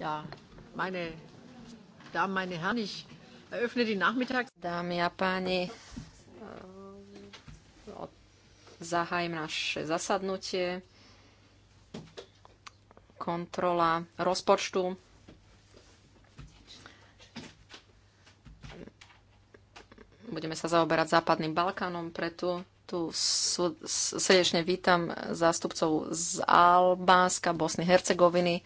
Dámy a páni, eh, zahájim naše zasadnutie. Kontrola rozpočtu. Budeme sa zaoberať Západným Balkánom, preto tu srdečne vítam zástupcov z Albánska, Bosny, Hercegoviny,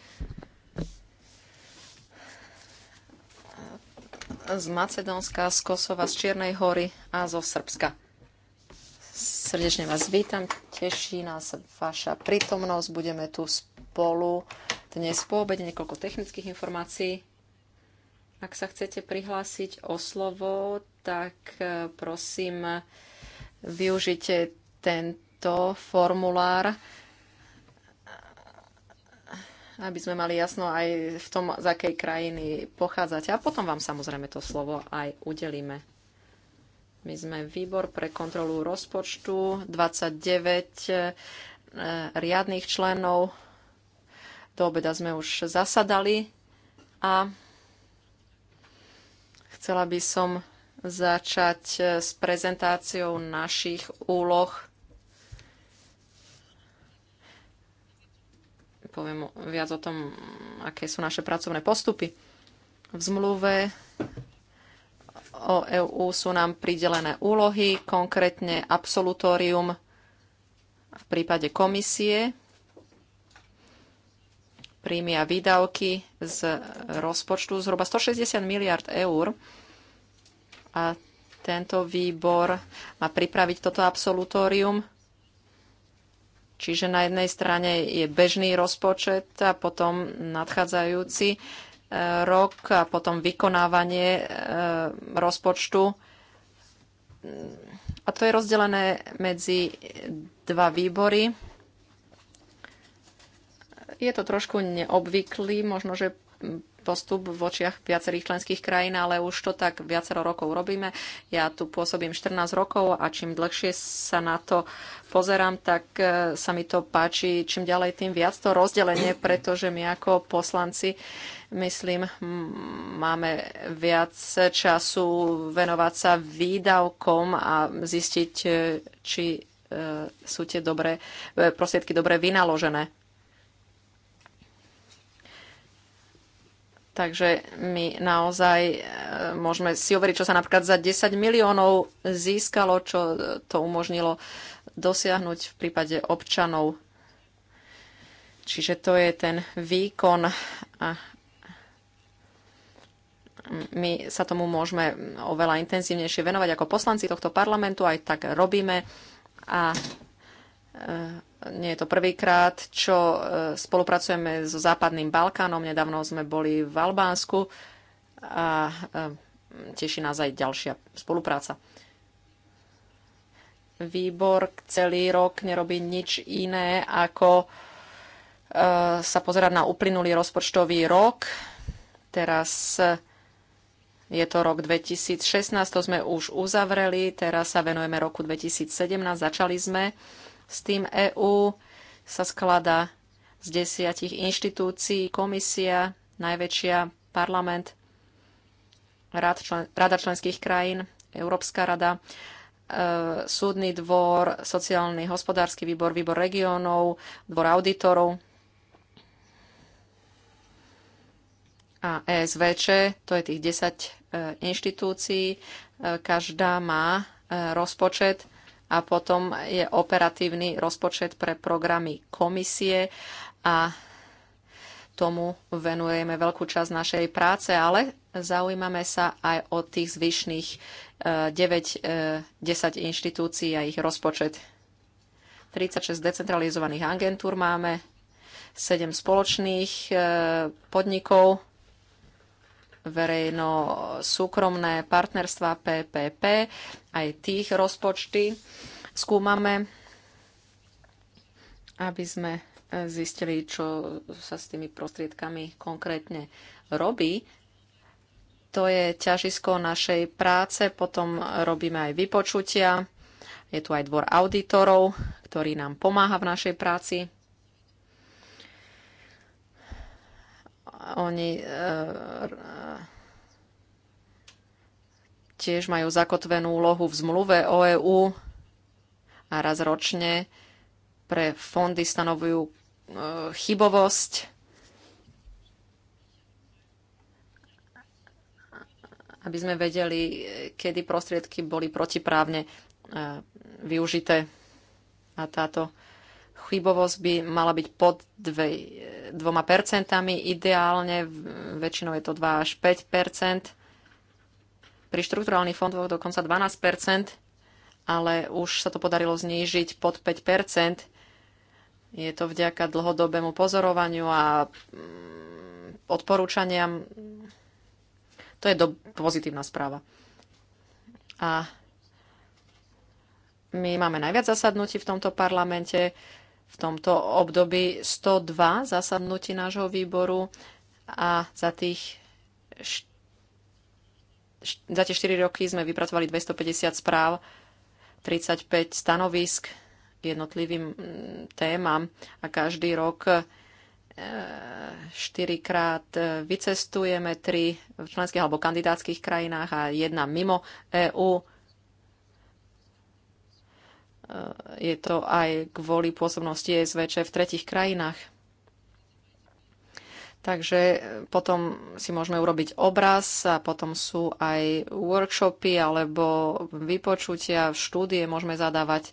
z Macedónska, z Kosova, z Čiernej hory a zo Srbska. Srdečne vás vítam, teší nás vaša prítomnosť, budeme tu spolu dnes po obede niekoľko technických informácií. Ak sa chcete prihlásiť o slovo, tak e, prosím využite tento formulár aby sme mali jasno aj v tom, z akej krajiny pochádzate. A potom vám samozrejme to slovo aj udelíme. My sme výbor pre kontrolu rozpočtu, 29 e, riadných členov. Do obeda sme už zasadali a chcela by som začať e, s prezentáciou našich úloh poviem viac o tom, aké sú naše pracovné postupy. V zmluve o EU sú nám pridelené úlohy, konkrétne absolutórium v prípade komisie, príjmy a výdavky z rozpočtu zhruba 160 miliard eur. A tento výbor má pripraviť toto absolutórium Čiže na jednej strane je bežný rozpočet a potom nadchádzajúci e, rok a potom vykonávanie e, rozpočtu. A to je rozdelené medzi dva výbory. Je to trošku neobvyklý, možno, že postup v očiach viacerých členských krajín, ale už to tak viacero rokov robíme. Ja tu pôsobím 14 rokov a čím dlhšie sa na to pozerám, tak e, sa mi to páči čím ďalej, tým viac to rozdelenie, pretože my ako poslanci myslím, máme viac času venovať sa výdavkom a zistiť, e, či e, sú tie dobré, prostriedky dobre vynaložené. Takže my naozaj e, môžeme si overiť, čo sa napríklad za 10 miliónov získalo, čo to umožnilo dosiahnuť v prípade občanov. Čiže to je ten výkon a my sa tomu môžeme oveľa intenzívnejšie venovať ako poslanci tohto parlamentu, aj tak robíme a e, nie je to prvýkrát, čo e, spolupracujeme so Západným Balkánom. Nedávno sme boli v Albánsku a e, teší nás aj ďalšia spolupráca. Výbor celý rok nerobí nič iné, ako e, sa pozerať na uplynulý rozpočtový rok. Teraz je to rok 2016, to sme už uzavreli, teraz sa venujeme roku 2017, začali sme s tým EÚ sa skladá z desiatich inštitúcií, komisia, najväčšia parlament, rad člen, rada členských krajín, Európska rada, e, súdny dvor, sociálny hospodársky výbor, výbor regiónov, dvor auditorov a ESVČ, to je tých 10 e, inštitúcií. E, každá má e, rozpočet a potom je operatívny rozpočet pre programy komisie a tomu venujeme veľkú časť našej práce, ale zaujímame sa aj o tých zvyšných 9-10 eh, eh, inštitúcií a ich rozpočet. 36 decentralizovaných agentúr máme, 7 spoločných eh, podnikov, verejno-súkromné partnerstva PPP, aj tých rozpočty skúmame, aby sme e, zistili, čo sa s tými prostriedkami konkrétne robí. To je ťažisko našej práce, potom robíme aj vypočutia. Je tu aj dvor auditorov, ktorý nám pomáha v našej práci. Oni e, e, tiež majú zakotvenú úlohu v zmluve o EÚ a raz ročne pre fondy stanovujú e, chybovosť. aby sme vedeli, kedy prostriedky boli protiprávne využité. A táto chybovosť by mala byť pod 2, percentami ideálne väčšinou je to 2 až 5%, pri štruktúrálnych fondoch dokonca 12%, ale už sa to podarilo znížiť pod 5%. Je to vďaka dlhodobému pozorovaniu a mm, odporúčaniam. To je do, pozitívna správa. A my máme najviac zasadnutí v tomto parlamente v tomto období 102 zasadnutí nášho výboru a za tých za tie 4 roky sme vypracovali 250 správ, 35 stanovisk k jednotlivým mm, témam a každý rok 4 e, krát e, vycestujeme, 3 v členských alebo kandidátskych krajinách a jedna mimo EÚ je to aj kvôli pôsobnosti SVČ v tretich krajinách. Takže eh, potom si môžeme urobiť obraz a potom sú aj workshopy alebo vypočutia, štúdie môžeme zadávať.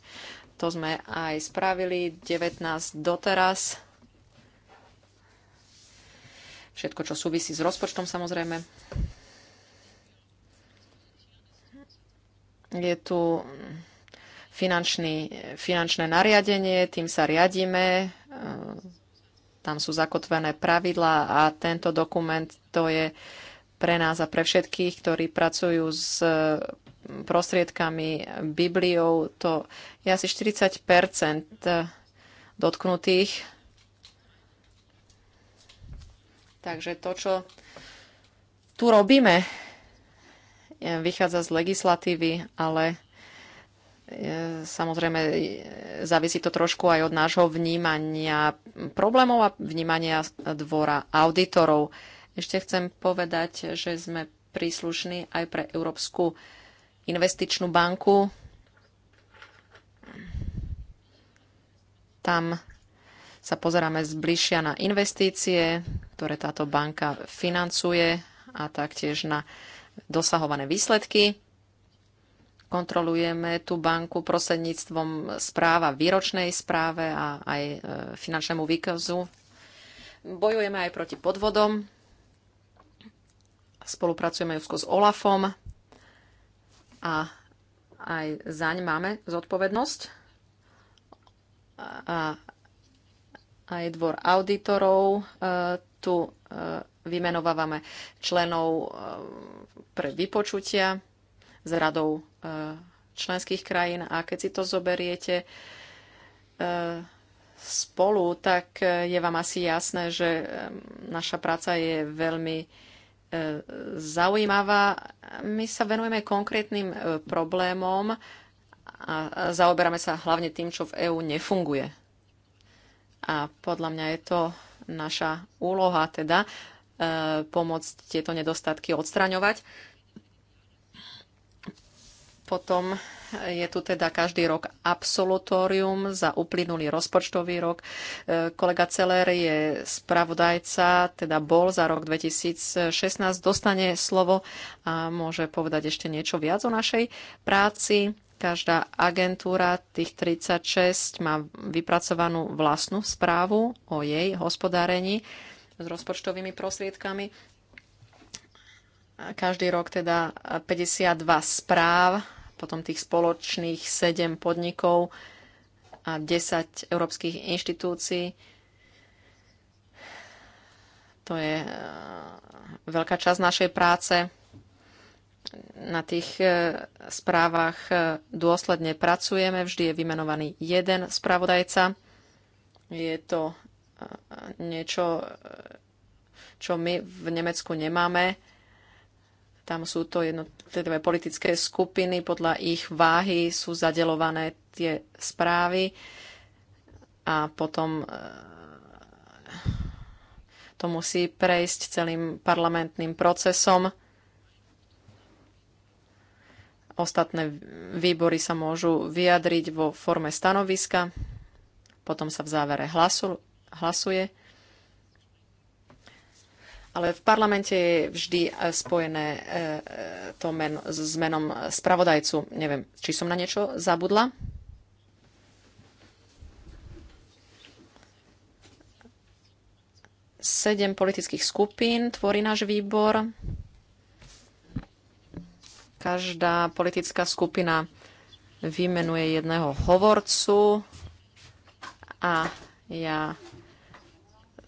To sme aj spravili, 19 doteraz. Všetko, čo súvisí s rozpočtom samozrejme. Je tu finančný, finančné nariadenie, tým sa riadíme, e, tam sú zakotvené pravidlá a tento dokument to je pre nás a pre všetkých, ktorí pracujú s e, prostriedkami, Bibliou, to je asi 40 e, dotknutých. Takže to, čo tu robíme, vychádza z legislatívy, ale Samozrejme, závisí to trošku aj od nášho vnímania problémov a vnímania dvora auditorov. Ešte chcem povedať, že sme príslušní aj pre Európsku investičnú banku. Tam sa pozeráme zbližšia na investície, ktoré táto banka financuje a taktiež na dosahované výsledky kontrolujeme tú banku prostredníctvom správa výročnej správe a aj e, finančnému výkazu. Bojujeme aj proti podvodom. Spolupracujeme úzko s OLAFom a aj zaň máme zodpovednosť. A aj dvor auditorov e, tu e, vymenovávame členov pre vypočutia s radou e, členských krajín. A keď si to zoberiete e, spolu, tak e, je vám asi jasné, že naša práca je veľmi zaujímavá. My sa venujeme konkrétnym problémom a zaoberáme sa hlavne tým, čo v EÚ nefunguje. A podľa mňa je to naša úloha teda pomôcť tieto nedostatky odstraňovať. Potom je tu teda každý rok absolutórium za uplynulý rozpočtový rok. E, kolega Celer je spravodajca, teda bol za rok 2016, dostane slovo a môže povedať ešte niečo viac o našej práci. Každá agentúra, tých 36, má vypracovanú vlastnú správu o jej hospodárení s rozpočtovými prostriedkami. Každý rok teda 52 správ potom tých spoločných 7 podnikov a 10 európskych inštitúcií. To je eh, veľká časť našej práce. Na tých eh, správach eh, dôsledne pracujeme. Vždy je vymenovaný jeden spravodajca. Je to niečo, čo my v Nemecku nemáme tam sú to jednotlivé politické skupiny, podľa ich váhy sú zadelované tie správy a potom eh, to musí prejsť celým parlamentným procesom. Ostatné výbory sa môžu vyjadriť vo forme stanoviska, potom sa v závere hlasu, hlasuje ale v parlamente je vždy e, spojené e, e, to men, s menom spravodajcu. Neviem, či som na niečo zabudla. Sedem politických skupín tvorí náš výbor. Každá politická skupina vymenuje jedného hovorcu a ja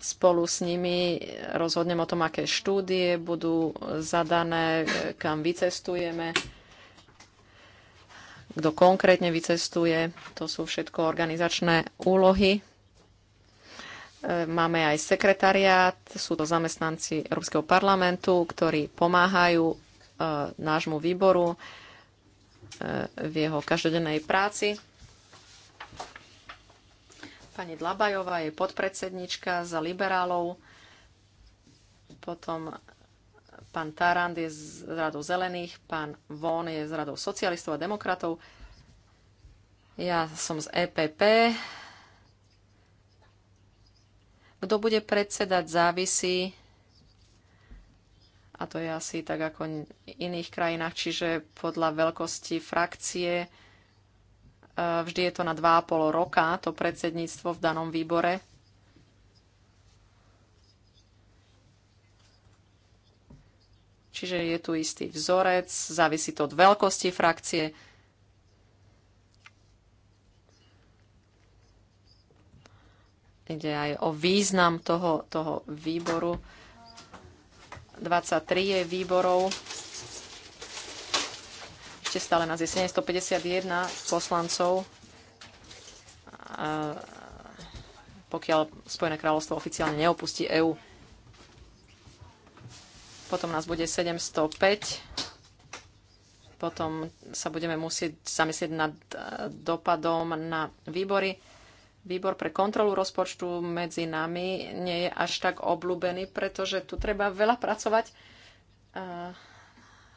spolu s nimi rozhodnem o tom, aké štúdie budú zadané, kam vycestujeme, kto konkrétne vycestuje. To sú všetko organizačné úlohy. E, máme aj sekretariát, sú to zamestnanci Európskeho parlamentu, ktorí pomáhajú e, nášmu výboru e, v jeho každodennej práci. Pani Dlabajová je podpredsednička za liberálov. Potom pán Tarand je z radou zelených, pán Von je z radou socialistov a demokratov. Ja som z EPP. Kto bude predsedať závisí a to je asi tak ako v iných krajinách, čiže podľa veľkosti frakcie Eh, vždy je to na 2,5 roka, to predsedníctvo v danom výbore. Čiže je tu istý vzorec, závisí to od veľkosti frakcie. Ide aj o význam toho, toho výboru. 23 je výborov ešte stále nás je 751 poslancov, pokiaľ Spojené kráľovstvo oficiálne neopustí EÚ. Potom nás bude 705. Potom sa budeme musieť zamyslieť nad e, dopadom na výbory. Výbor pre kontrolu rozpočtu medzi nami nie je až tak obľúbený, pretože tu treba veľa pracovať. Uh,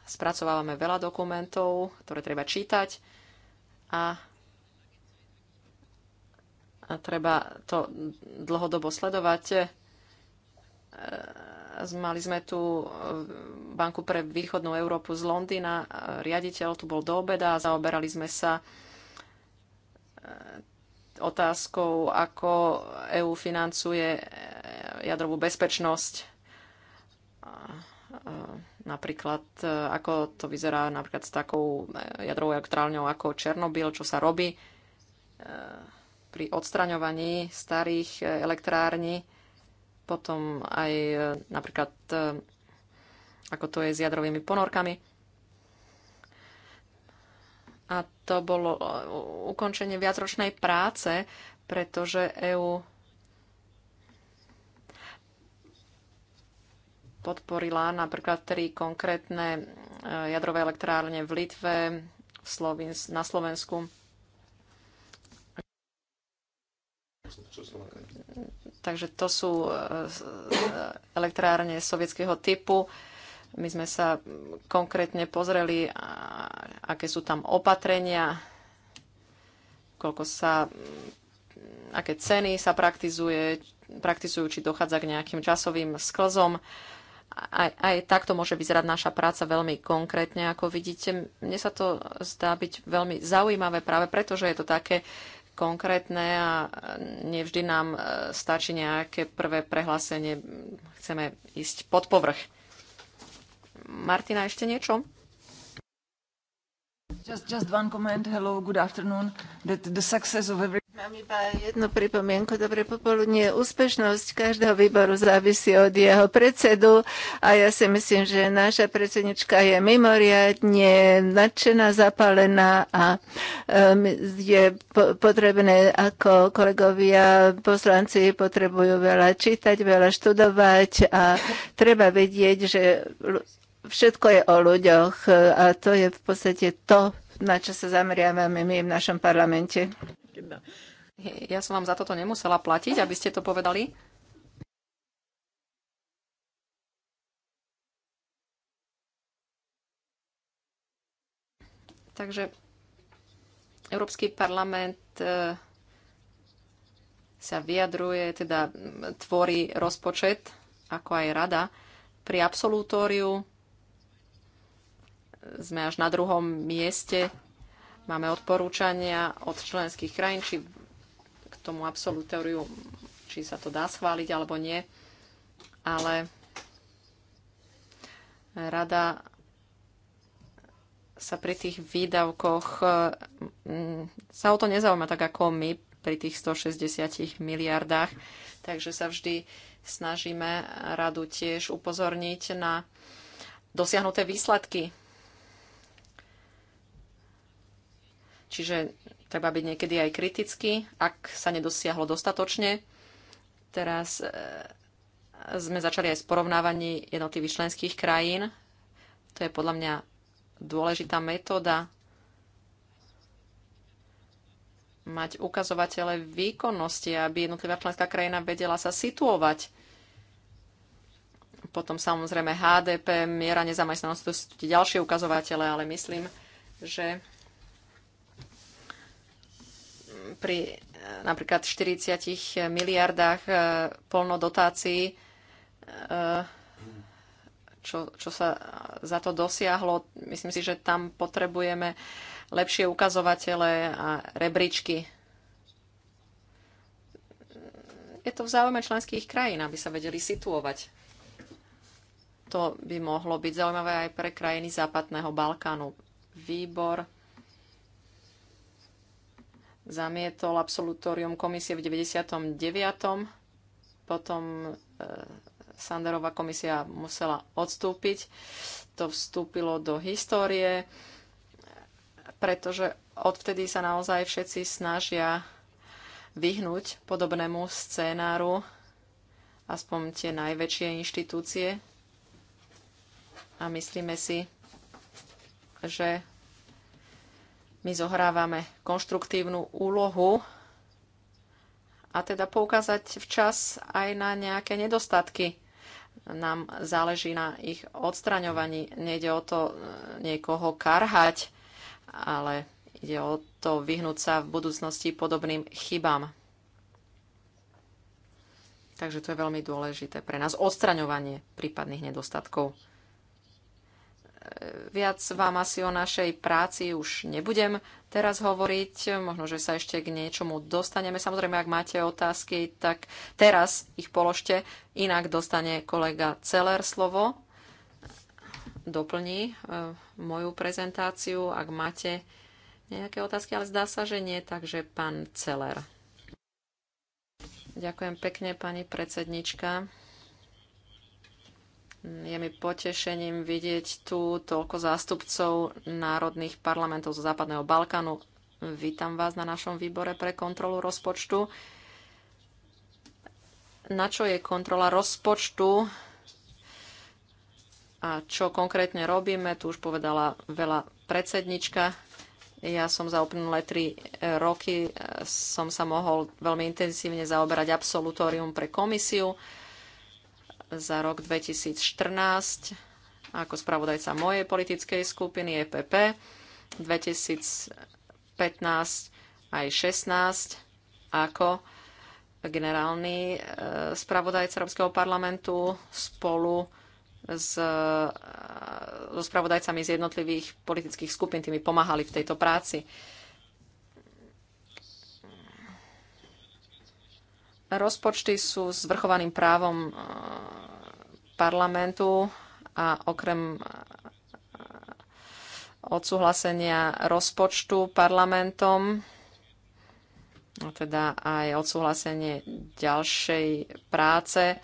spracovávame veľa dokumentov, ktoré treba čítať a, a treba to dlhodobo sledovať. E, mali sme tu Banku pre východnú Európu z Londýna, riaditeľ tu bol do obeda a zaoberali sme sa e, otázkou, ako EÚ financuje e, jadrovú bezpečnosť napríklad, e, ako to vyzerá napríklad s takou e, jadrovou elektrárňou ako Černobyl, čo sa robí e, pri odstraňovaní starých elektrární, potom aj napríklad ako to je s jadrovými ponorkami. A to bolo ukončenie viacročnej práce, pretože EÚ podporila napríklad tri konkrétne e, jadrové elektrárne v Litve, na Slovensku. Takže to sú e, e, elektrárne sovietského typu. My sme sa konkrétne pozreli, aké sú tam opatrenia, koľko sa, aké ceny sa praktizuje, praktizujú, či dochádza k nejakým časovým sklzom aj, aj takto môže vyzerať naša práca veľmi konkrétne. Ako vidíte, mne sa to zdá byť veľmi zaujímavé práve preto, že je to také konkrétne a nevždy nám e, stačí nejaké prvé prehlásenie. Chceme ísť pod povrch. Martina, ešte niečo? Just, just one comment. Hello, good afternoon. That the success of every... Mám iba jednu pripomienku. Dobre popoludnie. Úspešnosť každého výboru závisí od jeho predsedu a ja si myslím, že naša predsednička je mimoriadne nadšená, zapálená a um, je po- potrebné, ako kolegovia poslanci potrebujú veľa čítať, veľa študovať a treba vedieť, že všetko je o ľuďoch a to je v podstate to, na čo sa zameriavame my v našom parlamente. No. Ja som vám za toto nemusela platiť, aby ste to povedali. Takže Európsky parlament e, sa vyjadruje, teda tvorí rozpočet, ako aj rada. Pri absolutóriu sme až na druhom mieste Máme odporúčania od členských krajín, či k tomu absolutóriu, či sa to dá schváliť alebo nie. Ale rada sa pri tých výdavkoch e, sa o to nezaujíma tak ako my pri tých 160 miliardách, takže sa vždy snažíme radu tiež upozorniť na dosiahnuté výsledky Čiže treba byť niekedy aj kritický, ak sa nedosiahlo dostatočne. Teraz e, sme začali aj s porovnávaním jednotlivých členských krajín. To je podľa mňa dôležitá metóda mať ukazovatele výkonnosti, aby jednotlivá členská krajina vedela sa situovať. Potom samozrejme HDP, miera nezamestnanosti, to sú ďalšie ukazovatele, ale myslím, že pri e, napríklad 40 miliardách e, dotácií, e, čo, čo sa za to dosiahlo. Myslím si, že tam potrebujeme lepšie ukazovatele a rebríčky. Je to v záujme členských krajín, aby sa vedeli situovať. To by mohlo byť zaujímavé aj pre krajiny Západného Balkánu. Výbor zamietol absolutórium komisie v 99. Potom e, Sanderová komisia musela odstúpiť. To vstúpilo do histórie, pretože odvtedy sa naozaj všetci snažia vyhnúť podobnému scénáru, aspoň tie najväčšie inštitúcie. A myslíme si, že my zohrávame konštruktívnu úlohu a teda poukázať včas aj na nejaké nedostatky. Nám záleží na ich odstraňovaní. Nejde o to e, niekoho karhať, ale ide o to vyhnúť sa v budúcnosti podobným chybám. Takže to je veľmi dôležité pre nás. Odstraňovanie prípadných nedostatkov. Viac vám asi o našej práci už nebudem teraz hovoriť. Možno, že sa ešte k niečomu dostaneme. Samozrejme, ak máte otázky, tak teraz ich položte. Inak dostane kolega Celer slovo. Doplní e, moju prezentáciu, ak máte nejaké otázky, ale zdá sa, že nie. Takže pán Celer. Ďakujem pekne, pani predsednička. Je mi potešením vidieť tu toľko zástupcov národných parlamentov zo Západného Balkánu. Vítam vás na našom výbore pre kontrolu rozpočtu. Na čo je kontrola rozpočtu a čo konkrétne robíme, tu už povedala veľa predsednička. Ja som za uplynulé tri e, roky e, som sa mohol veľmi intenzívne zaoberať absolutórium pre komisiu za rok 2014 ako spravodajca mojej politickej skupiny EPP 2015 aj 16 ako generálny e, spravodajca Európskeho parlamentu spolu s, e, so spravodajcami z jednotlivých politických skupín, tými pomáhali v tejto práci. Rozpočty sú zvrchovaným právom eh, parlamentu a okrem eh, odsúhlasenia rozpočtu parlamentom, teda aj odsúhlasenie ďalšej práce eh,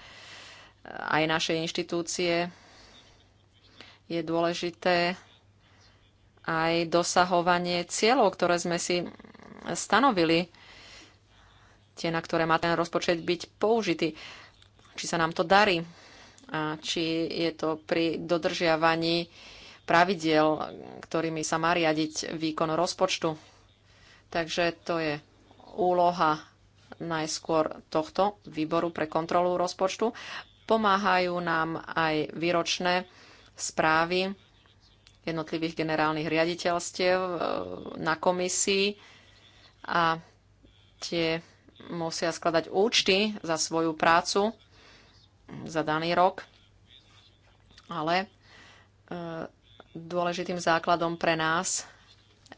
aj našej inštitúcie, je dôležité aj dosahovanie cieľov, ktoré sme si stanovili tie, na ktoré má ten rozpočet byť použitý. Či sa nám to darí, a či je to pri dodržiavaní pravidiel, ktorými sa má riadiť výkon rozpočtu. Takže to je úloha najskôr tohto výboru pre kontrolu rozpočtu. Pomáhajú nám aj výročné správy jednotlivých generálnych riaditeľstiev e, na komisii a tie musia skladať účty za svoju prácu za daný rok, ale e, dôležitým základom pre nás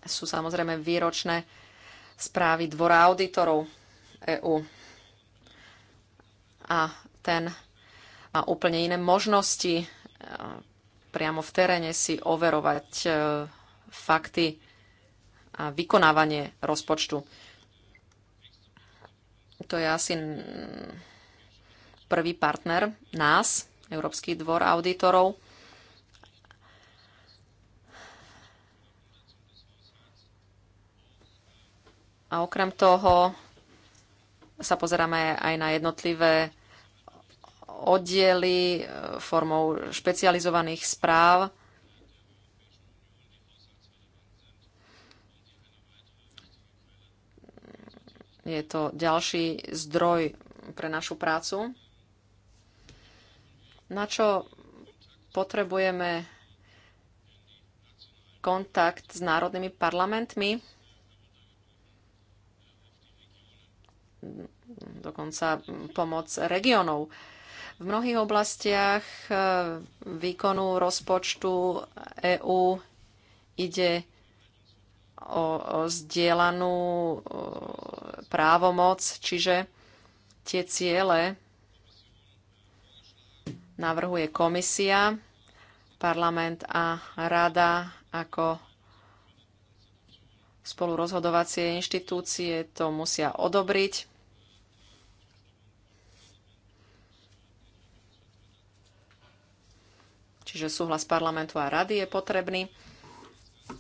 sú samozrejme výročné správy Dvora auditorov EÚ. A ten má úplne iné možnosti e, priamo v teréne si overovať e, fakty a vykonávanie rozpočtu. To je asi prvý partner nás, Európsky dvor auditorov. A okrem toho sa pozeráme aj na jednotlivé oddiely e, formou špecializovaných správ. Je to ďalší zdroj pre našu prácu. Na čo potrebujeme kontakt s národnými parlamentmi? Dokonca pomoc regionov. V mnohých oblastiach eh, výkonu rozpočtu EÚ ide o, o zdieľanú o, právomoc, čiže tie ciele navrhuje komisia, parlament a rada ako spolurozhodovacie inštitúcie to musia odobriť. Čiže súhlas parlamentu a rady je potrebný.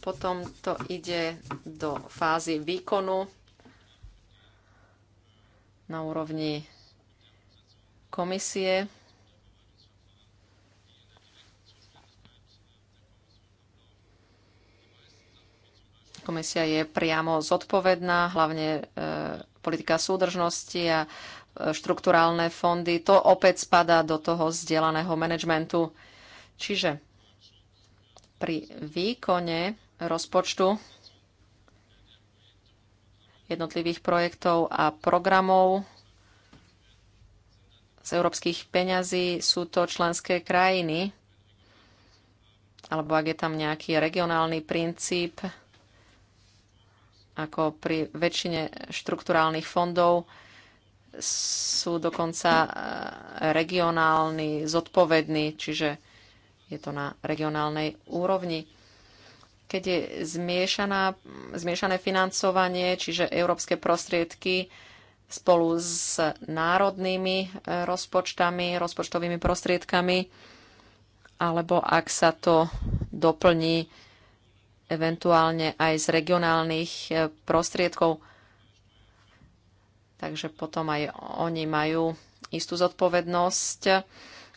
Potom to ide do fázy výkonu na úrovni komisie. Komisia je priamo zodpovedná, hlavne e, politika súdržnosti a štruktúrálne štrukturálne fondy. To opäť spadá do toho vzdelaného manažmentu. Čiže pri výkone rozpočtu jednotlivých projektov a programov z európskych peňazí sú to členské krajiny, alebo ak je tam nejaký regionálny princíp, ako pri väčšine štrukturálnych fondov, sú dokonca eh, regionálni, zodpovední, čiže je to na regionálnej úrovni. Keď je zmiešaná, zmiešané financovanie, čiže európske prostriedky spolu s národnými e, rozpočtami, rozpočtovými prostriedkami, alebo ak sa to doplní eventuálne aj z regionálnych e, prostriedkov. Takže potom aj oni majú istú zodpovednosť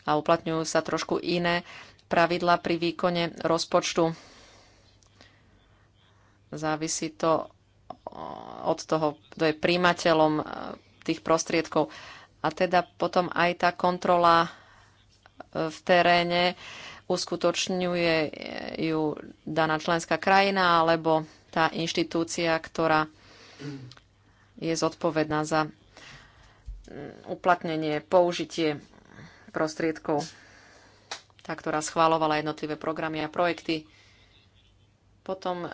a uplatňujú sa trošku iné pravidla pri výkone rozpočtu. Závisí to od toho, kto je príjimateľom e, tých prostriedkov. A teda potom aj tá kontrola e, v teréne uskutočňuje e, ju daná členská krajina alebo tá inštitúcia, ktorá je zodpovedná za uplatnenie, použitie prostriedkov tá, ktorá schválovala jednotlivé programy a projekty. Potom e, e,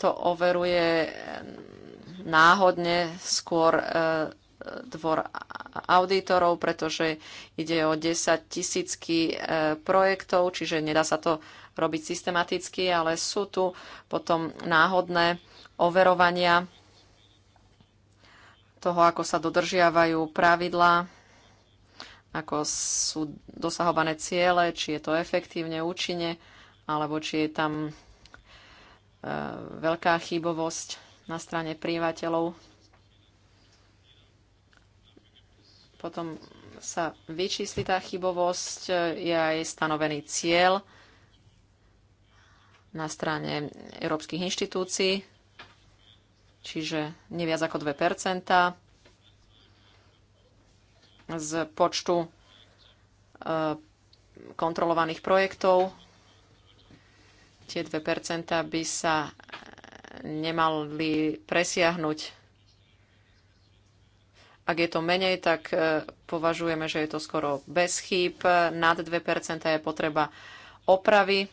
to overuje náhodne skôr e, dvor auditorov, pretože ide o 10 tisícky projektov, čiže nedá sa to robiť systematicky, ale sú tu potom náhodné overovania toho, ako sa dodržiavajú pravidlá ako sú dosahované ciele, či je to efektívne, účinne, alebo či je tam e, veľká chybovosť na strane príjimateľov. Potom sa vyčísli tá chybovosť, e, je aj stanovený cieľ na strane európskych inštitúcií, čiže neviac ako 2 z počtu e, kontrolovaných projektov. Tie 2 by sa nemali presiahnuť. Ak je to menej, tak e, považujeme, že je to skoro bez chýb. Nad 2 je potreba opravy.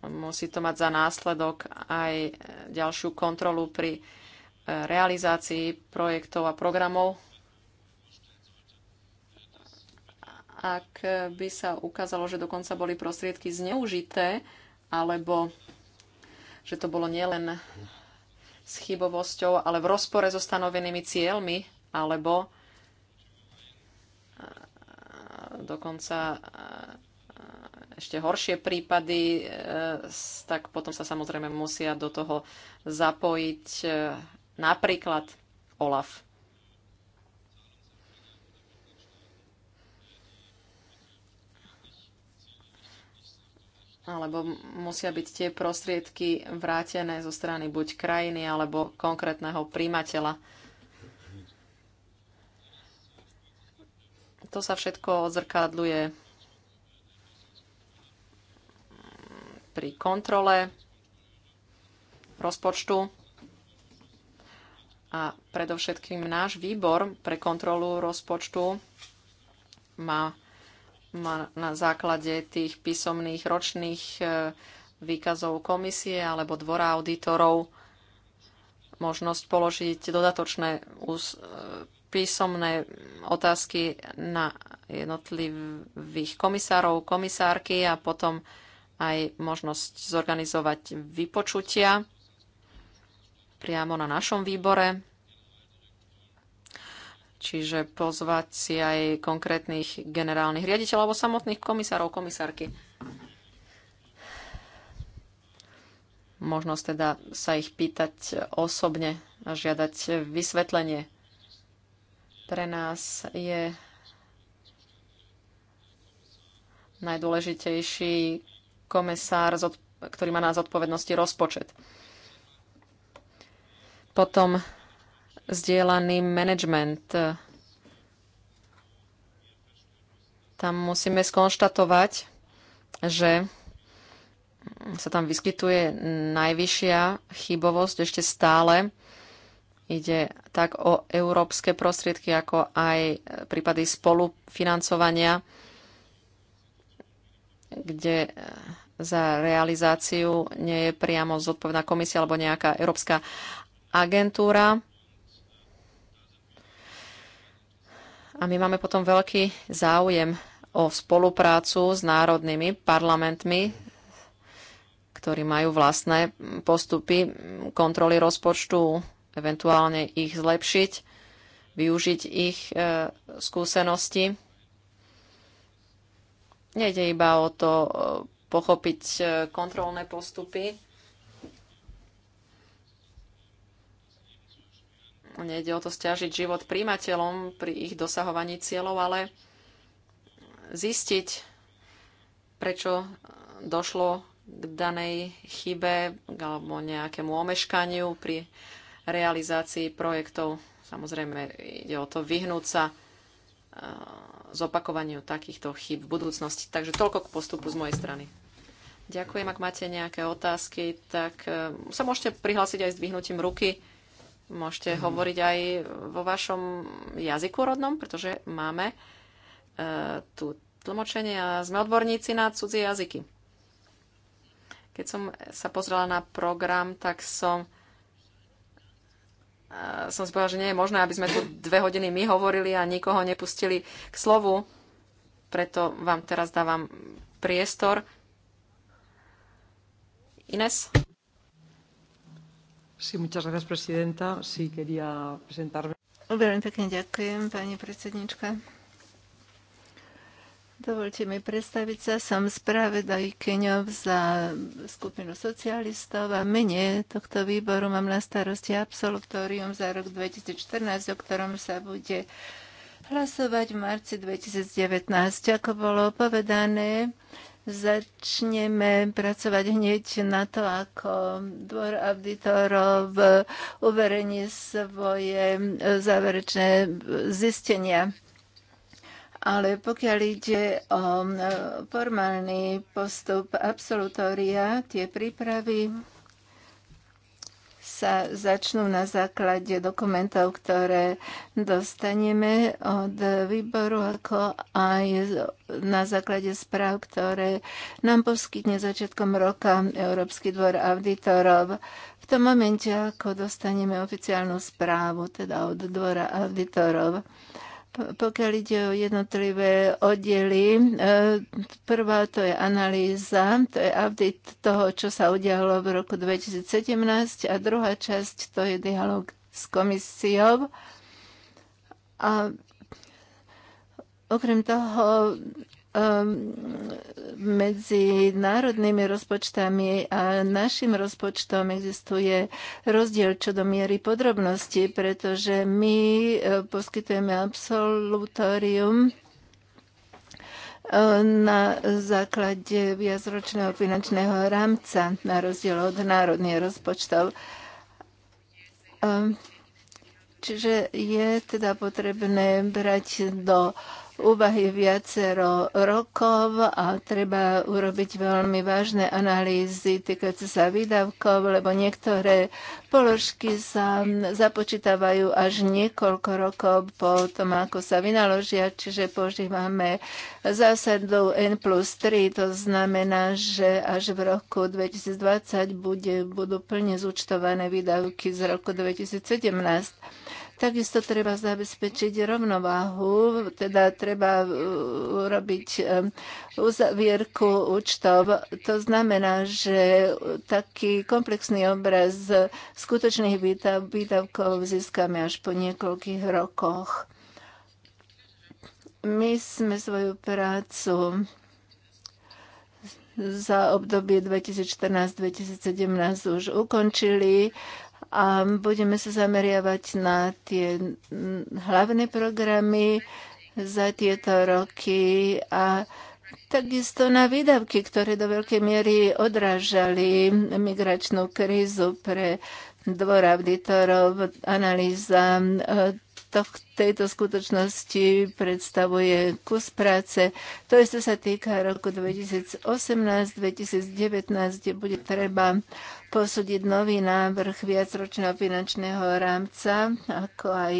Musí to mať za následok aj e, ďalšiu kontrolu pri realizácii projektov a programov. Ak by sa ukázalo, že dokonca boli prostriedky zneužité, alebo že to bolo nielen s chybovosťou, ale v rozpore so stanovenými cieľmi, alebo dokonca ešte horšie prípady, e, tak potom sa samozrejme musia do toho zapojiť e, Napríklad OLAF. alebo musia byť tie prostriedky vrátené zo strany buď krajiny alebo konkrétneho príjmateľa. To sa všetko odzrkadluje pri kontrole rozpočtu. A predovšetkým náš výbor pre kontrolu rozpočtu má, má na základe tých písomných ročných e, výkazov komisie alebo dvora auditorov možnosť položiť dodatočné e, písomné otázky na jednotlivých komisárov, komisárky a potom aj možnosť zorganizovať vypočutia priamo na našom výbore. Čiže pozvať si aj konkrétnych generálnych riaditeľov alebo samotných komisárov, komisárky. Možnosť teda sa ich pýtať osobne a žiadať vysvetlenie. Pre nás je najdôležitejší komisár, ktorý má na zodpovednosti rozpočet. Potom zdieľaný management. Tam musíme skonštatovať, že sa tam vyskytuje najvyššia chybovosť ešte stále. Ide tak o európske prostriedky, ako aj prípady spolufinancovania, kde za realizáciu nie je priamo zodpovedná komisia alebo nejaká európska agentúra. A my máme potom veľký záujem o spoluprácu s národnými parlamentmi, ktorí majú vlastné postupy kontroly rozpočtu, eventuálne ich zlepšiť, využiť ich e, skúsenosti. Nejde iba o to e, pochopiť e, kontrolné postupy, Nejde o to stiažiť život príjimateľom pri ich dosahovaní cieľov, ale zistiť, prečo došlo k danej chybe alebo nejakému omeškaniu pri realizácii projektov. Samozrejme, ide o to vyhnúť sa e, zopakovaniu takýchto chyb v budúcnosti. Takže toľko k postupu z mojej strany. Ďakujem, ak máte nejaké otázky, tak e, sa môžete prihlásiť aj s dvihnutím ruky. Môžete mhm. hovoriť aj vo vašom jazyku rodnom, pretože máme e, tu tlmočenie a sme odborníci na cudzie jazyky. Keď som sa pozrela na program, tak som e, som si povedala, že nie je možné, aby sme tu dve hodiny my hovorili a nikoho nepustili k slovu. Preto vám teraz dávam priestor. Ines? Sí, muchas gracias, presidenta. Sí, quería presentarme. Veľmi pekne ďakujem, pani predsednička. Dovolte mi predstaviť sa, som spravedajkyňou za skupinu socialistov a mene tohto výboru mám na starosti absolutórium za rok 2014, o ktorom sa bude hlasovať v marci 2019. Ako bolo povedané, začneme pracovať hneď na to, ako dvor auditorov uverejní svoje záverečné zistenia. Ale pokiaľ ide o e, formálny postup absolutória, tie prípravy sa začnú na základe dokumentov, ktoré dostaneme od výboru, ako aj na základe správ, ktoré nám poskytne začiatkom roka Európsky dvor auditorov. V tom momente, ako dostaneme oficiálnu správu, teda od dvora auditorov. Pokiaľ ide o jednotlivé oddely, e, prvá to je analýza, to je audit toho, čo sa udialo v roku 2017 a druhá časť to je dialog s komisiou. A okrem toho Ehm, medzi národnými rozpočtami a našim rozpočtom existuje rozdiel čo do miery podrobnosti, pretože my e, poskytujeme absolutórium e, na základe viacročného finančného rámca na rozdiel od národných rozpočtov. Ehm, čiže je teda potrebné brať do úvahy viacero rokov a treba urobiť veľmi vážne analýzy týkajúce sa výdavkov, lebo niektoré položky sa započítavajú až niekoľko rokov po tom, ako sa vynaložia, čiže požívame zásadu N plus 3, to znamená, že až v roku 2020 bude, budú plne zúčtované výdavky z roku 2017. Takisto treba zabezpečiť rovnováhu, teda treba urobiť uh, um, uzavierku účtov. To znamená, že taký komplexný obraz skutočných výdavkov získame až po niekoľkých rokoch. My sme svoju prácu za obdobie 2014-2017 už ukončili a budeme sa zameriavať na tie hlavné programy za tieto roky a takisto na výdavky, ktoré do veľkej miery odrážali migračnú krízu pre dvor auditorov, analýza e, to v tejto skutočnosti predstavuje kus práce. To isté sa týka roku 2018-2019, kde bude treba posúdiť nový návrh viacročného finančného rámca, ako aj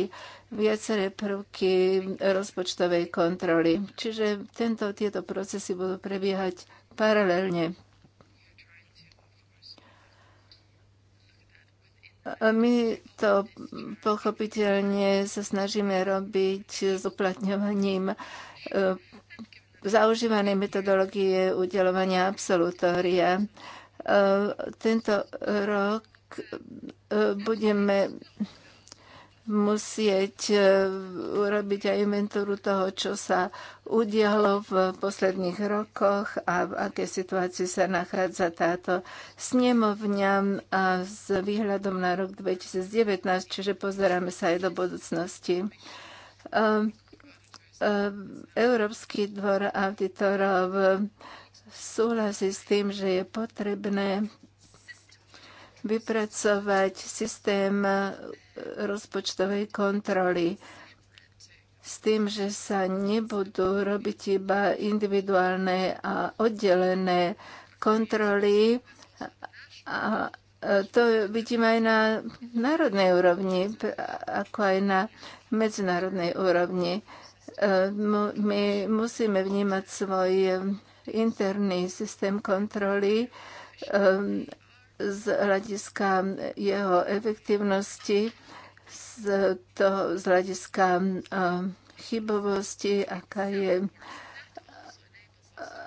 viaceré prvky rozpočtovej kontroly. Čiže tento, tieto procesy budú prebiehať paralelne. My to pochopiteľne sa snažíme robiť s uplatňovaním e, zaužívanej metodológie udelovania absolutória. E, tento rok e, budeme musieť e, urobiť aj inventúru toho, čo sa udialo v posledných rokoch a v aké situácii sa nachádza táto snemovňa a s výhľadom na rok 2019, čiže pozeráme sa aj do budúcnosti. E, e, Európsky dvor auditorov súhlasí s tým, že je potrebné vypracovať systém rozpočtovej kontroly s tým, že sa nebudú robiť iba individuálne a oddelené kontroly. A to vidím aj na národnej úrovni, ako aj na medzinárodnej úrovni. My musíme vnímať svoj interný systém kontroly um, z hľadiska jeho efektívnosti, z, toho, z hľadiska eh, chybovosti, aká je.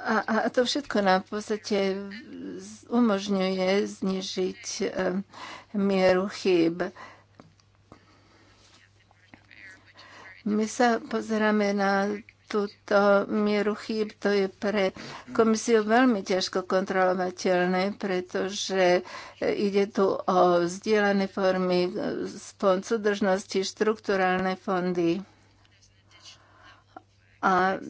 A, a, to všetko nám v podstate umožňuje znižiť eh, mieru chyb. My sa pozeráme na túto mieru chýb, to je pre komisiu veľmi ťažko kontrolovateľné, pretože ide tu o vzdielané formy fond súdržnosti, štruktúrálne fondy. A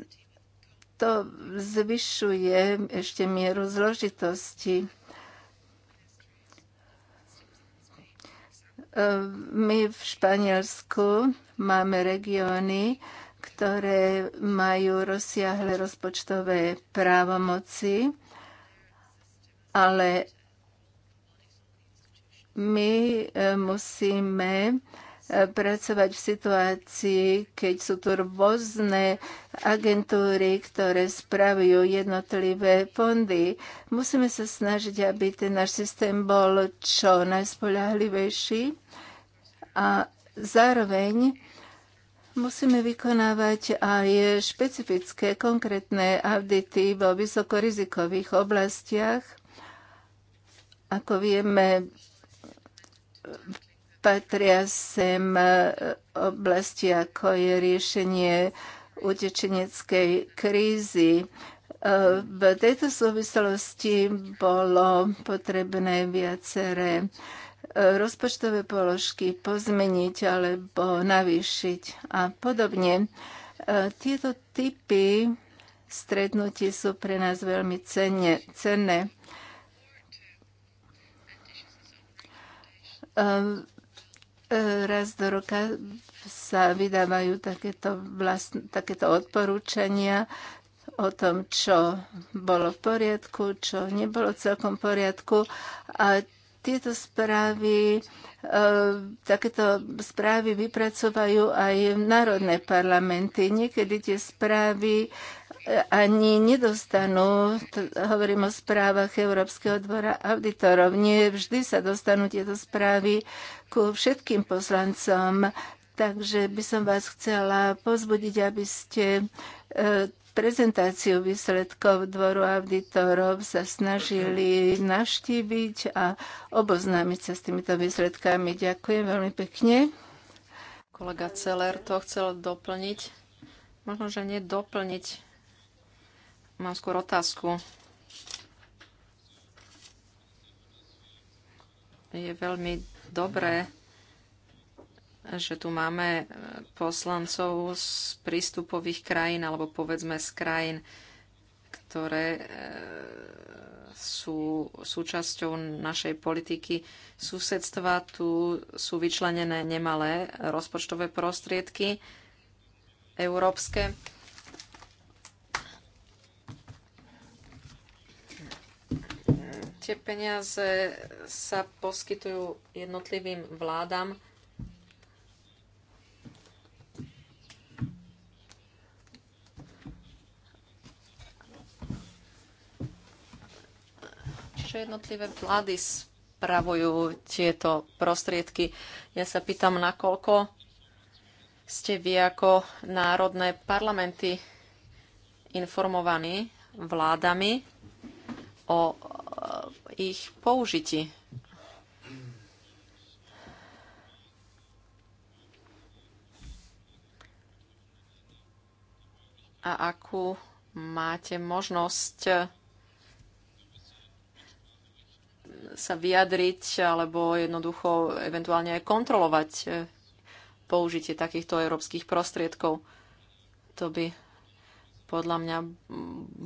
to zvyšuje ešte mieru zložitosti. My v Španielsku máme regióny, ktoré majú rozsiahle rozpočtové právomoci, ale my e, musíme e, pracovať v situácii, keď sú tu rôzne agentúry, ktoré spravujú jednotlivé fondy. Musíme sa snažiť, aby ten náš systém bol čo najspoľahlivejší a zároveň Musíme vykonávať aj špecifické, konkrétne audity vo vysokorizikových oblastiach. Ako vieme, patria sem e, oblasti, ako je riešenie utečeneckej krízy. E, v tejto súvislosti bolo potrebné viaceré rozpočtové položky pozmeniť alebo navýšiť a podobne. E, tieto typy stretnutí sú pre nás veľmi cenne, cenné. E, e, raz do roka sa vydávajú takéto, vlastn- takéto odporúčania o tom, čo bolo v poriadku, čo nebolo celkom v poriadku a tieto správy, eh, takéto správy vypracovajú aj národné parlamenty. Niekedy tie správy eh, ani nedostanú, hovorím o správach Európskeho dvora auditorov, nie vždy sa dostanú tieto správy ku všetkým poslancom Takže by som vás chcela pozbudiť, aby ste e, prezentáciu výsledkov dvoru auditorov sa snažili navštíviť a oboznámiť sa s týmito výsledkami. Ďakujem veľmi pekne. Kolega Celer to chcel doplniť. Možno, že nie doplniť. Mám skôr otázku. Je veľmi dobré, že tu máme e, poslancov z prístupových krajín, alebo povedzme z krajín, ktoré e, sú súčasťou našej politiky susedstva. Tu sú vyčlenené nemalé rozpočtové prostriedky európske. Tie peniaze sa poskytujú jednotlivým vládam že jednotlivé vlády spravujú tieto prostriedky. Ja sa pýtam, nakoľko ste vy ako národné parlamenty informovaní vládami o e, ich použití. A akú máte možnosť sa vyjadriť alebo jednoducho eventuálne aj kontrolovať e, použitie takýchto európskych prostriedkov. To by podľa mňa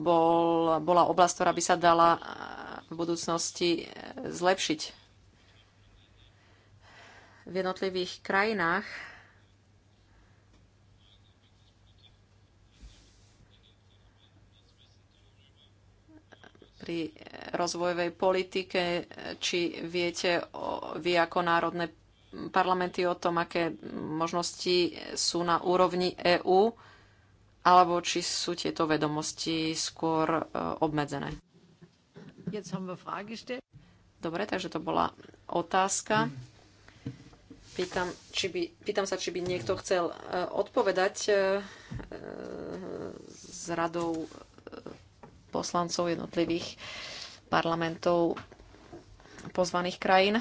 bol, bola oblasť, ktorá by sa dala e, v budúcnosti e, zlepšiť. V jednotlivých krajinách pri rozvojovej politike, či viete o, vy ako národné parlamenty o tom, aké možnosti sú na úrovni EÚ, alebo či sú tieto vedomosti skôr e, obmedzené. Dobre, takže to bola otázka. Pýtam, či by, pýtam sa, či by niekto chcel e, odpovedať e, s radou poslancov jednotlivých parlamentov pozvaných krajín.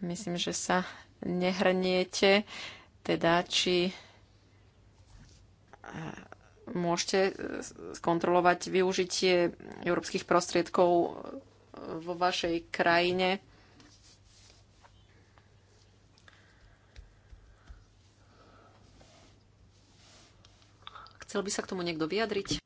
Myslím, že sa nehrniete, teda či eh, môžete eh, skontrolovať využitie európskych prostriedkov eh, vo vašej krajine. Chcel by sa k tomu niekto vyjadriť?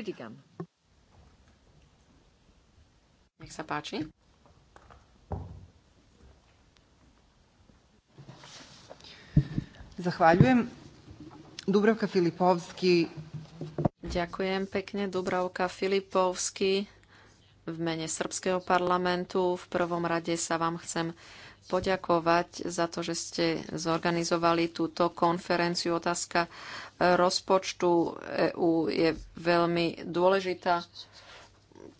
Pitikam. Nech sa páči. Zahvaľujem. Dubravka Filipovský. Ďakujem pekne, Dubravka Filipovský. V mene Srbského parlamentu v prvom rade sa vám chcem poďakovať za to, že ste zorganizovali túto konferenciu. Otázka e, rozpočtu EÚ je veľmi dôležitá,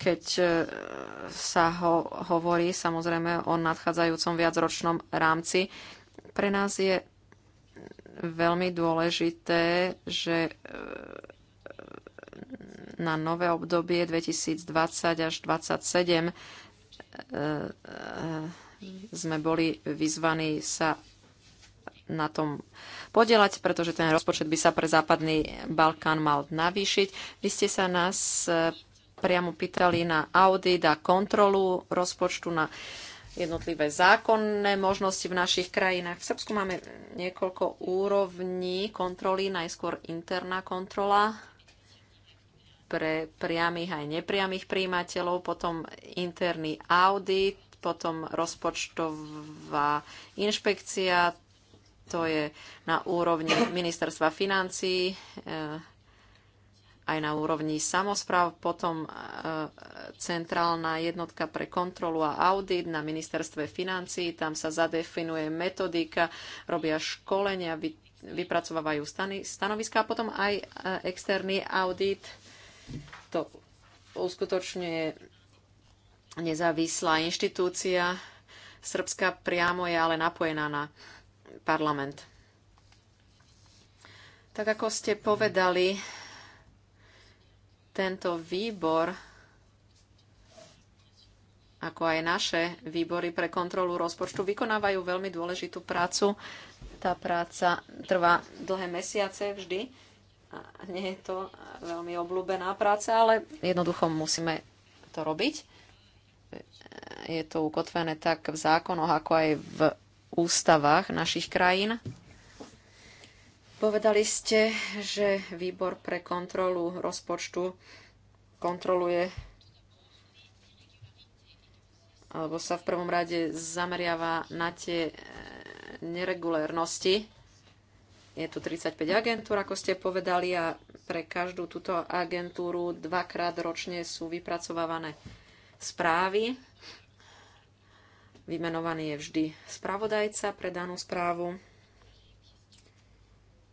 keď e, sa ho hovorí samozrejme o nadchádzajúcom viacročnom rámci. Pre nás je veľmi dôležité, že e, na nové obdobie 2020 až 2027 sme boli vyzvaní sa na tom podielať, pretože ten rozpočet by sa pre západný Balkán mal navýšiť. Vy ste sa nás e, priamo pýtali na audit a kontrolu rozpočtu na jednotlivé zákonné možnosti v našich krajinách. V Srbsku máme niekoľko úrovní kontroly, najskôr interná kontrola pre priamých aj nepriamých príjimateľov, potom interný audit potom rozpočtová inšpekcia, to je na úrovni ministerstva financí, eh, aj na úrovni samozpráv, potom eh, centrálna jednotka pre kontrolu a audit na ministerstve financí, tam sa zadefinuje metodika, robia školenia, vypracovávajú stanoviska a potom aj eh, externý audit. To uskutočňuje nezávislá inštitúcia. Srbska priamo je ale napojená na parlament. Tak ako ste povedali, tento výbor, ako aj naše výbory pre kontrolu rozpočtu, vykonávajú veľmi dôležitú prácu. Tá práca trvá dlhé mesiace vždy. Nie je to veľmi obľúbená práca, ale jednoducho musíme to robiť je to ukotvené tak v zákonoch, ako aj v ústavách našich krajín. Povedali ste, že výbor pre kontrolu rozpočtu kontroluje alebo sa v prvom rade zameriava na tie e, neregulérnosti. Je tu 35 agentúr, ako ste povedali, a pre každú túto agentúru dvakrát ročne sú vypracovávané správy. Vymenovaný je vždy spravodajca pre danú správu.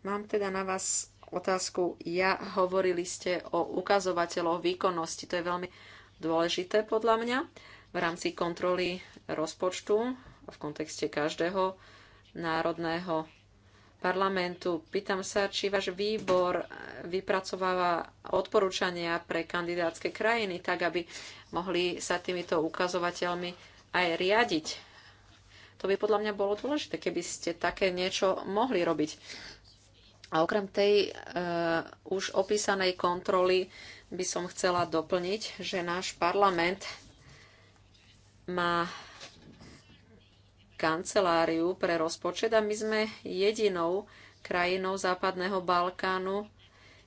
Mám teda na vás otázku. Ja hovorili ste o ukazovateľoch výkonnosti. To je veľmi dôležité podľa mňa v rámci kontroly rozpočtu v kontexte každého národného parlamentu. Pýtam sa, či váš výbor vypracováva odporúčania pre kandidátske krajiny, tak aby mohli sa týmito ukazovateľmi aj riadiť. To by podľa mňa bolo dôležité, keby ste také niečo mohli robiť. A okrem tej e, už opísanej kontroly by som chcela doplniť, že náš parlament má kanceláriu pre rozpočet a my sme jedinou krajinou Západného Balkánu,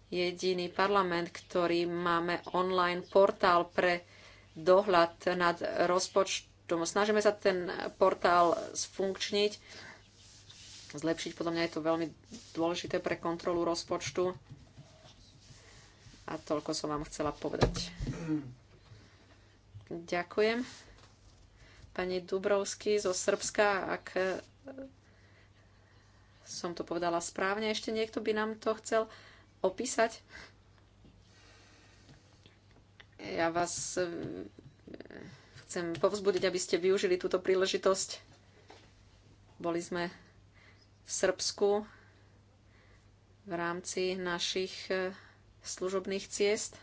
jediný parlament, ktorý máme online portál pre dohľad nad rozpočtom. Snažíme sa ten portál sfunkčniť, zlepšiť. Podľa mňa je to veľmi dôležité pre kontrolu rozpočtu. A toľko som vám chcela povedať. Ďakujem. Pani Dubrovský zo Srbska, ak som to povedala správne, ešte niekto by nám to chcel opísať. Ja vás e, chcem povzbudiť, aby ste využili túto príležitosť. Boli sme v Srbsku v rámci našich e, služobných ciest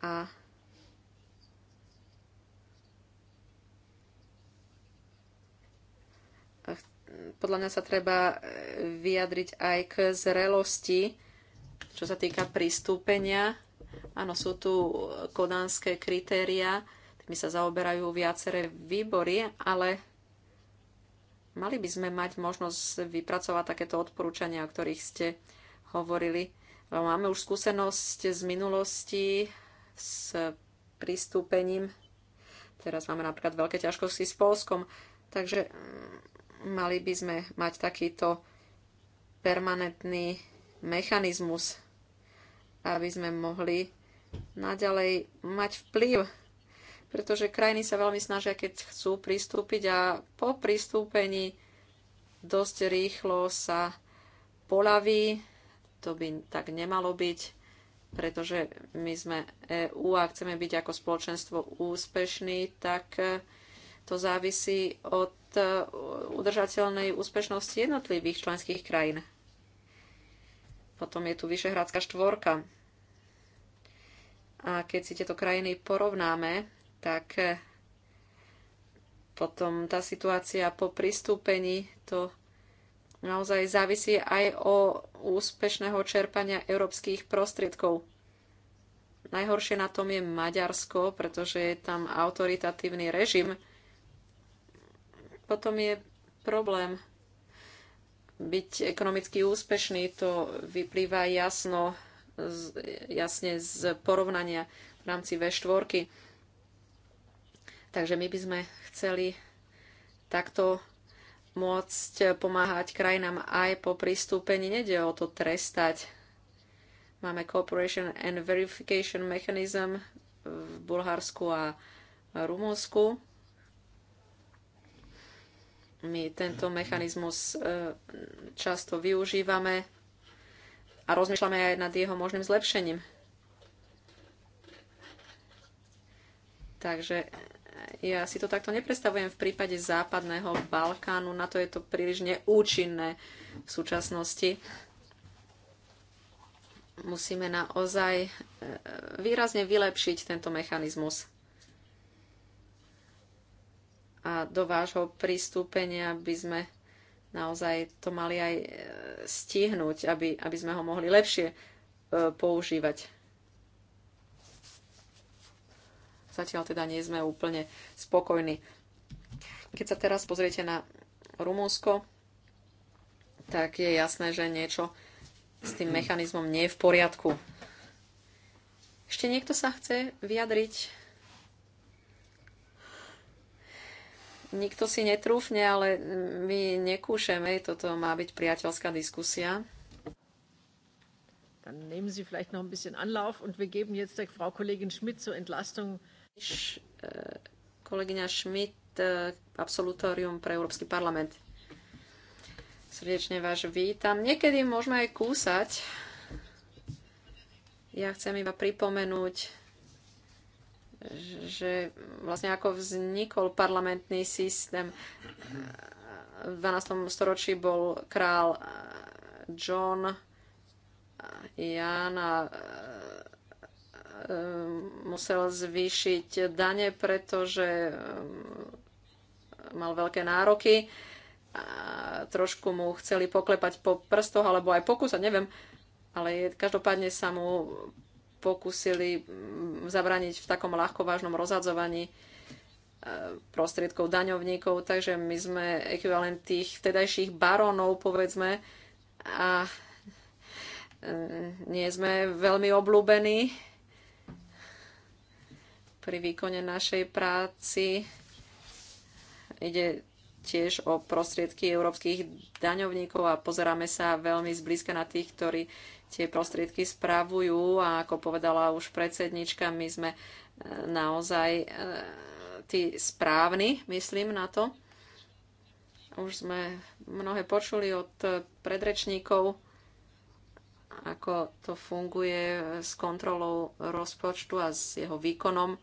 a podľa mňa sa treba e, vyjadriť aj k zrelosti, čo sa týka pristúpenia Áno, sú tu e, kodánske kritéria, tými sa zaoberajú viaceré výbory, ale mali by sme mať možnosť vypracovať takéto odporúčania, o ktorých ste hovorili. Lebo máme už skúsenosť z minulosti s pristúpením. Teraz máme napríklad veľké ťažkosti s Polskom, takže mm, mali by sme mať takýto permanentný mechanizmus aby sme mohli naďalej mať vplyv. Pretože krajiny sa veľmi snažia, keď chcú pristúpiť a po pristúpení dosť rýchlo sa polaví. To by tak nemalo byť, pretože my sme EU a chceme byť ako spoločenstvo úspešní, tak e, to závisí od e, udržateľnej úspešnosti jednotlivých členských krajín. Potom je tu Vyšehradská štvorka. A keď si tieto krajiny porovnáme, tak eh, potom tá situácia po pristúpení to naozaj závisí aj o úspešného čerpania európskych prostriedkov. Najhoršie na tom je Maďarsko, pretože je tam autoritatívny režim. Potom je problém byť ekonomicky úspešný, to vyplýva jasno, jasne z porovnania v rámci V4. Takže my by sme chceli takto môcť pomáhať krajinám aj po pristúpení. Nede o to trestať. Máme Cooperation and Verification Mechanism v Bulharsku a Rumunsku my tento mechanizmus e, často využívame a rozmýšľame aj nad jeho možným zlepšením. Takže ja si to takto nepredstavujem v prípade západného Balkánu. Na to je to príliš neúčinné v súčasnosti. Musíme naozaj e, výrazne vylepšiť tento mechanizmus a do vášho pristúpenia by sme naozaj to mali aj e, stihnúť, aby, aby sme ho mohli lepšie e, používať. Zatiaľ teda nie sme úplne spokojní. Keď sa teraz pozriete na Rumunsko, tak je jasné, že niečo s tým mechanizmom nie je v poriadku. Ešte niekto sa chce vyjadriť? nikto si netrúfne, ale mm, my nekúšeme. Toto má byť priateľská diskusia. Dann nehmen Sie vielleicht noch ein bisschen Anlauf und wir geben jetzt der Frau Kollegin Schmidt zur Entlastung. Eh, kolegyňa Schmidt, eh, absolutórium pre Európsky parlament. Srdečne vás vítam. Niekedy môžeme aj kúsať. Ja chcem iba pripomenúť že vlastne ako vznikol parlamentný systém. V 12. storočí bol král John Jan a e, musel zvýšiť dane, pretože e, mal veľké nároky. A trošku mu chceli poklepať po prstoch alebo aj pokúsať, neviem. Ale každopádne sa mu pokúsili mm, zabrániť v takom ľahkovážnom rozhadzovaní e, prostriedkov daňovníkov, takže my sme ekvivalent tých vtedajších barónov, povedzme, a e, nie sme veľmi oblúbení pri výkone našej práci. Ide tiež o prostriedky európskych daňovníkov a pozeráme sa veľmi zblízka na tých, ktorí tie prostriedky spravujú a ako povedala už predsednička, my sme e, naozaj e, tí správni, myslím na to. Už sme mnohé počuli od predrečníkov, ako to funguje s kontrolou rozpočtu a s jeho výkonom.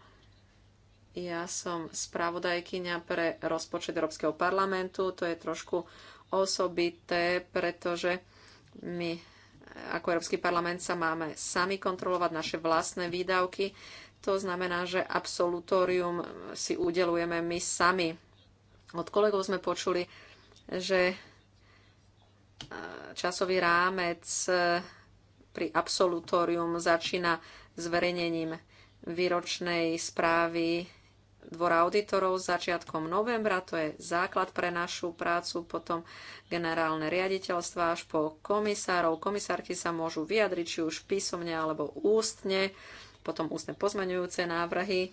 Ja som spravodajkyňa pre rozpočet Európskeho parlamentu. To je trošku osobité, pretože my ako Európsky parlament sa máme sami kontrolovať naše vlastné výdavky. To znamená, že absolutórium si udelujeme my sami. Od kolegov sme počuli, že e, časový rámec e, pri absolutórium začína zverejnením výročnej správy dvora auditorov začiatkom novembra, to je základ pre našu prácu, potom generálne riaditeľstva až po komisárov. Komisárky sa môžu vyjadriť či už písomne alebo ústne, potom ústne pozmeňujúce návrhy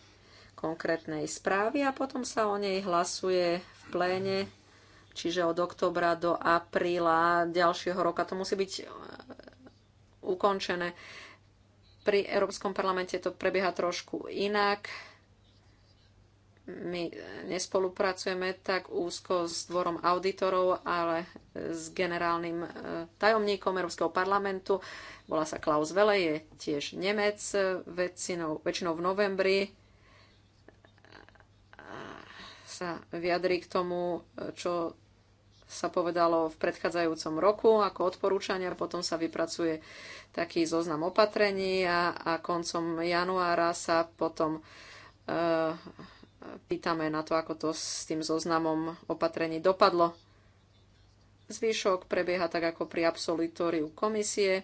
konkrétnej správy a potom sa o nej hlasuje v pléne, čiže od oktobra do apríla ďalšieho roka. To musí byť e, ukončené. Pri Európskom parlamente to prebieha trošku inak my nespolupracujeme tak úzko s dvorom auditorov, ale s generálnym e, tajomníkom Európskeho parlamentu. Volá sa Klaus Vele, je tiež Nemec, e, väčšinou, väčšinou v novembri e, sa vyjadri k tomu, čo sa povedalo v predchádzajúcom roku ako odporúčania, potom sa vypracuje taký zoznam opatrení a, a koncom januára sa potom pýtame na to, ako to s tým zoznamom opatrení dopadlo. Zvyšok prebieha tak ako pri absolutóriu komisie.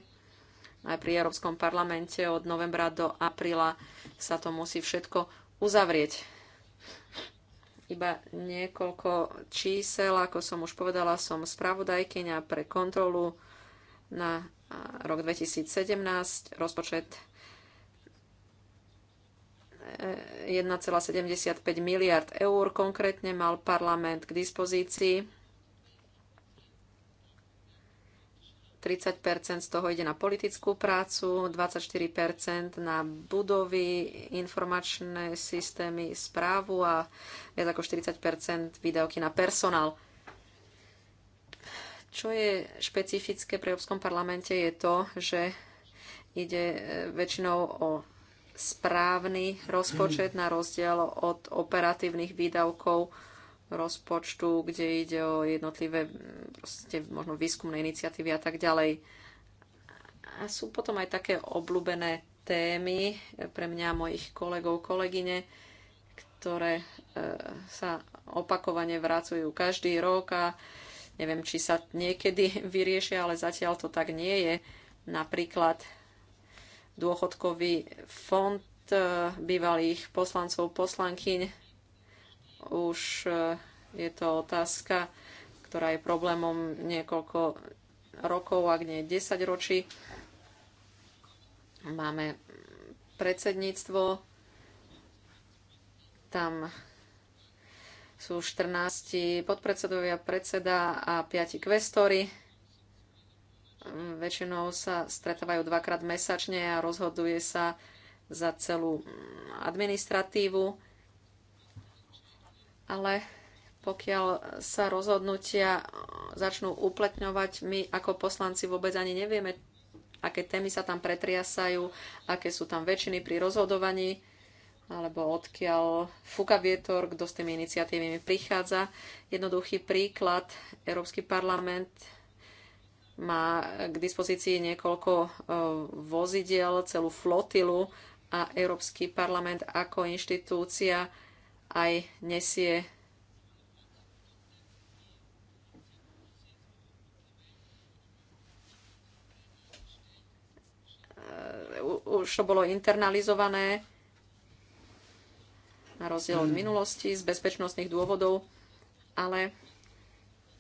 Aj pri Európskom parlamente od novembra do apríla sa to musí všetko uzavrieť. Iba niekoľko čísel, ako som už povedala, som spravodajkyňa pre kontrolu na rok 2017. Rozpočet 1,75 miliard eur konkrétne mal parlament k dispozícii. 30 z toho ide na politickú prácu, 24 na budovy, informačné systémy, správu a viac ako 40 výdavky na personál. Čo je špecifické pre Európskom parlamente je to, že ide e, väčšinou o správny rozpočet na rozdiel od operatívnych výdavkov rozpočtu, kde ide o jednotlivé proste, možno výskumné iniciatívy a tak ďalej. A sú potom aj také obľúbené témy pre mňa a mojich kolegov, kolegyne, ktoré e, sa opakovane vracujú každý rok a neviem, či sa niekedy vyriešia, ale zatiaľ to tak nie je. Napríklad dôchodkový fond e, bývalých poslancov, poslankyň. Už e, je to otázka, ktorá je problémom niekoľko rokov, ak nie 10 ročí. Máme predsedníctvo, tam sú 14 podpredsedovia, predseda a 5 kvestory Väčšinou sa stretávajú dvakrát mesačne a rozhoduje sa za celú administratívu. Ale pokiaľ sa rozhodnutia začnú upletňovať, my ako poslanci vôbec ani nevieme, aké témy sa tam pretriasajú, aké sú tam väčšiny pri rozhodovaní alebo odkiaľ fúka vietor, kto s tými iniciatívami prichádza. Jednoduchý príklad, Európsky parlament má k dispozícii niekoľko e, vozidiel, celú flotilu a Európsky parlament ako inštitúcia aj nesie e, už to bolo internalizované na rozdiel od hmm. minulosti z bezpečnostných dôvodov, ale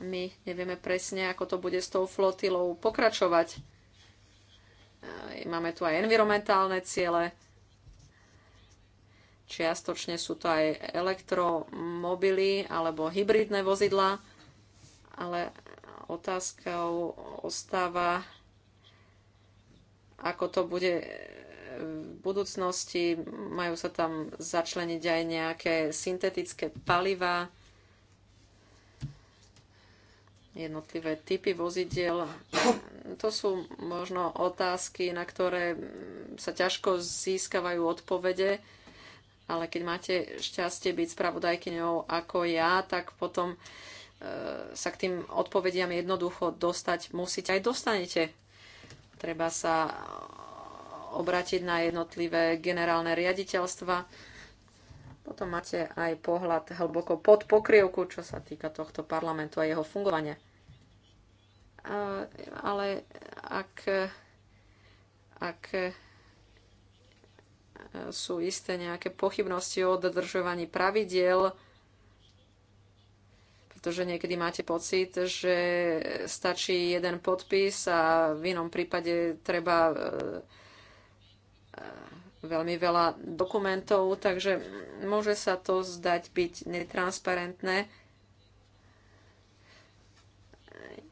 my nevieme presne, ako to bude s tou flotilou pokračovať. E, máme tu aj environmentálne ciele, čiastočne sú to aj elektromobily alebo hybridné vozidla, ale otázkou ostáva, ako to bude v budúcnosti. Majú sa tam začleniť aj nejaké syntetické paliva, jednotlivé typy vozidiel. To sú možno otázky, na ktoré sa ťažko získavajú odpovede, ale keď máte šťastie byť spravodajkyňou ako ja, tak potom e, sa k tým odpovediam jednoducho dostať musíte. Aj dostanete. Treba sa obrátiť na jednotlivé generálne riaditeľstva potom máte aj pohľad hlboko pod pokrievku, čo sa týka tohto parlamentu a jeho fungovania. Ale ak, ak sú isté nejaké pochybnosti o dodržovaní pravidiel, pretože niekedy máte pocit, že stačí jeden podpis a v inom prípade treba e, e, veľmi veľa dokumentov, takže môže sa to zdať byť netransparentné.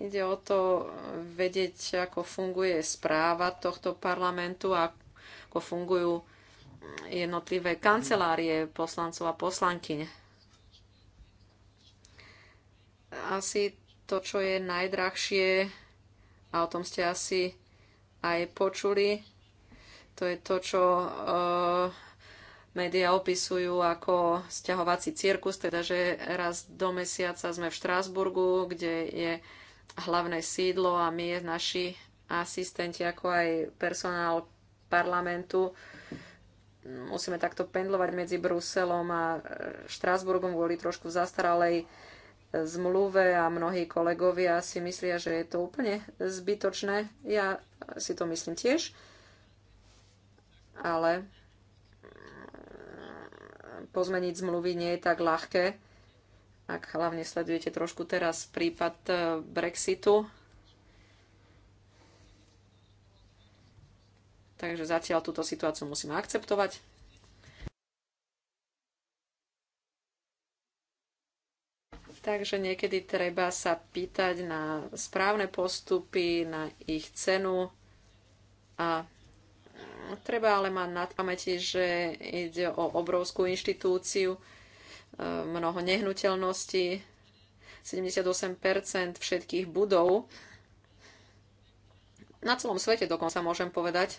Ide o to vedieť, ako funguje správa tohto parlamentu a ako fungujú jednotlivé kancelárie poslancov a poslankyň. Asi to, čo je najdrahšie, a o tom ste asi aj počuli, to je to, čo e, médiá opisujú ako sťahovací cirkus, teda že raz do mesiaca sme v Štrásburgu, kde je hlavné sídlo a my, naši asistenti, ako aj personál parlamentu, musíme takto pendlovať medzi Bruselom a eh, Štrásburgom kvôli trošku zastaralej eh, zmluve a mnohí kolegovia si myslia, že je to úplne zbytočné. Ja si to myslím tiež ale mm, pozmeniť zmluvy nie je tak ľahké, ak hlavne sledujete trošku teraz prípad e, Brexitu. Takže zatiaľ túto situáciu musíme akceptovať. Takže niekedy treba sa pýtať na správne postupy, na ich cenu a Treba ale mať na pamäti, že ide o obrovskú inštitúciu, e, mnoho nehnuteľností, 78 všetkých budov na celom svete dokonca môžem povedať,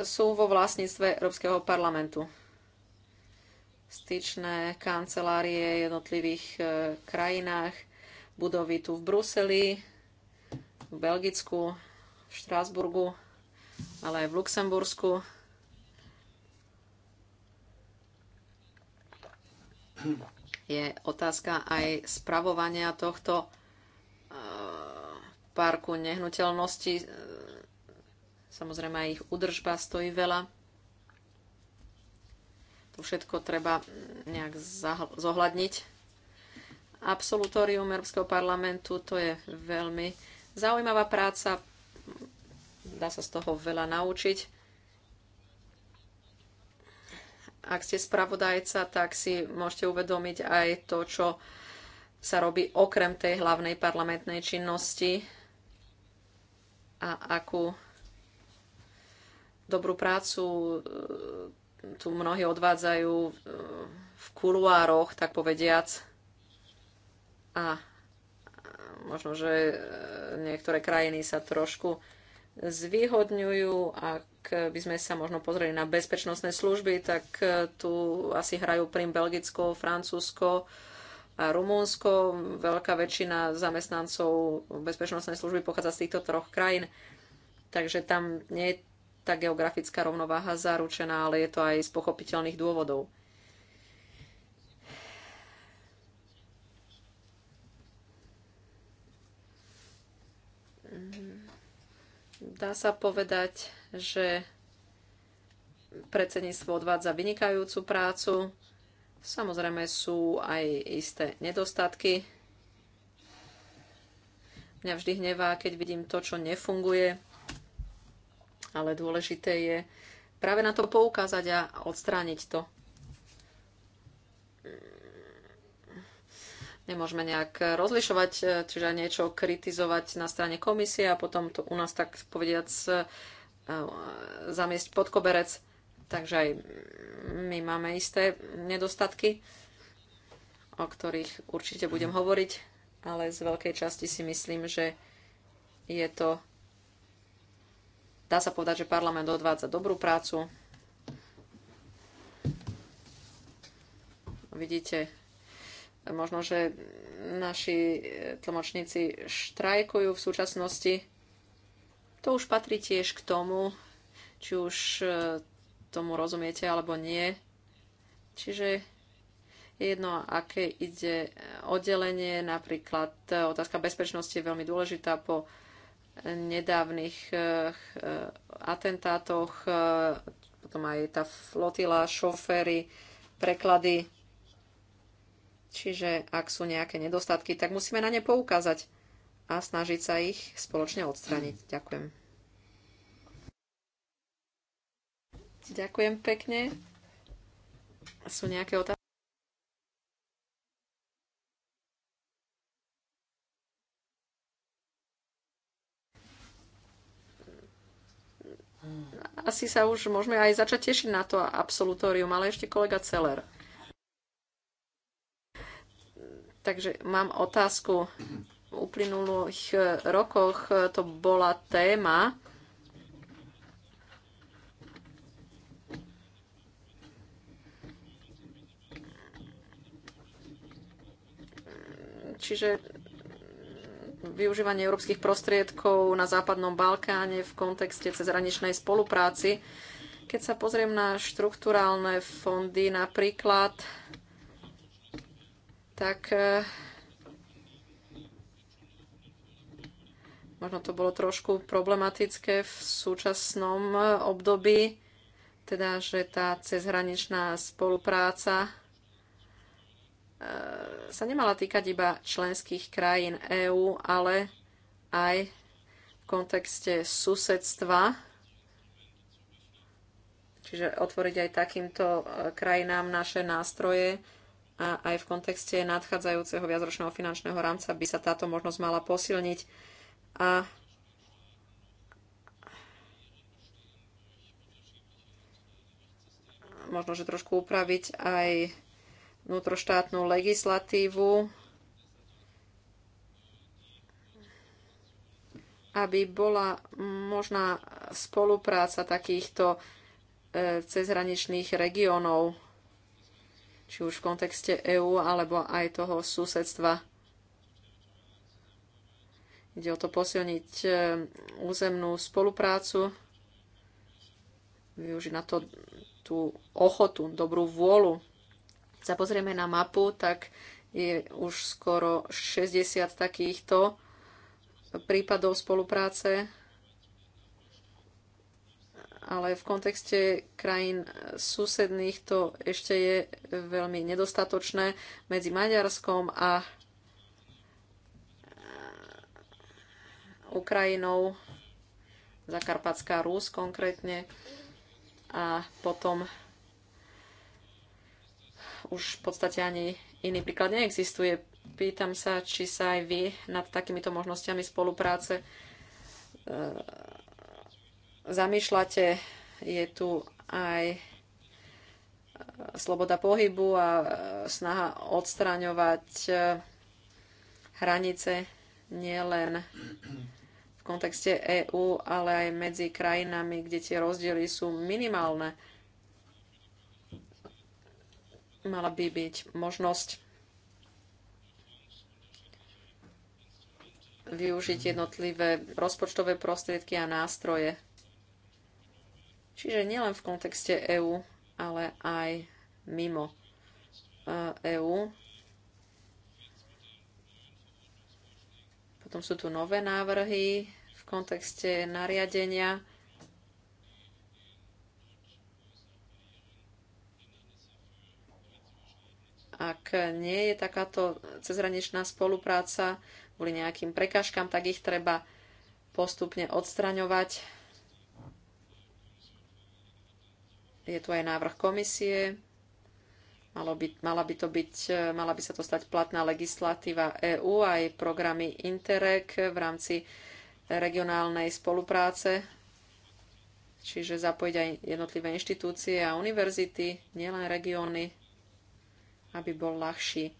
sú vo vlastníctve Európskeho parlamentu. Styčné kancelárie v jednotlivých e, krajinách, budovy tu v Bruseli, v Belgicku, v Štrásburgu, ale aj v Luxembursku. Je otázka aj spravovania tohto eh, parku nehnuteľnosti. Eh, samozrejme aj ich udržba stojí veľa. To všetko treba nejak zohľadniť. Absolutórium Európskeho parlamentu to je veľmi zaujímavá práca dá sa z toho veľa naučiť. Ak ste spravodajca, tak si môžete uvedomiť aj to, čo sa robí okrem tej hlavnej parlamentnej činnosti a akú dobrú prácu e, tu mnohí odvádzajú e, v kuluároch, tak povediac. A možno, že e, niektoré krajiny sa trošku zvýhodňujú. Ak by sme sa možno pozreli na bezpečnostné služby, tak e, tu asi hrajú prim Belgicko, Francúzsko a Rumunsko. Veľká väčšina zamestnancov bezpečnostnej služby pochádza z týchto troch krajín. Takže tam nie je tá geografická rovnováha zaručená, ale je to aj z pochopiteľných dôvodov. Dá sa povedať, že predsedníctvo odvádza vynikajúcu prácu. Samozrejme sú aj isté nedostatky. Mňa vždy hnevá, keď vidím to, čo nefunguje, ale dôležité je práve na to poukázať a odstrániť to nemôžeme nejak e, rozlišovať, e, čiže niečo kritizovať na strane komisie a potom to u nás tak povediac e, zamiesť pod koberec. Takže aj my máme isté nedostatky, o ktorých určite budem hovoriť, ale z veľkej časti si myslím, že je to, dá sa povedať, že parlament odvádza dobrú prácu. Vidíte, Možno, že naši e, tlmočníci štrajkujú v súčasnosti. To už patrí tiež k tomu, či už e, tomu rozumiete alebo nie. Čiže je jedno, aké ide oddelenie, napríklad e, otázka bezpečnosti je veľmi dôležitá po nedávnych atentátoch, potom aj tá flotila, šoféry, preklady. Čiže ak sú nejaké nedostatky, tak musíme na ne poukázať a snažiť sa ich spoločne odstraniť. Ďakujem. Ďakujem pekne. Sú nejaké otázky? Asi sa už môžeme aj začať tešiť na to absolutórium, ale ešte kolega Celer. Takže mám otázku. V uplynulých eh, rokoch eh, to bola téma. Čiže využívanie európskych prostriedkov na Západnom Balkáne v kontexte cezhraničnej spolupráci. Keď sa pozriem na štruktúrálne fondy, napríklad tak e, možno to bolo trošku problematické v súčasnom období, teda že tá cezhraničná spolupráca e, sa nemala týkať iba členských krajín EÚ, ale aj v kontexte susedstva, čiže otvoriť aj takýmto e, krajinám naše nástroje a aj v kontexte nadchádzajúceho viacročného finančného rámca by sa táto možnosť mala posilniť a možno, že trošku upraviť aj vnútroštátnu legislatívu, aby bola možná spolupráca takýchto e, cezhraničných regiónov či už v kontexte EÚ alebo aj toho susedstva. Ide o to posilniť e, územnú spoluprácu, využiť na to tú ochotu, dobrú vôľu. Keď sa pozrieme na mapu, tak je už skoro 60 takýchto prípadov spolupráce ale v kontexte krajín susedných to ešte je veľmi nedostatočné medzi Maďarskom a e, Ukrajinou, Zakarpatská Rus konkrétne a potom už v podstate ani iný príklad neexistuje. Pýtam sa, či sa aj vy nad takýmito možnosťami spolupráce e, zamýšľate. Je tu aj e, sloboda pohybu a e, snaha odstraňovať e, hranice nielen v kontexte EÚ, ale aj medzi krajinami, kde tie rozdiely sú minimálne. Mala by byť možnosť využiť jednotlivé rozpočtové prostriedky a nástroje Čiže nielen v kontexte EÚ, ale aj mimo EÚ. E Potom sú tu nové návrhy v kontexte nariadenia. Ak nie je takáto cezhraničná spolupráca kvôli nejakým prekažkám, tak ich treba postupne odstraňovať Je tu aj návrh komisie. Malo by, mala, by to byť, e, mala by sa to stať platná legislatíva EÚ aj programy Interreg v rámci regionálnej spolupráce, čiže zapojiť aj jednotlivé inštitúcie a univerzity, nielen regióny, aby bol ľahší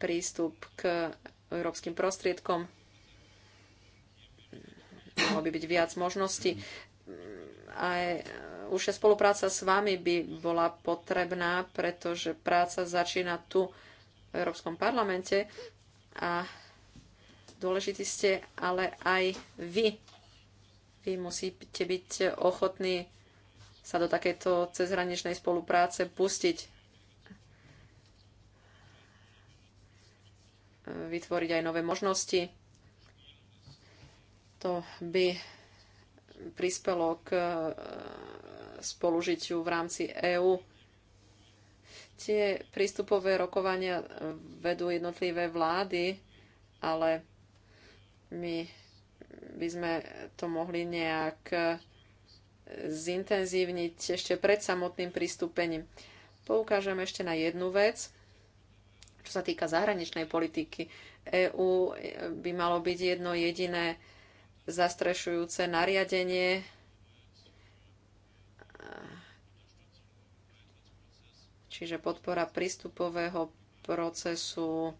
prístup k európskym prostriedkom. Malo by byť viac možností aj e, už spolupráca s vami by bola potrebná, pretože práca začína tu v Európskom parlamente a dôležití ste ale aj vy. Vy musíte byť ochotní sa do takejto cezhraničnej spolupráce pustiť. E, vytvoriť aj nové možnosti. To by prispelo k e, spolužitiu v rámci EÚ. Tie prístupové rokovania vedú jednotlivé vlády, ale my by sme to mohli nejak e, zintenzívniť ešte pred samotným pristúpením. Poukážem ešte na jednu vec, čo sa týka zahraničnej politiky. EÚ by malo byť jedno jediné zastrešujúce nariadenie čiže podpora prístupového procesu,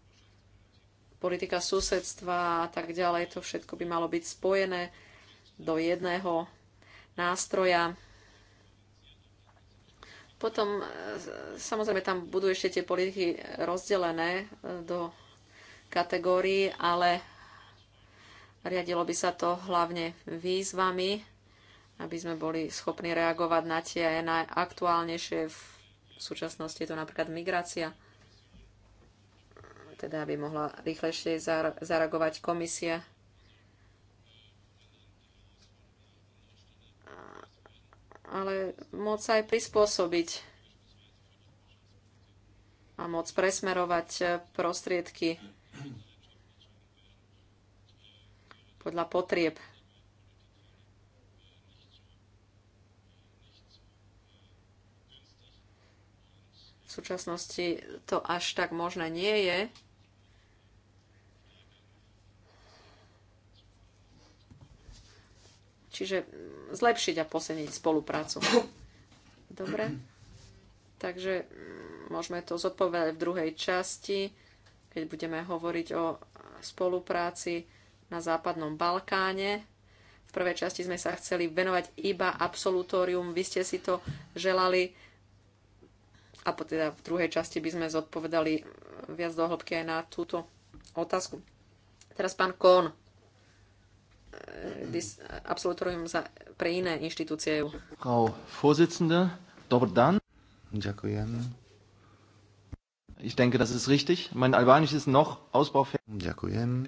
politika susedstva a tak ďalej, to všetko by malo byť spojené do jedného nástroja. Potom e, samozrejme tam budú ešte tie politiky rozdelené e, do kategórií, ale Riadilo by sa to hlavne výzvami, aby sme boli schopní reagovať na tie najaktuálnejšie v súčasnosti je to napríklad migrácia, teda aby mohla rýchlejšie zareagovať komisia. Ale môcť sa aj prispôsobiť a môcť presmerovať prostriedky podľa potrieb. V súčasnosti to až tak možné nie je. Čiže zlepšiť a posilniť spoluprácu. Dobre. Takže môžeme to zodpovedať v druhej časti, keď budeme hovoriť o spolupráci na Západnom Balkáne. V prvej časti sme sa chceli venovať iba absolutórium. Vy ste si to želali. A po teda v druhej časti by sme zodpovedali viac do hĺbky aj na túto otázku. Teraz pán Kohn. absolutórium za, pre iné inštitúcie Frau Vorsitzende, dobrý dan. Ďakujem. Ich denke, das ist richtig. Mein Albanisch ist noch ausbaufähig. Ďakujem.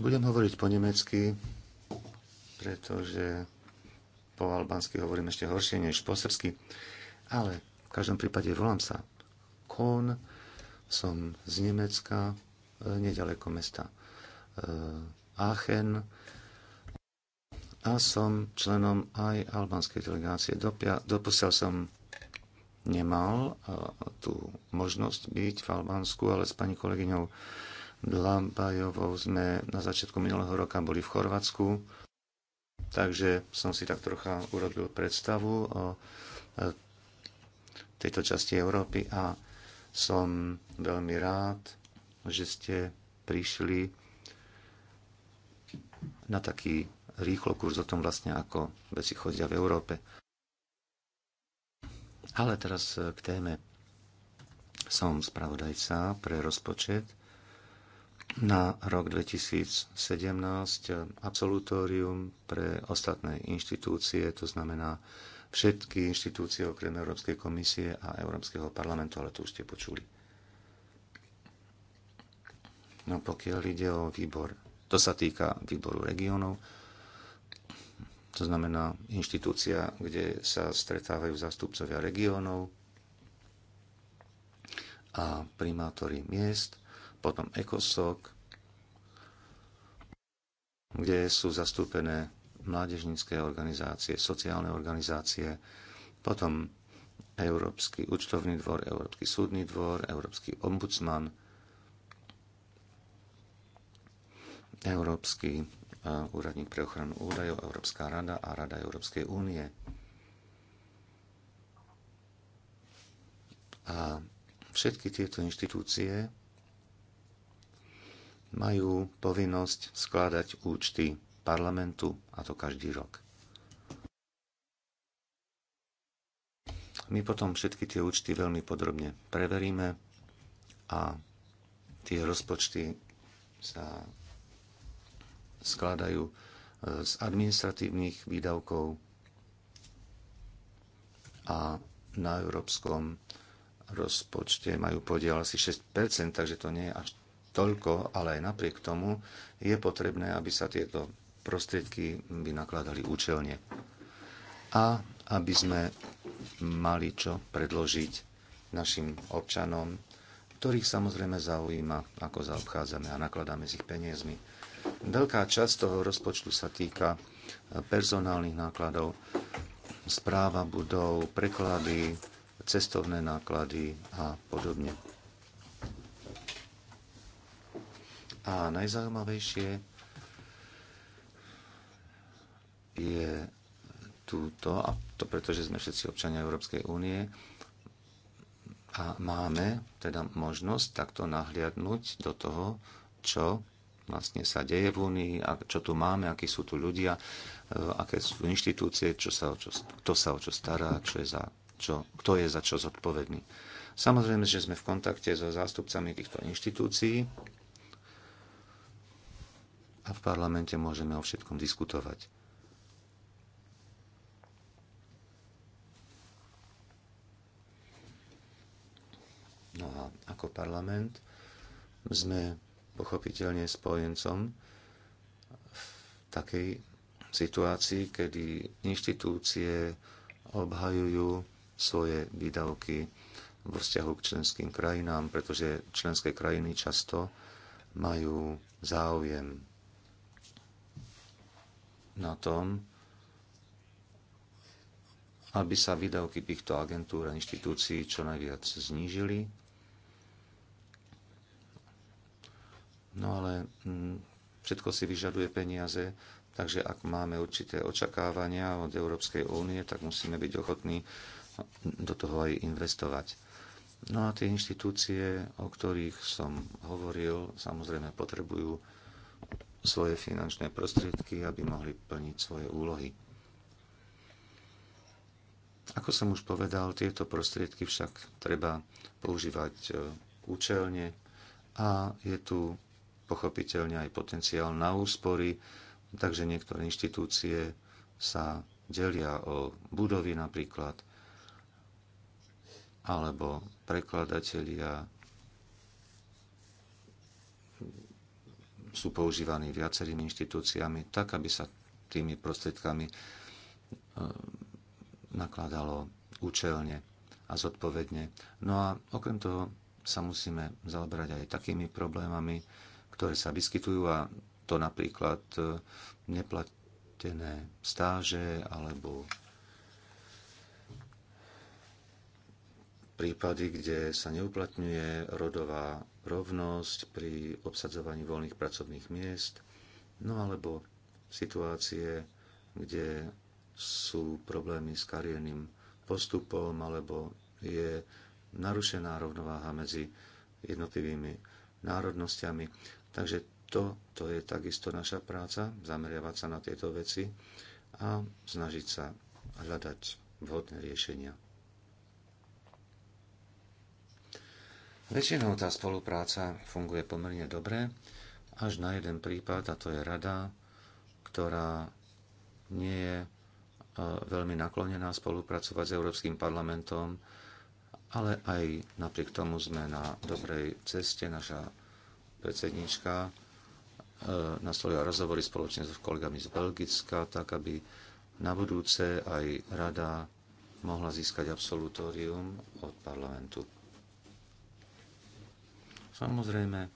Budem hovoriť po nemecky, pretože po albánsky hovorím ešte horšie než po srbsky, ale v každom prípade volám sa Kohn, som z Nemecka, e, nedaleko mesta e, Aachen a som členom aj albánskej delegácie. doposiaľ som nemal e, tú možnosť byť v Albánsku, ale s pani kolegyňou Dlabajovou sme na začiatku minulého roka boli v Chorvátsku, takže som si tak trocha urobil predstavu o e, tejto časti Európy a som veľmi rád, že ste prišli na taký rýchlo kurz o tom vlastne, ako veci chodia v Európe. Ale teraz e, k téme. Som spravodajca pre rozpočet na rok 2017 eh, absolutórium pre ostatné inštitúcie, to znamená všetky inštitúcie okrem Európskej komisie a Európskeho parlamentu, ale to už ste počuli. No pokiaľ ide o výbor, to sa týka výboru regionov, to znamená inštitúcia, kde sa stretávajú zástupcovia regiónov a primátory miest potom ekosok, kde sú zastúpené mládežnícke organizácie, sociálne organizácie, potom Európsky účtovný dvor, Európsky súdny dvor, Európsky ombudsman, Európsky e, úradník pre ochranu údajov, Európska rada a Rada Európskej únie. A všetky tieto inštitúcie majú povinnosť skladať účty parlamentu, a to každý rok. My potom všetky tie účty veľmi podrobne preveríme a tie rozpočty sa skladajú e, z administratívnych výdavkov a na európskom rozpočte majú podiel asi 6%, takže to nie je až toľko, ale aj napriek tomu je potrebné, aby sa tieto prostriedky vynakladali účelne. A aby sme mali čo predložiť našim občanom, ktorých samozrejme zaujíma, ako zaobchádzame a nakladáme s ich peniazmi. Veľká časť toho rozpočtu sa týka personálnych nákladov, správa budov, preklady, cestovné náklady a podobne. A najzaujímavejšie je túto, a to preto, že sme všetci občania Európskej únie, a máme teda možnosť takto nahliadnúť do toho, čo vlastne sa deje v Únii, čo tu máme, akí sú tu ľudia, e, aké sú inštitúcie, čo sa o čo, kto sa o čo stará, čo je za, čo, kto je za čo zodpovedný. Samozrejme, že sme v kontakte so zástupcami týchto inštitúcií, a v parlamente môžeme o všetkom diskutovať. No a ako parlament sme pochopiteľne spojencom v takej situácii, kedy inštitúcie obhajujú svoje výdavky vo vzťahu k členským krajinám, pretože členské krajiny často majú záujem na tom, aby sa výdavky týchto agentúr a inštitúcií čo najviac znížili. No ale mm, všetko si vyžaduje peniaze, takže ak máme určité očakávania od Európskej únie, tak musíme byť ochotní do toho aj investovať. No a tie inštitúcie, o ktorých som hovoril, samozrejme potrebujú svoje finančné prostriedky, aby mohli plniť svoje úlohy. Ako som už povedal, tieto prostriedky však treba používať e, účelne a je tu pochopiteľne aj potenciál na úspory, takže niektoré inštitúcie sa delia o budovy napríklad, alebo prekladatelia sú používaní viacerými inštitúciami, tak aby sa tými prostriedkami e, nakladalo účelne a zodpovedne. No a okrem toho sa musíme zaoberať aj takými problémami, ktoré sa vyskytujú a to napríklad e, neplatené stáže alebo prípady, kde sa neuplatňuje rodová rovnosť pri obsadzovaní voľných pracovných miest, no alebo situácie, kde sú problémy s kariérnym postupom alebo je narušená rovnováha medzi jednotlivými národnosťami. Takže to, to je takisto naša práca, zameriavať sa na tieto veci a snažiť sa hľadať vhodné riešenia. Väčšinou tá spolupráca funguje pomerne dobre, až na jeden prípad, a to je rada, ktorá nie je e, veľmi naklonená spolupracovať s Európskym parlamentom, ale aj napriek tomu sme na dobrej ceste. Naša predsednička e, nastolila rozhovory spoločne so kolegami z Belgicka, tak aby na budúce aj rada mohla získať absolutórium od parlamentu. Samozrejme,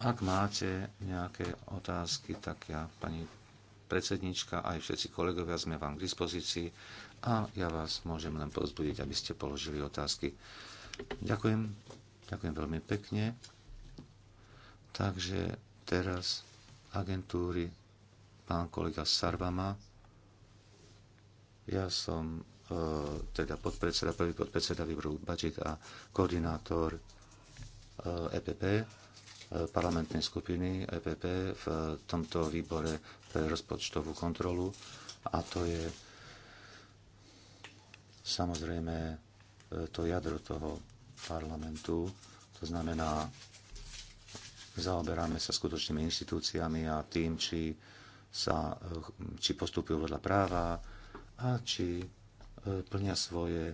ak máte nejaké otázky, tak ja, pani predsednička, aj všetci kolegovia sme vám k dispozícii a ja vás môžem len pozbudiť, aby ste položili otázky. Ďakujem, ďakujem veľmi pekne. Takže teraz agentúry pán kolega Sarvama. Ja som e, teda podpredseda, prvý podpredseda výboru budget a koordinátor EPP, eh, e eh, parlamentnej skupiny EPP v tomto výbore pre rozpočtovú kontrolu a to je samozrejme eh, to jadro toho parlamentu. To znamená, zaoberáme sa skutočnými inštitúciami a tým, či, sa, či postupujú podľa práva a či plnia svoje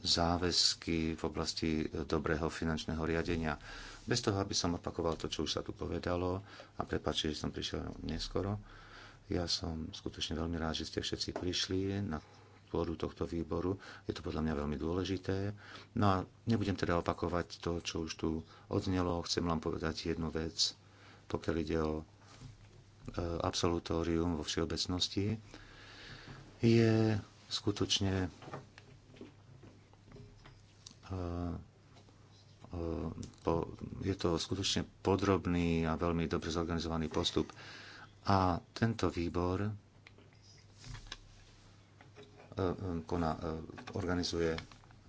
záväzky v oblasti dobrého finančného riadenia. Bez toho, aby som opakoval to, čo už sa tu povedalo, a prepáčte, že som prišiel neskoro, ja som skutočne veľmi rád, že ste všetci prišli na pôdu tohto výboru. Je to podľa mňa veľmi dôležité. No a nebudem teda opakovať to, čo už tu odznelo. Chcem vám povedať jednu vec, pokiaľ ide o e, absolutórium vo všeobecnosti. Je skutočne Eh, eh, je to skutočne podrobný a veľmi dobre zorganizovaný postup. A tento výbor eh, koná, organizuje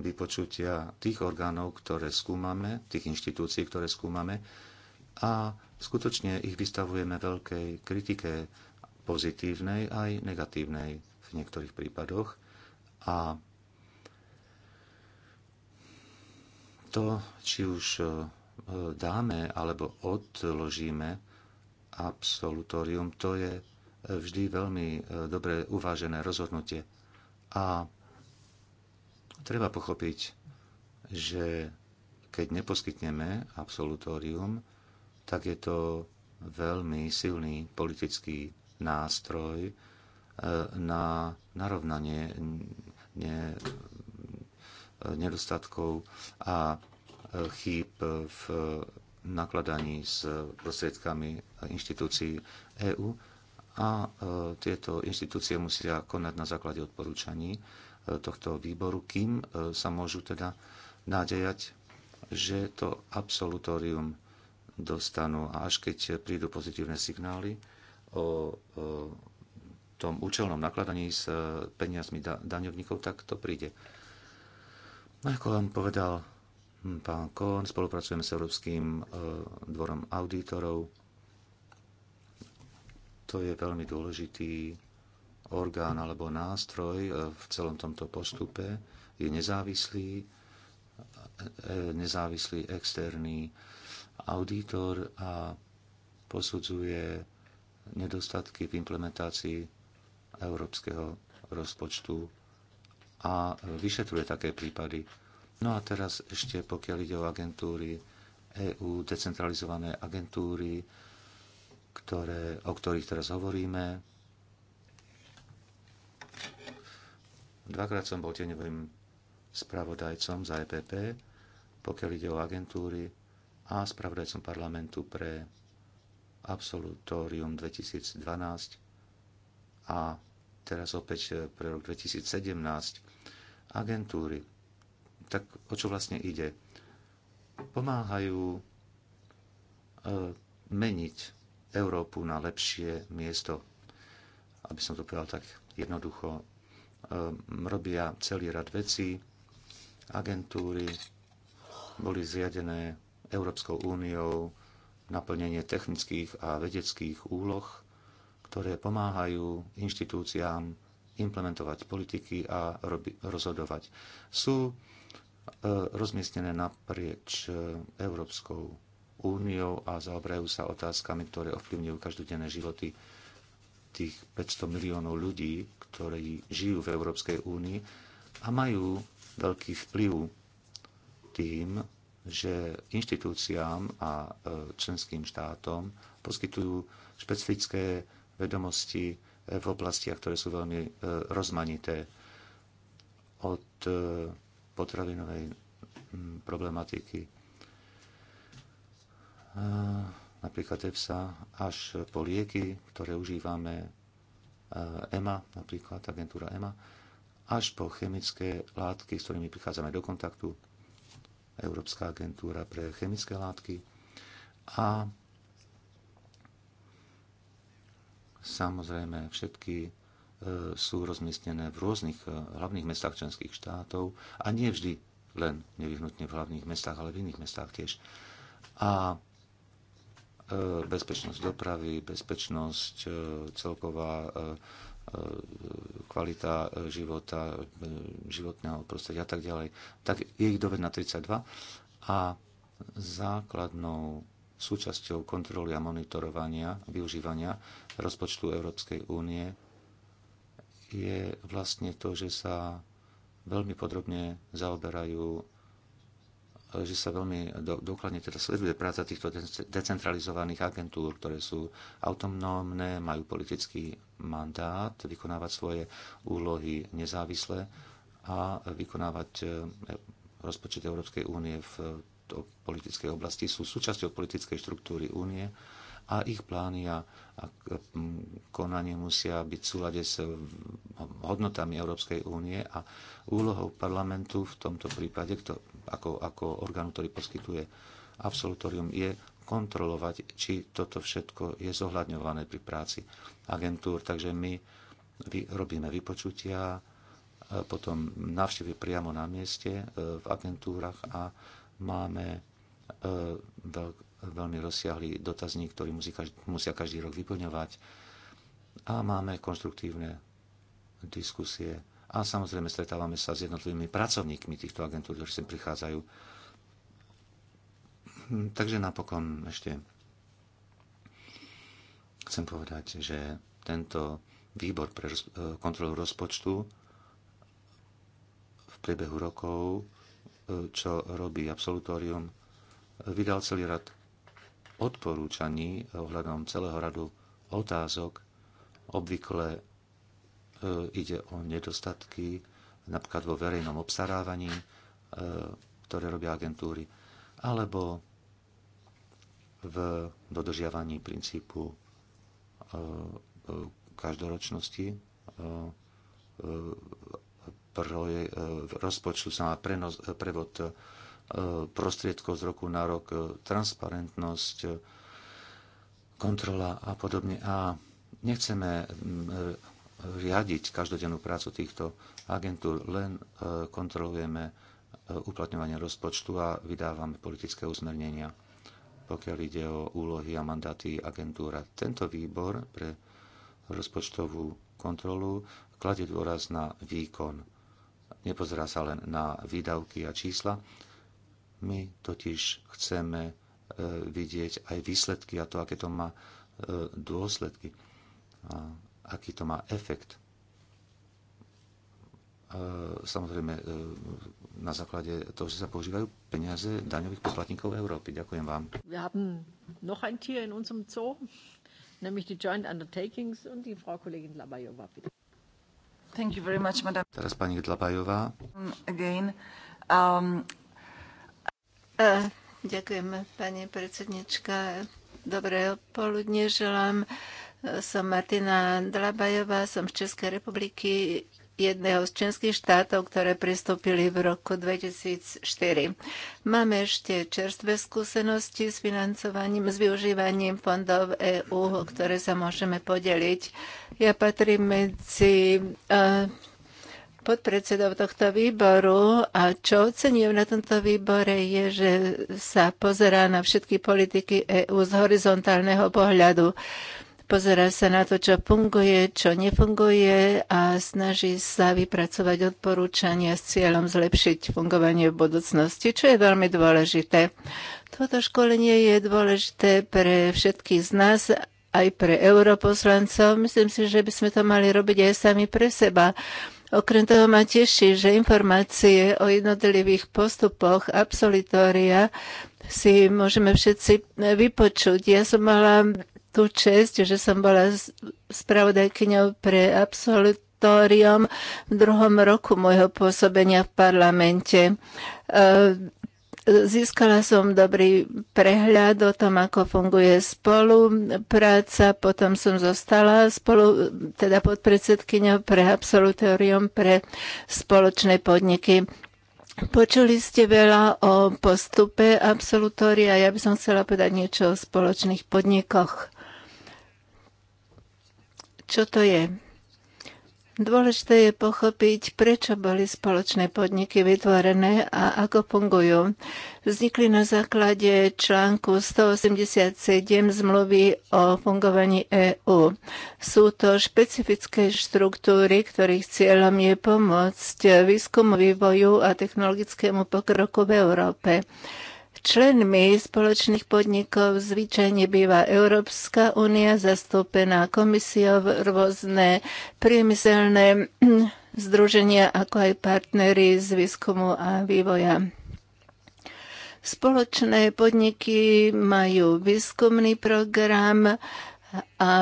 vypočutia tých orgánov, ktoré skúmame, tých inštitúcií, ktoré skúmame a skutočne ich vystavujeme veľkej kritike pozitívnej aj negatívnej v niektorých prípadoch a to, či už e, dáme alebo odložíme absolutórium, to je vždy veľmi e, dobre uvážené rozhodnutie. A treba pochopiť, že keď neposkytneme absolutórium, tak je to veľmi silný politický nástroj e, na narovnanie nedostatkov a e, chýb v nakladaní s prostriedkami inštitúcií EÚ a e, tieto inštitúcie musia konať na základe odporúčaní e, tohto výboru, kým sa môžu teda nádejať, že to absolutórium dostanú a až keď prídu pozitívne signály o tom účelnom nakladaní s peniazmi daňovníkov, tak to príde. No, ako vám povedal hm, pán Kohn, spolupracujeme s Európskym eh, dvorom auditorov. To je veľmi dôležitý orgán alebo nástroj eh, v celom tomto postupe. Je nezávislý, eh, nezávislý externý auditor a posudzuje nedostatky v implementácii európskeho rozpočtu a vyšetruje také prípady. No a teraz ešte pokiaľ ide o agentúry EU, decentralizované agentúry, ktoré, o ktorých teraz hovoríme. Dvakrát som bol tieňovým spravodajcom za EPP, pokiaľ ide o agentúry a spravodajcom parlamentu pre absolutórium 2012 a teraz opäť pre rok 2017 agentúry. Tak o čo vlastne ide? Pomáhajú e, meniť Európu na lepšie miesto. Aby som to povedal tak jednoducho, e, robia celý rad vecí. Agentúry boli zriadené Európskou úniou naplnenie technických a vedeckých úloh, ktoré pomáhajú inštitúciám implementovať politiky a robi, rozhodovať. Sú e, rozmiestnené naprieč e, Európskou úniou a zaoberajú sa otázkami, ktoré ovplyvňujú každodenné životy tých 500 miliónov ľudí, ktorí žijú v Európskej únii a majú veľký vplyv tým, že inštitúciám a e, členským štátom poskytujú špecifické vedomosti, v oblastiach, ktoré sú veľmi e, rozmanité od e, potravinovej problematiky e, napríklad EFSA, až po lieky, ktoré užívame EMA, napríklad agentúra EMA, až po chemické látky, s ktorými prichádzame do kontaktu, Európska agentúra pre chemické látky a Samozrejme, všetky e, sú rozmiestnené v rôznych e, hlavných mestách členských štátov a nie vždy len nevyhnutne v hlavných mestách, ale v iných mestách tiež. A e, bezpečnosť dopravy, bezpečnosť celková kvalita života, životného prostredia a tak ďalej. Tak je ich doved na 32 a základnou súčasťou kontroly a monitorovania využívania rozpočtu Európskej únie je vlastne to, že sa veľmi podrobne zaoberajú, že sa veľmi do, dokladne teda sleduje práca týchto decentralizovaných agentúr, ktoré sú autonómne, majú politický mandát vykonávať svoje úlohy nezávisle a vykonávať eh, rozpočet Európskej únie v politickej oblasti sú súčasťou politickej štruktúry únie a ich plány a, a konanie musia byť v súlade s eh, hodnotami Európskej únie a úlohou parlamentu v tomto prípade, kto, ako, ako orgánu, ktorý poskytuje absolutorium, je kontrolovať, či toto všetko je zohľadňované pri práci agentúr. Takže my robíme vypočutia, eh, potom návštevy priamo na mieste eh, v agentúrach a Máme e, veľmi rozsiahlý dotazník, ktorý musí každý, musia každý rok vyplňovať. A máme konštruktívne diskusie. A samozrejme stretávame sa s jednotlivými pracovníkmi týchto agentúr, ktorí sem prichádzajú. Hm, takže napokon ešte chcem povedať, že tento výbor pre e, kontrolu rozpočtu v priebehu rokov čo robí absolutórium, vydal celý rad odporúčaní ohľadom celého radu otázok. Obvykle e, ide o nedostatky napríklad vo verejnom obstarávaní, e, ktoré robia agentúry, alebo v dodržiavaní princípu e, každoročnosti proje, rozpočtu sa má prenos, e, prevod e, prostriedkov z roku na rok, e, transparentnosť, kontrola a podobne. A nechceme riadiť každodennú prácu týchto agentúr, len kontrolujeme uplatňovanie rozpočtu a vydávame politické usmernenia, pokiaľ ide o úlohy a mandáty agentúra. Tento výbor pre rozpočtovú kontrolu kladie dôraz na výkon nepozerá sa len na výdavky a čísla. My totiž chceme e, vidieť aj výsledky a to, aké to má e, dôsledky, a aký to má efekt. E, samozrejme, na základe toho, že sa používajú peniaze daňových poplatníkov Európy. Ďakujem vám. Wir haben noch ein Tier in unserem Zoo, nämlich die Joint Undertakings und die Frau Kollegin Labajova, Thank you very much, madam. Teraz pani Dlabajová. Um, again. Um, uh, ďakujem, pani predsednička. Dobré poludne želám. E, som Martina Dlabajová, som z Českej republiky jedného z členských štátov, ktoré pristúpili v roku 2004. Máme ešte čerstvé skúsenosti s financovaním, s využívaním fondov EÚ, o ktoré sa môžeme podeliť. Ja patrím medzi e, podpredsedov tohto výboru a čo ocením na tomto výbore je, že sa pozerá na všetky politiky EÚ z horizontálneho pohľadu pozerá sa na to, čo funguje, čo nefunguje a snaží sa vypracovať odporúčania s cieľom zlepšiť fungovanie v budúcnosti, čo je veľmi dôležité. Toto školenie je dôležité pre všetkých z nás, aj pre europoslancov. Myslím si, že by sme to mali robiť aj sami pre seba. Okrem toho ma teší, že informácie o jednotlivých postupoch absolutória si môžeme všetci vypočuť. Ja som mala tú čest, že som bola spravodajkyňou pre absolutórium v druhom roku môjho pôsobenia v parlamente. E, získala som dobrý prehľad o tom, ako funguje spolupráca, potom som zostala spolu, teda podpredsedkyňou pre absolutórium pre spoločné podniky. Počuli ste veľa o postupe absolutória, ja by som chcela povedať niečo o spoločných podnikoch čo to je. Dôležité je pochopiť, prečo boli spoločné podniky vytvorené a ako fungujú. Vznikli na základe článku 187 zmluvy o fungovaní EÚ. Sú to špecifické štruktúry, ktorých cieľom je pomôcť výskumu, vývoju a technologickému pokroku v Európe. Členmi spoločných podnikov zvyčajne býva Európska únia, zastúpená komisiou, rôzne priemyselné združenia, ako aj partnery z výskumu a vývoja. Spoločné podniky majú výskumný program, a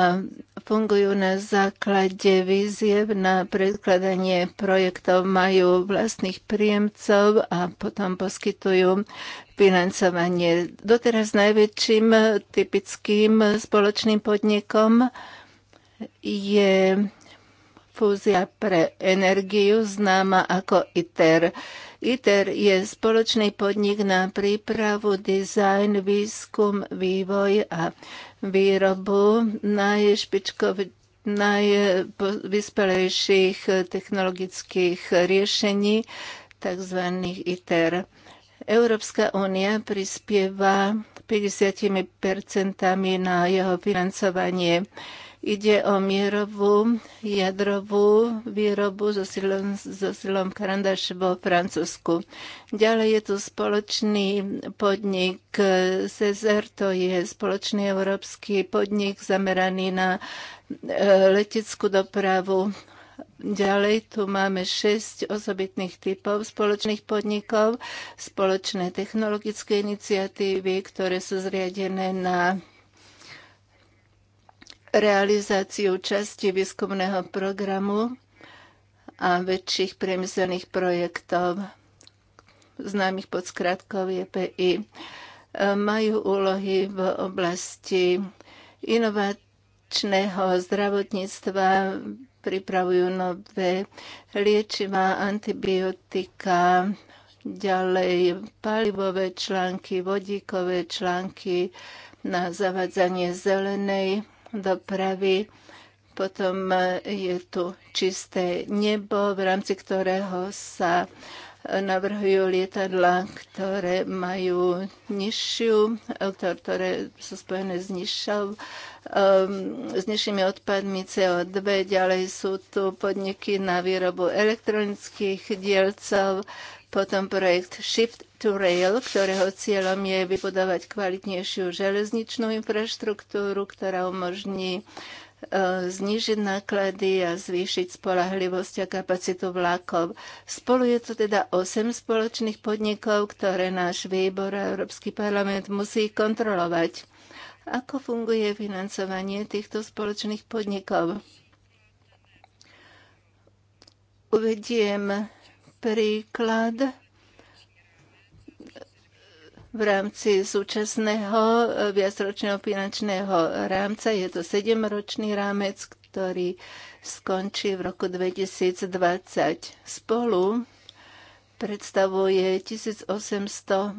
fungujú na základe výziev na predkladanie projektov, majú vlastných príjemcov a potom poskytujú financovanie. Doteraz najväčším typickým spoločným podnikom je fúzia pre energiu, známa ako ITER. ITER je spoločný podnik na prípravu, dizajn, výskum, vývoj a výrobu najšpičkových najvyspelejších technologických riešení, tzv. ITER. Európska únia prispieva 50 na jeho financovanie. Ide o mierovú jadrovú výrobu so silom, so silom Karandaš vo Francúzsku. Ďalej je tu spoločný podnik Cezar, to je spoločný európsky podnik zameraný na e, leteckú dopravu, Ďalej tu máme 6 osobitných typov spoločných podnikov, spoločné technologické iniciatívy, ktoré sú zriadené na realizáciu časti výskumného programu a väčších priemyselných projektov, známych pod skratkou EPI, e, majú úlohy v oblasti inovačného zdravotníctva, pripravujú nové liečivá, antibiotika, ďalej palivové články, vodíkové články na zavadzanie zelenej dopravy. Potom e, je tu čisté nebo, v rámci ktorého sa e, navrhujú lietadla, ktoré majú nižšiu, e, ktoré sú spojené s, nižšou, s nižšími odpadmi CO2. Ďalej sú tu podniky na výrobu elektronických dielcov, potom projekt Shift to Rail, ktorého cieľom je vybudovať kvalitnejšiu železničnú infraštruktúru, ktorá umožní e, znižiť náklady a zvýšiť spolahlivosť a kapacitu vlakov. Spolu je to teda 8 spoločných podnikov, ktoré náš výbor a Európsky parlament musí kontrolovať. Ako funguje financovanie týchto spoločných podnikov? Uvediem príklad v rámci súčasného viacročného finančného rámca. Je to sedemročný rámec, ktorý skončí v roku 2020. Spolu predstavuje 1800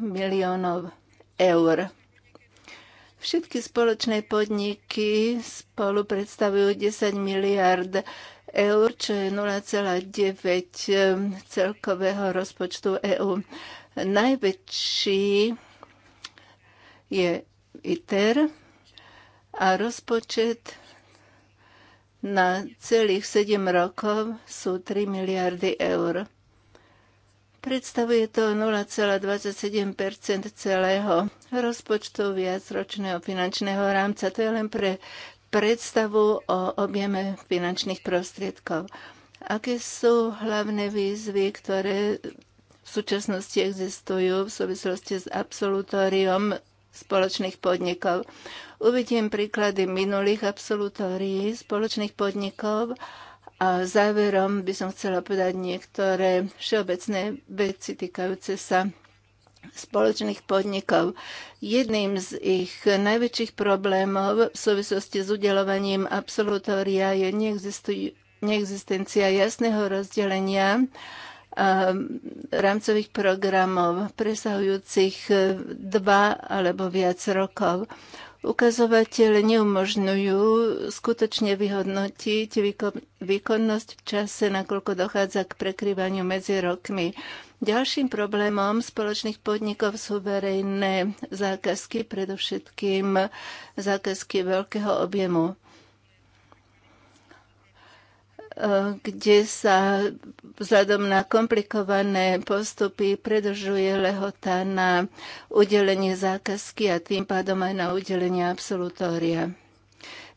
miliónov eur. Všetky spoločné podniky spolu predstavujú 10 miliard eur, čo je 0,9 celkového rozpočtu EÚ. Najväčší je ITER a rozpočet na celých 7 rokov sú 3 miliardy eur. Predstavuje to 0,27 celého rozpočtu viacročného finančného rámca. To je len pre predstavu o objeme finančných prostriedkov. Aké sú hlavné výzvy, ktoré v súčasnosti existujú v súvislosti s absolutóriom spoločných podnikov? Uvidím príklady minulých absolutórií spoločných podnikov a záverom by som chcela povedať niektoré všeobecné veci týkajúce sa spoločných podnikov. Jedným z ich najväčších problémov v súvislosti s udelovaním absolutória je neexistencia jasného rozdelenia um, rámcových programov presahujúcich eh, dva alebo viac rokov ukazovateľe neumožňujú skutočne vyhodnotiť výkonnosť v čase, nakoľko dochádza k prekryvaniu medzi rokmi. Ďalším problémom spoločných podnikov sú verejné zákazky, predovšetkým zákazky veľkého objemu kde sa vzhľadom na komplikované postupy predržuje lehota na udelenie zákazky a tým pádom aj na udelenie absolutória.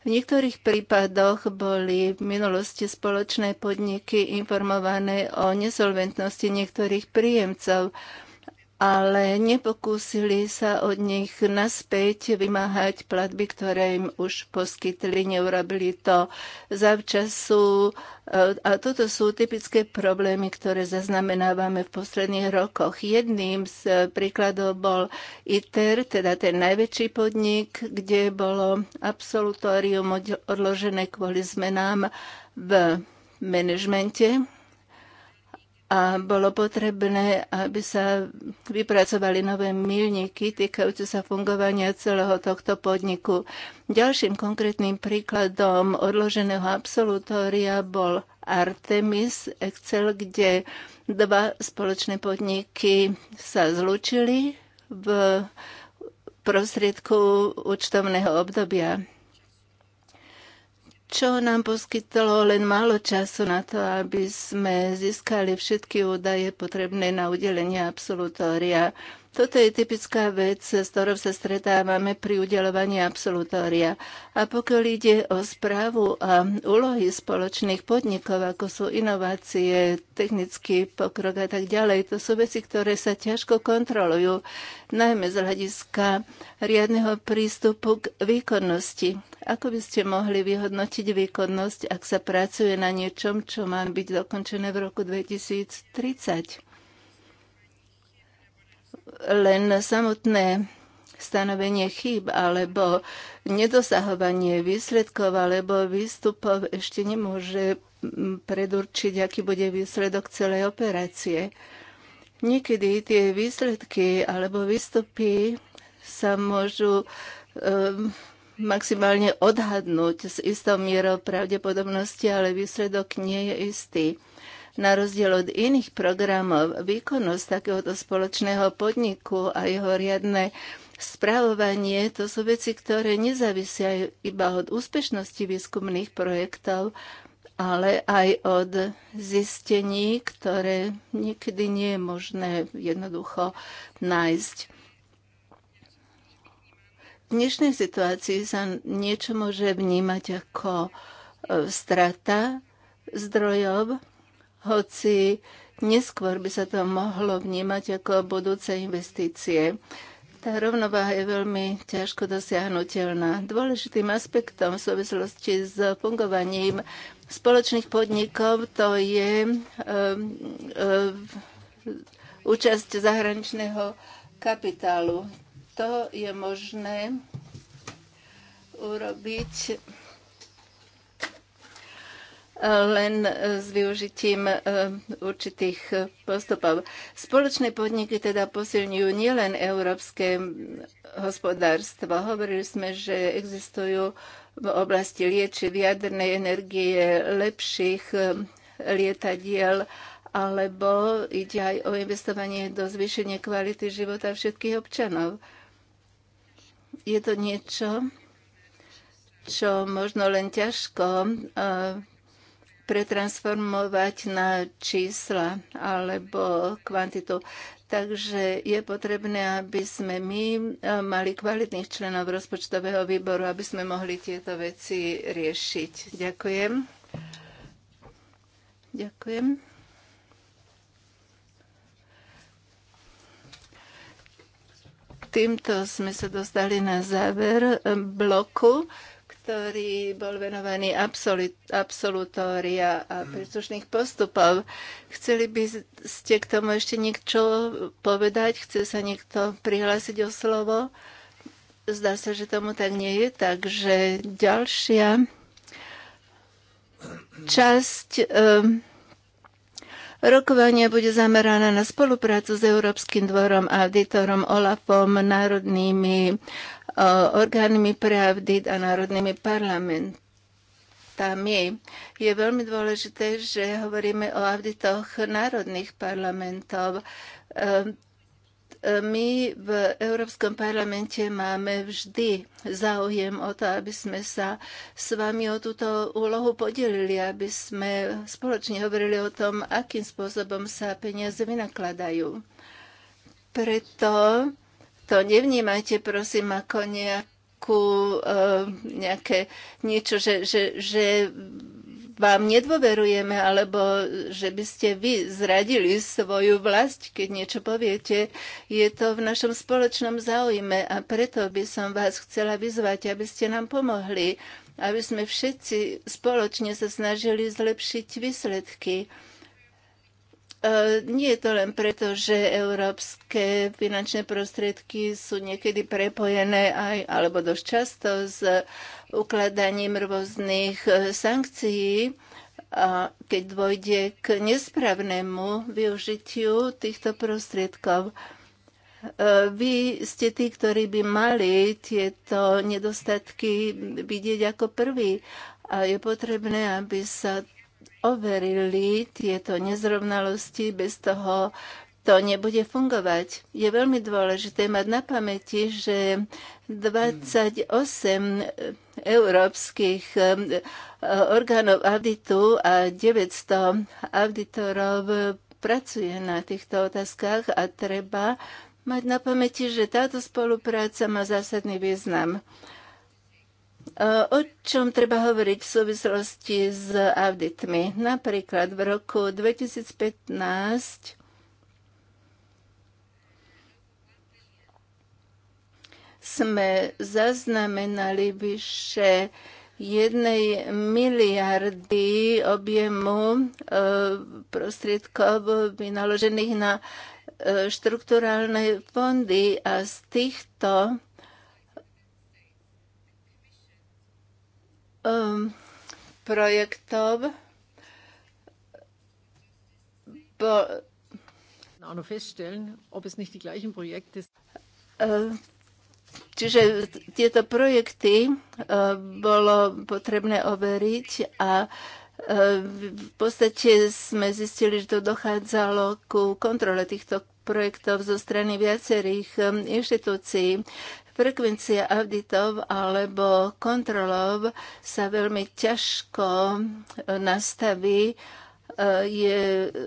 V niektorých prípadoch boli v minulosti spoločné podniky informované o nesolventnosti niektorých príjemcov ale nepokúsili sa od nich naspäť vymáhať platby, ktoré im už poskytli, neurobili to zavčasu. E, a toto sú typické problémy, ktoré zaznamenávame v posledných rokoch. Jedným z príkladov bol ITER, teda ten najväčší podnik, kde bolo absolutórium odložené kvôli zmenám v manažmente a bolo potrebné, aby sa vypracovali nové milníky týkajúce sa fungovania celého tohto podniku. Ďalším konkrétnym príkladom odloženého absolutória bol Artemis Excel, kde dva spoločné podniky sa zlučili v prostriedku účtovného obdobia čo nám poskytlo len málo času na to, aby sme získali všetky údaje potrebné na udelenie absolutória. Toto je typická vec, s ktorou sa stretávame pri udelovaní absolutória. A pokiaľ ide o správu a úlohy spoločných podnikov, ako sú inovácie, technický pokrok a tak ďalej, to sú veci, ktoré sa ťažko kontrolujú, najmä z hľadiska riadneho prístupu k výkonnosti. Ako by ste mohli vyhodnotiť výkonnosť, ak sa pracuje na niečom, čo má byť dokončené v roku 2030? len samotné stanovenie chýb alebo nedosahovanie výsledkov alebo výstupov ešte nemôže predurčiť, aký bude výsledok celej operácie. Niekedy tie výsledky alebo výstupy sa môžu um, maximálne odhadnúť s istou mierou pravdepodobnosti, ale výsledok nie je istý. Na rozdiel od iných programov, výkonnosť takéhoto spoločného podniku a jeho riadne správovanie, to sú veci, ktoré nezávisia iba od úspešnosti výskumných projektov, ale aj od zistení, ktoré nikdy nie je možné jednoducho nájsť. V dnešnej situácii sa niečo môže vnímať ako e, strata zdrojov, hoci neskôr by sa to mohlo vnímať ako budúce investície. Tá rovnováha je veľmi ťažko dosiahnutelná. Dôležitým aspektom v súvislosti s fungovaním spoločných podnikov to je um, um, účasť zahraničného kapitálu. To je možné urobiť len e, s využitím e, určitých postupov. Spoločné podniky teda posilňujú nielen európske hospodárstvo. Hovorili sme, že existujú v oblasti lieči jadrnej energie lepších e, lietadiel alebo ide aj o investovanie do zvýšenia kvality života všetkých občanov. Je to niečo, čo možno len ťažko pretransformovať na čísla alebo kvantitu. Takže je potrebné, aby sme my e, mali kvalitných členov rozpočtového výboru, aby sme mohli tieto veci riešiť. Ďakujem. Ďakujem. Týmto sme sa dostali na záver bloku ktorý bol venovaný absolutória a mhm. príslušných postupov. Chceli by ste k tomu ešte niečo povedať? Chce sa niekto prihlásiť o slovo? Zdá sa, že tomu tak nie je, takže ďalšia časť um, Rokovania bude zamerané na spoluprácu s Európskym dvorom auditorom OLAFom, národnými orgánmi pre audit a národnými parlamentami Je veľmi dôležité, že hovoríme o auditoch národných parlamentov. Ehm, my v Európskom parlamente máme vždy záujem o to, aby sme sa s vami o túto úlohu podelili, aby sme spoločne hovorili o tom, akým spôsobom sa peniaze vynakladajú. Preto to nevnímajte, prosím, ako nejakú, eh, nejaké niečo, že, že, že vám nedôverujeme, alebo že by ste vy zradili svoju vlast, keď niečo poviete. Je to v našom spoločnom záujme a preto by som vás chcela vyzvať, aby ste nám pomohli, aby sme všetci spoločne sa snažili zlepšiť výsledky e, nie je to len preto, že európske finančné prostriedky sú niekedy prepojené aj, alebo dosť často s ukladaním rôznych e, sankcií, a keď dôjde k nesprávnemu využitiu týchto prostriedkov. E, vy ste tí, ktorí by mali tieto nedostatky vidieť ako prvý. a je potrebné, aby sa overili tieto nezrovnalosti bez toho, to nebude fungovať. Je veľmi dôležité mať na pamäti, že 28 európskych eh, orgánov auditu a 900 auditorov pracuje na týchto otázkach a treba mať na pamäti, že táto spolupráca má zásadný význam. Eh, o čom treba hovoriť v súvislosti s auditmi? Napríklad v roku 2015 sme zaznamenali vyše jednej miliardy objemu e, prostriedkov vynaložených na e, štrukturálne fondy a z týchto e, projektov bo, Čiže tieto projekty e, bolo potrebné overiť a e, v podstate sme zistili, že to dochádzalo ku kontrole týchto projektov zo strany viacerých e, inštitúcií. Frekvencia auditov alebo kontrolov sa veľmi ťažko nastaví E, je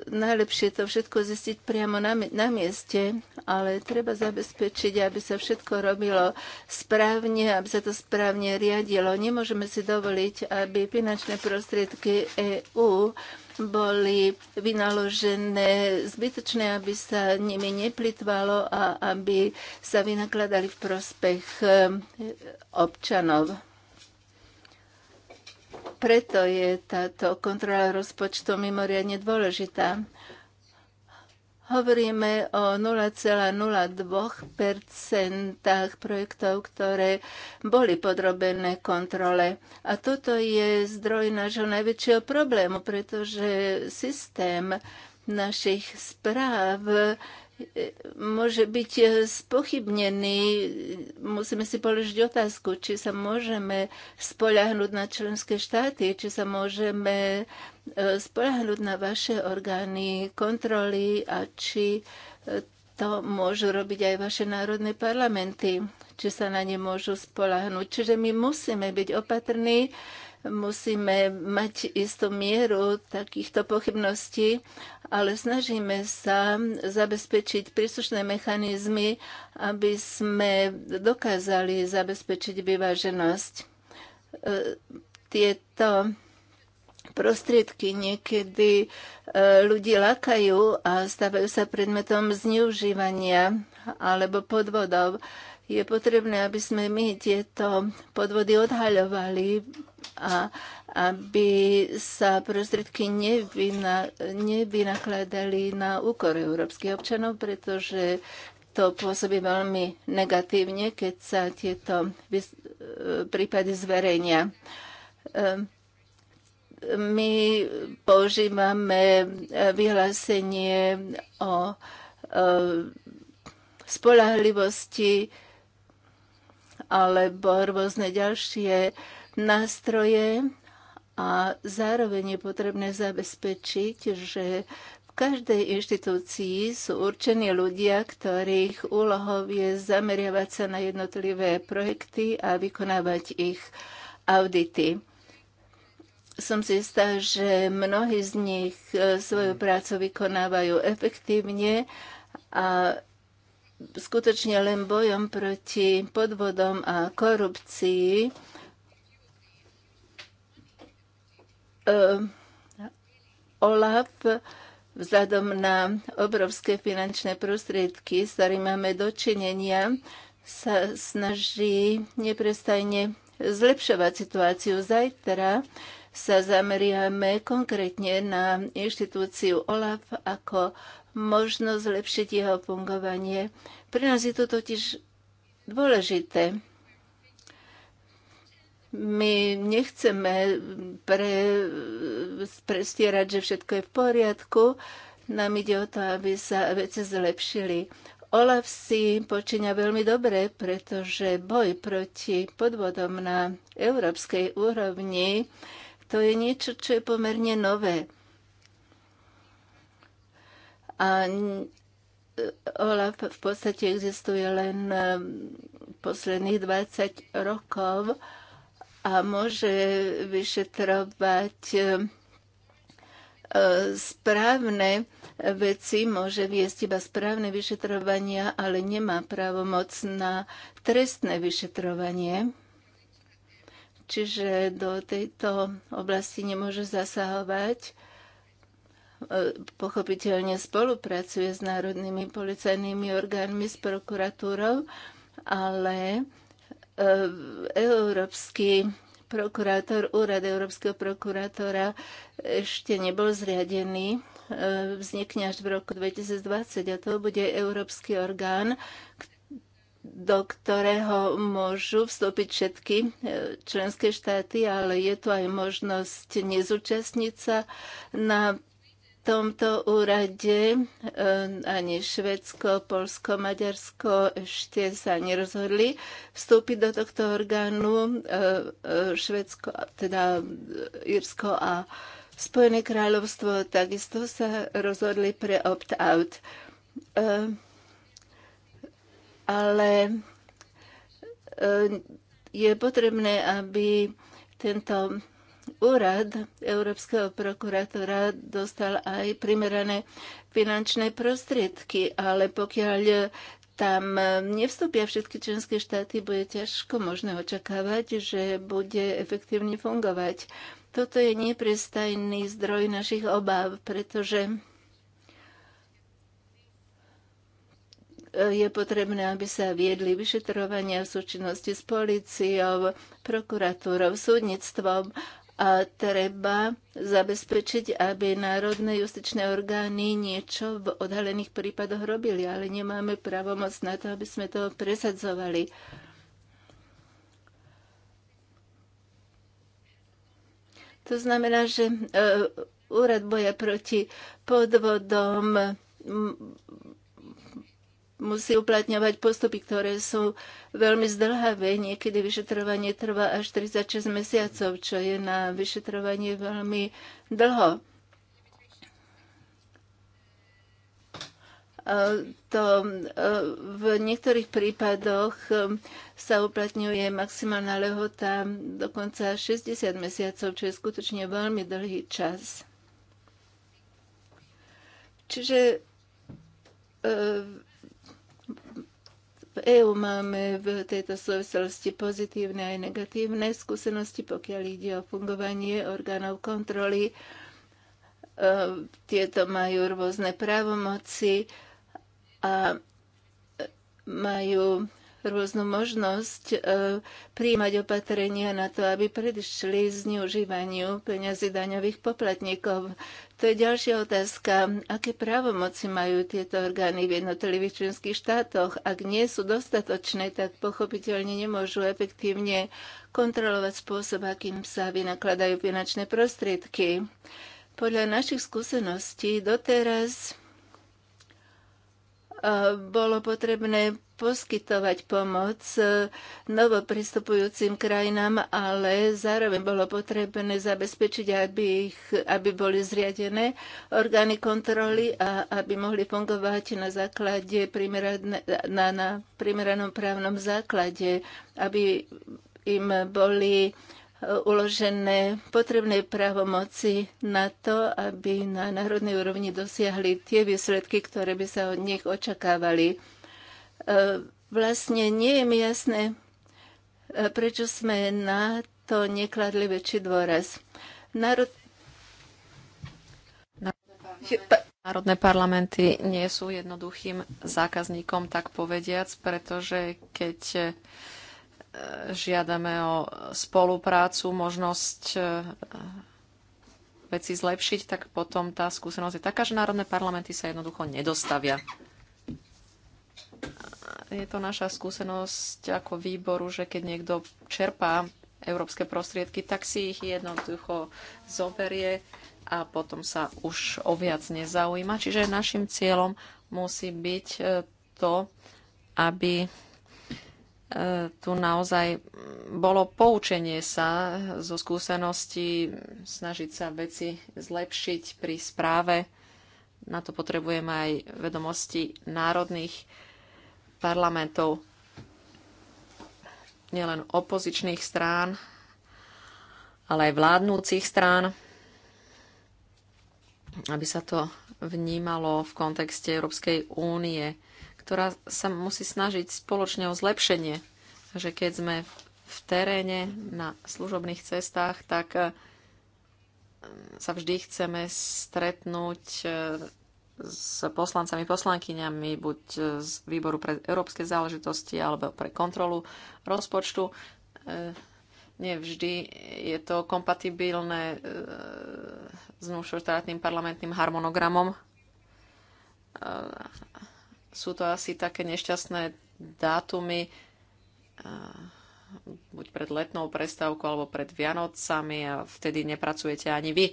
najlepšie to všetko zistiť priamo na, na mieste, ale treba zabezpečiť, aby sa všetko robilo správne, aby sa to správne riadilo. Nemôžeme si dovoliť, aby finančné prostriedky EÚ boli vynaložené zbytočné, aby sa nimi neplitvalo a aby sa vynakladali v prospech e, občanov. Preto je táto kontrola rozpočtu mimoriadne dôležitá. Hovoríme o 0,02 projektov, ktoré boli podrobené kontrole. A toto je zdroj nášho najväčšieho problému, pretože systém našich správ môže byť eh, spochybnený. Musíme si položiť otázku, či sa môžeme spolahnuť na členské štáty, či sa môžeme eh, spolahnuť na vaše orgány kontroly a či eh, to môžu robiť aj vaše národné parlamenty, či sa na ne môžu spolahnuť. Čiže my musíme byť opatrní, musíme mať istú mieru takýchto pochybností, ale snažíme sa zabezpečiť príslušné mechanizmy, aby sme dokázali zabezpečiť vyváženosť. E, tieto prostriedky niekedy e, ľudí lakajú a stávajú sa predmetom zneužívania alebo podvodov. Je potrebné, aby sme my tieto podvody odhaľovali a aby sa prostriedky nevyna, nevynakladali na úkor európskych občanov, pretože to pôsobí veľmi negatívne, keď sa tieto e, prípady zverejnia. E, my používame e, vyhlásenie o spolahlivosti alebo rôzne ďalšie nástroje a zároveň je potrebné zabezpečiť, že v každej inštitúcii sú určení ľudia, ktorých úlohou je zameriavať sa na jednotlivé projekty a vykonávať ich audity. Som si istá, že mnohí z nich eh, svoju prácu vykonávajú efektívne a skutočne len bojom proti podvodom a korupcii ehm, OLAF vzhľadom na obrovské finančné prostriedky, s ktorými máme dočinenia, sa snaží neprestajne zlepšovať situáciu. Zajtra sa zameriame konkrétne na inštitúciu OLAF ako možno zlepšiť jeho fungovanie. Pre nás je to totiž dôležité. My nechceme pre, prestierať, že všetko je v poriadku. Nám ide o to, aby sa veci zlepšili. Olaf si počíňa veľmi dobre, pretože boj proti podvodom na európskej úrovni to je niečo, čo je pomerne nové. A OLAF v podstate existuje len ehm, posledných 20 rokov a môže vyšetrovať ehm, e, správne veci, môže viesť iba správne vyšetrovania, ale nemá právomoc na trestné vyšetrovanie. Čiže do tejto oblasti nemôže zasahovať pochopiteľne spolupracuje s národnými policajnými orgánmi, s prokuratúrou, ale e, európsky prokurátor, úrad európskeho prokurátora ešte nebol zriadený. E, vznikne až v roku 2020 a to bude európsky orgán, do ktorého môžu vstúpiť všetky e, členské štáty, ale je tu aj možnosť nezúčastniť sa na tomto úrade e, ani Švedsko, Polsko, Maďarsko ešte sa nerozhodli vstúpiť do tohto orgánu. E, e, Švedsko, teda Irsko a Spojené kráľovstvo takisto sa rozhodli pre opt-out. Ale je potrebné, aby tento úrad Európskeho prokurátora dostal aj primerané finančné prostriedky, ale pokiaľ tam nevstúpia všetky členské štáty, bude ťažko možné očakávať, že bude efektívne fungovať. Toto je neprestajný zdroj našich obáv, pretože je potrebné, aby sa viedli vyšetrovania v súčinnosti s policiou, prokuratúrou, súdnictvom a treba zabezpečiť, aby národné justičné orgány niečo v odhalených prípadoch robili, ale nemáme právomoc na to, aby sme to presadzovali. To znamená, že e, úrad boja proti podvodom musí uplatňovať postupy, ktoré sú veľmi zdlhavé. Niekedy vyšetrovanie trvá až 36 mesiacov, čo je na vyšetrovanie veľmi dlho. To e, v niektorých prípadoch e, sa uplatňuje maximálna lehota dokonca 60 mesiacov, čo je skutočne veľmi dlhý čas. Čiže e, v EÚ máme v tejto súvislosti pozitívne aj negatívne skúsenosti, pokiaľ ide o fungovanie orgánov kontroly. E, tieto majú rôzne právomoci a majú rôznu možnosť e, príjmať opatrenia na to, aby predišli zneužívaniu peňazí daňových poplatníkov. To je ďalšia otázka. Aké právomoci majú tieto orgány v jednotlivých členských štátoch? Ak nie sú dostatočné, tak pochopiteľne nemôžu efektívne kontrolovať spôsob, akým sa vynakladajú finančné prostriedky. Podľa našich skúseností doteraz bolo potrebné poskytovať pomoc e, novopristupujúcim krajinám, ale zároveň bolo potrebné zabezpečiť, aby, ich, aby boli zriadené orgány kontroly a aby mohli fungovať na základe primeran, na, na primeranom právnom základe, aby im boli uložené potrebné právomoci na to, aby na národnej úrovni dosiahli tie výsledky, ktoré by sa od nich očakávali. E, vlastne nie je mi jasné, e, prečo sme na to nekladli väčší dôraz. Národ... Národné parlamenty nie sú jednoduchým zákazníkom, tak povediac, pretože keď žiadame o spoluprácu, možnosť e, veci zlepšiť, tak potom tá skúsenosť je taká, že národné parlamenty sa jednoducho nedostavia. Je to naša skúsenosť ako výboru, že keď niekto čerpá európske prostriedky, tak si ich jednoducho zoberie a potom sa už o viac nezaujíma. Čiže našim cieľom musí byť e, to, aby tu naozaj bolo poučenie sa zo skúseností, snažiť sa veci zlepšiť pri správe. Na to potrebujeme aj vedomosti národných parlamentov, nielen opozičných strán, ale aj vládnúcich strán, aby sa to vnímalo v kontexte Európskej únie ktorá sa musí snažiť spoločne o zlepšenie. Takže keď sme v teréne, na služobných cestách, tak eh, sa vždy chceme stretnúť eh, s poslancami, poslankyňami, buď eh, z výboru pre európske záležitosti alebo pre kontrolu rozpočtu. Nevždy je to kompatibilné s vnúšoštátnym parlamentným harmonogramom sú to asi také nešťastné dátumy, buď pred letnou prestávkou alebo pred Vianocami a vtedy nepracujete ani vy.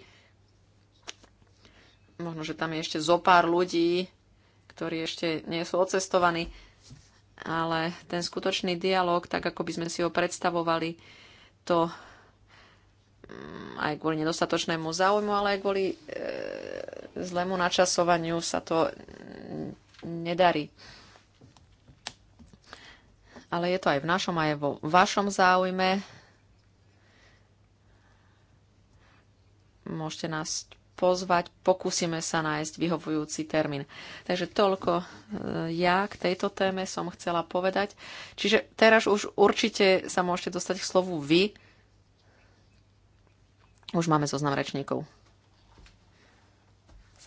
Možno, že tam je ešte zo pár ľudí, ktorí ešte nie sú ocestovaní, ale ten skutočný dialog, tak ako by sme si ho predstavovali, to mm, aj kvôli nedostatočnému záujmu, ale aj kvôli e, zlému načasovaniu sa to nedarí. Ale je to aj v našom, aj vo vašom záujme. Môžete nás pozvať, pokúsime sa nájsť vyhovujúci termín. Takže toľko e, ja k tejto téme som chcela povedať. Čiže teraz už určite sa môžete dostať k slovu vy. Už máme zoznam rečníkov.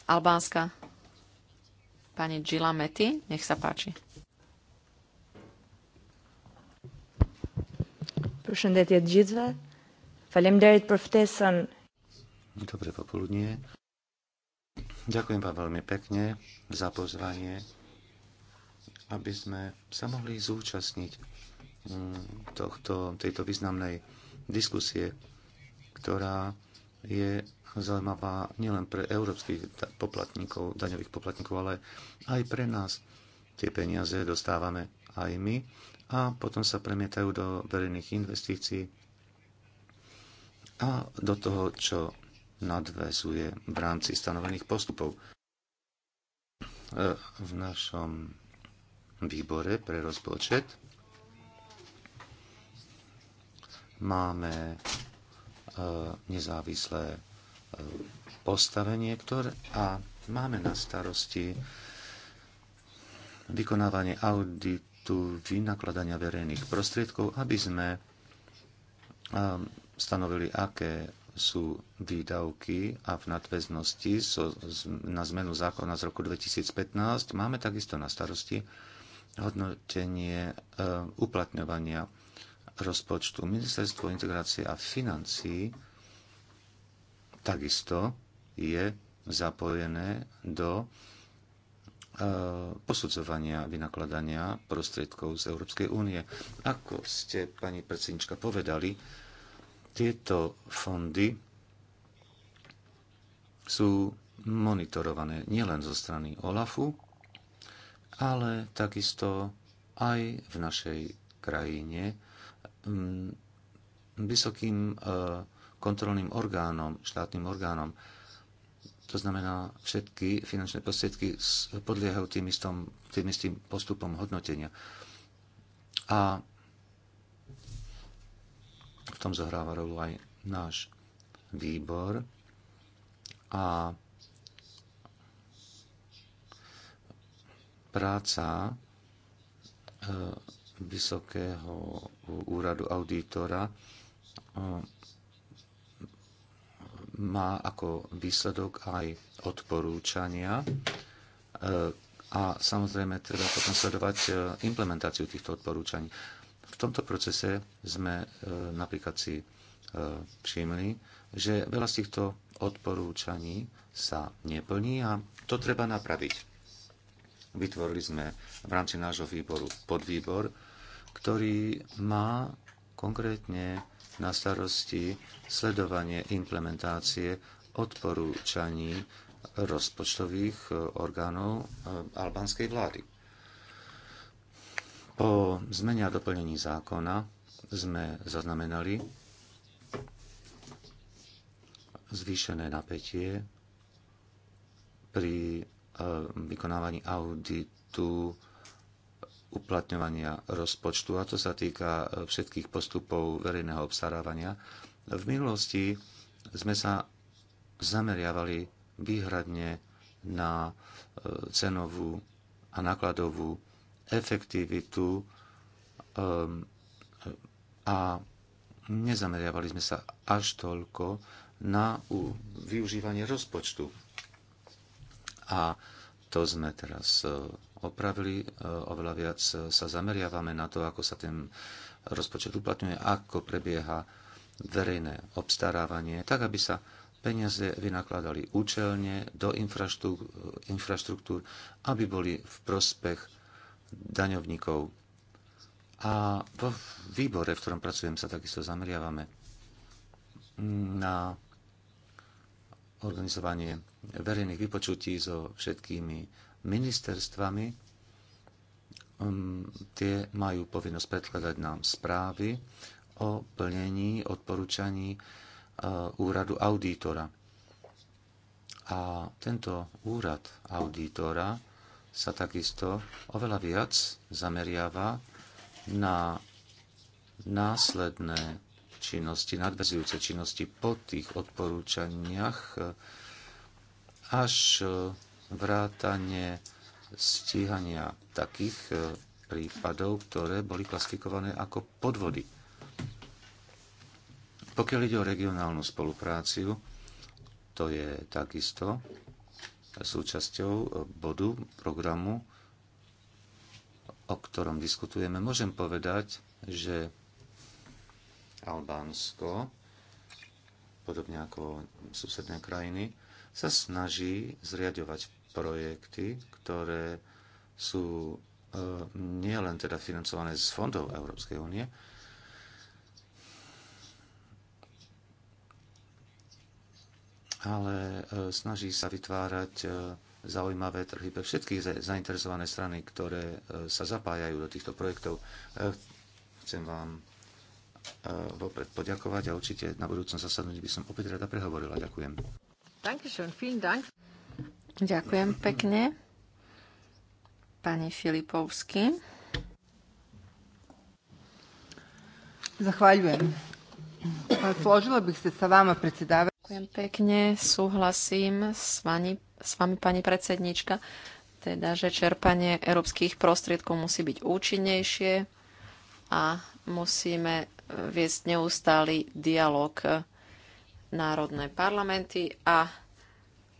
Albánska, pani Gila Metty. Nech sa páči. Përshëndetje të gjithëve. Faleminderit për ftesën. Dobre popoludnie. Ďakujem vám veľmi pekne za pozvanie, aby sme sa mohli zúčastniť mm, tohto, tejto významnej diskusie, ktorá je zaujímavá nielen pre európskych poplatníkov, daňových poplatníkov, ale aj pre nás. Tie peniaze dostávame aj my a potom sa premietajú do verejných investícií a do toho, čo nadväzuje v rámci stanovených postupov. E, v našom výbore pre rozpočet máme e, nezávislé postavenie ktoré, a máme na starosti vykonávanie auditu vynakladania verejných prostriedkov, aby sme um, stanovili, aké sú výdavky a v nadväznosti so, na zmenu zákona z roku 2015 máme takisto na starosti hodnotenie um, uplatňovania rozpočtu. Ministerstvo integrácie a financí takisto je zapojené do e, posudzovania vynakladania prostriedkov z Európskej únie. Ako ste, pani predsednička, povedali, tieto fondy sú monitorované nielen zo strany OLAFu, ale takisto aj v našej krajine mm, vysokým uh, kontrolným orgánom, štátnym orgánom. To znamená, všetky finančné prostriedky podliehajú tým, istým, tým istým postupom hodnotenia. A v tom zohráva rolu aj náš výbor. A práca e, Vysokého úradu auditora e, má ako výsledok aj odporúčania e, a samozrejme treba potom sledovať e, implementáciu týchto odporúčaní. V tomto procese sme e, napríklad si všimli, že veľa z týchto odporúčaní sa neplní a to treba napraviť. Vytvorili sme v rámci nášho výboru podvýbor, ktorý má konkrétne na starosti sledovanie implementácie odporúčaní rozpočtových e, orgánov e, albánskej vlády. Po zmene a doplnení zákona sme zaznamenali zvýšené napätie pri e, vykonávaní auditu uplatňovania rozpočtu a to sa týka e, všetkých postupov verejného obstarávania. V minulosti sme sa zameriavali výhradne na e, cenovú a nákladovú efektivitu a nezameriavali sme sa až toľko na využívanie rozpočtu. A to sme teraz e, opravili, e, oveľa viac e, sa zameriavame na to, ako sa ten rozpočet uplatňuje, ako prebieha verejné obstarávanie, tak aby sa peniaze vynakladali účelne do infraštruktúr, aby boli v prospech daňovníkov. A vo výbore, v ktorom pracujem, sa takisto zameriavame na organizovanie verejných vypočutí so všetkými ministerstvami. Um, tie majú povinnosť predkladať nám správy o plnení odporúčaní uh, úradu auditora. A tento úrad auditora sa takisto oveľa viac zameriava na následné činnosti, nadvezujúce činnosti po tých odporúčaniach uh, až uh, vrátane stíhania takých e, prípadov, ktoré boli klasifikované ako podvody. Pokiaľ ide o regionálnu spolupráciu, to je takisto súčasťou e, bodu programu, o ktorom diskutujeme. Môžem povedať, že Albánsko, podobne ako susedné krajiny, sa snaží zriadovať projekty, ktoré sú e, nielen teda financované z fondov Európskej únie, ale e, snaží sa vytvárať e, zaujímavé trhy pre všetky zainteresované strany, ktoré sa zapájajú do týchto projektov. Chcem vám vopred poďakovať a určite na budúcom zasadnutí by som opäť rada prehovorila. Ďakujem. Dankeschön, vielen Dank. Ďakujem pekne. Pani Filipovsky. Zahvaljujem. Složila bych se sa váma predsedáva. Ďakujem pekne, súhlasím s vami, s vami pani predsednička, teda, že čerpanie európskych prostriedkov musí byť účinnejšie a musíme eh, viesť neustály dialog eh, národné parlamenty a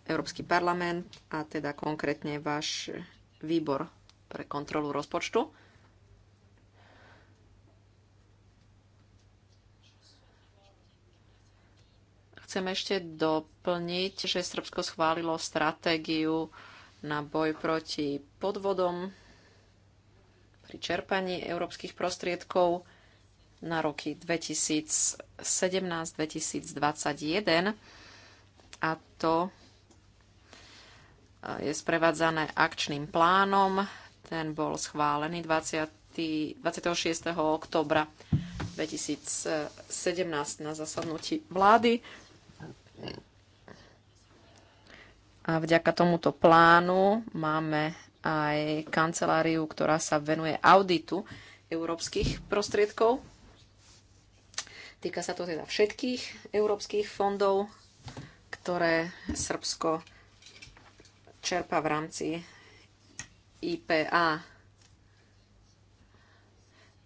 Európsky parlament a teda konkrétne váš výbor pre kontrolu rozpočtu. Chcem ešte doplniť, že Srbsko schválilo stratégiu na boj proti podvodom pri čerpaní európskych prostriedkov na roky 2017-2021 a to je sprevádzané akčným plánom. Ten bol schválený 20, 26. oktobra 2017 na zasadnutí vlády. A vďaka tomuto plánu máme aj kanceláriu, ktorá sa venuje auditu európskych prostriedkov. Týka sa to teda všetkých európskych fondov, ktoré Srbsko čerpa v rámci IPA.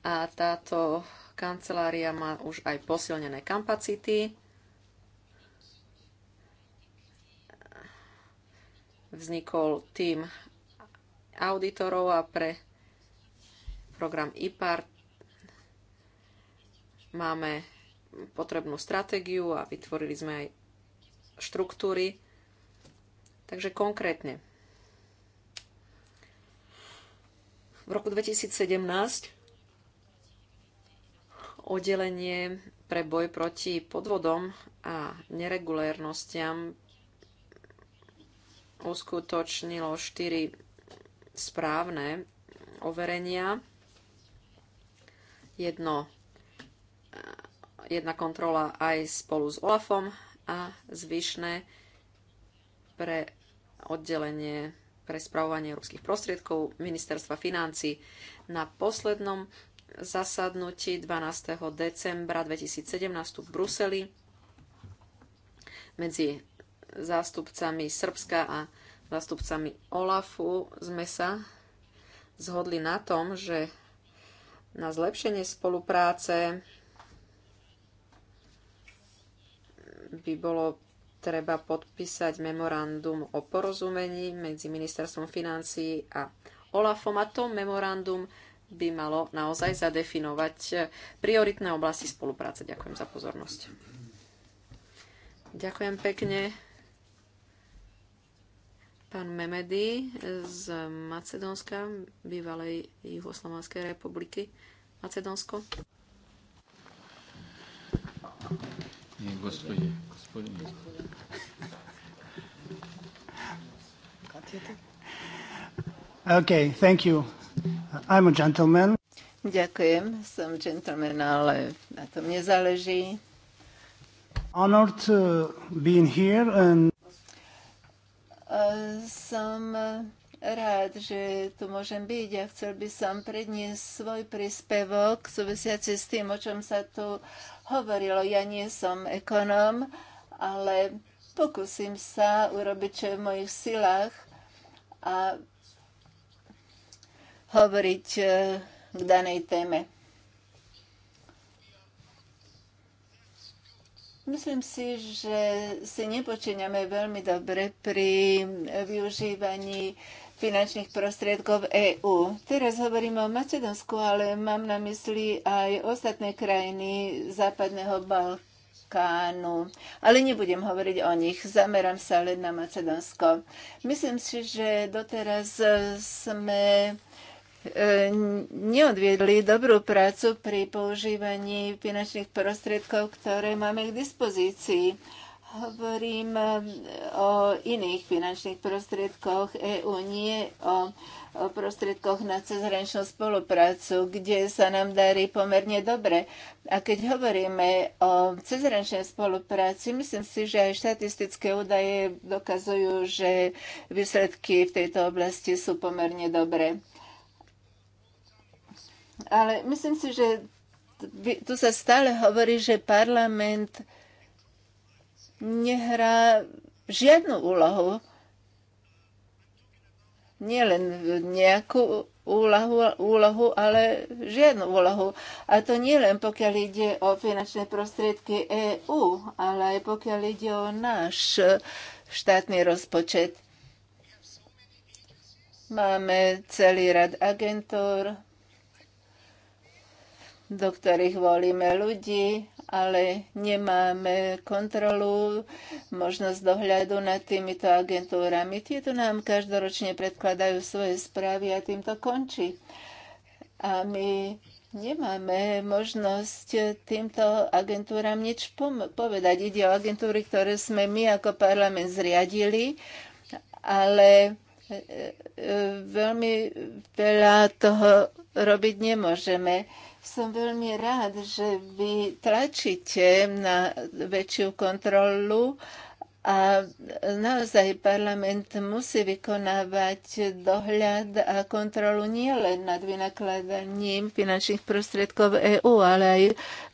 A táto kancelária má už aj posilnené kapacity. Vznikol tým auditorov a pre program IPAR máme potrebnú stratégiu a vytvorili sme aj štruktúry Takže konkrétne. V roku 2017 oddelenie pre boj proti podvodom a neregulérnostiam uskutočnilo štyri správne overenia. Jedno, jedna kontrola aj spolu s OLAFom a zvyšné pre oddelenie pre spravovanie európskych prostriedkov Ministerstva financí. Na poslednom zasadnutí 12. decembra 2017 v Bruseli medzi zástupcami Srbska a zástupcami OLAFu sme sa zhodli na tom, že na zlepšenie spolupráce by bolo treba podpísať memorandum o porozumení medzi ministerstvom financií a OLAFom a to memorandum by malo naozaj zadefinovať prioritné oblasti spolupráce. Ďakujem za pozornosť. Ďakujem pekne. Pán Memedy z Macedónska, bývalej Juhoslovanskej republiky Macedónsko. Gospodje. Gospodine. Okay, thank you. I'm a gentleman. Ďakujem, som gentleman, ale na tom nezáleží. Honored uh, being here and... Uh, som rád, že tu môžem byť a ja chcel by som predniesť svoj príspevok súvisiaci s tým, o čom sa tu hovorilo. Ja nie som ekonóm, ale pokúsim sa urobiť, čo je v mojich silách a hovoriť k e, danej téme. Myslím si, že si nepočíňame veľmi dobre pri využívaní finančných prostriedkov EÚ. Teraz hovorím o Macedónsku, ale mám na mysli aj ostatné krajiny západného Balkánu. Ale nebudem hovoriť o nich, zamerám sa len na Macedónsko. Myslím si, že doteraz sme e, neodviedli dobrú prácu pri používaní finančných prostriedkov, ktoré máme k dispozícii Hovorím eh, o iných finančných prostriedkoch EÚ, nie o o prostriedkoch na cezhraničnú spoluprácu, kde sa nám darí pomerne dobre. A keď hovoríme o cezhraničnej spolupráci, myslím si, že aj štatistické údaje dokazujú, že výsledky v tejto oblasti sú pomerne dobré. Ale myslím si, že tu sa stále hovorí, že parlament nehrá žiadnu úlohu. Nie len nejakú úlohu, úlohu, ale žiadnu úlohu. A to nie len pokiaľ ide o finančné prostriedky EÚ, ale aj pokiaľ ide o náš štátny rozpočet. Máme celý rad agentúr, do ktorých volíme ľudí, ale nemáme kontrolu, možnosť dohľadu nad týmito agentúrami. Tieto nám každoročne predkladajú svoje správy a týmto končí. A my nemáme možnosť týmto agentúram nič povedať. Ide o agentúry, ktoré sme my ako parlament zriadili, ale e, e, veľmi veľa toho robiť nemôžeme som veľmi rád, že vy tlačíte na väčšiu kontrolu a naozaj parlament musí vykonávať dohľad a kontrolu nielen nad vynakladaním finančných prostriedkov EÚ, ale aj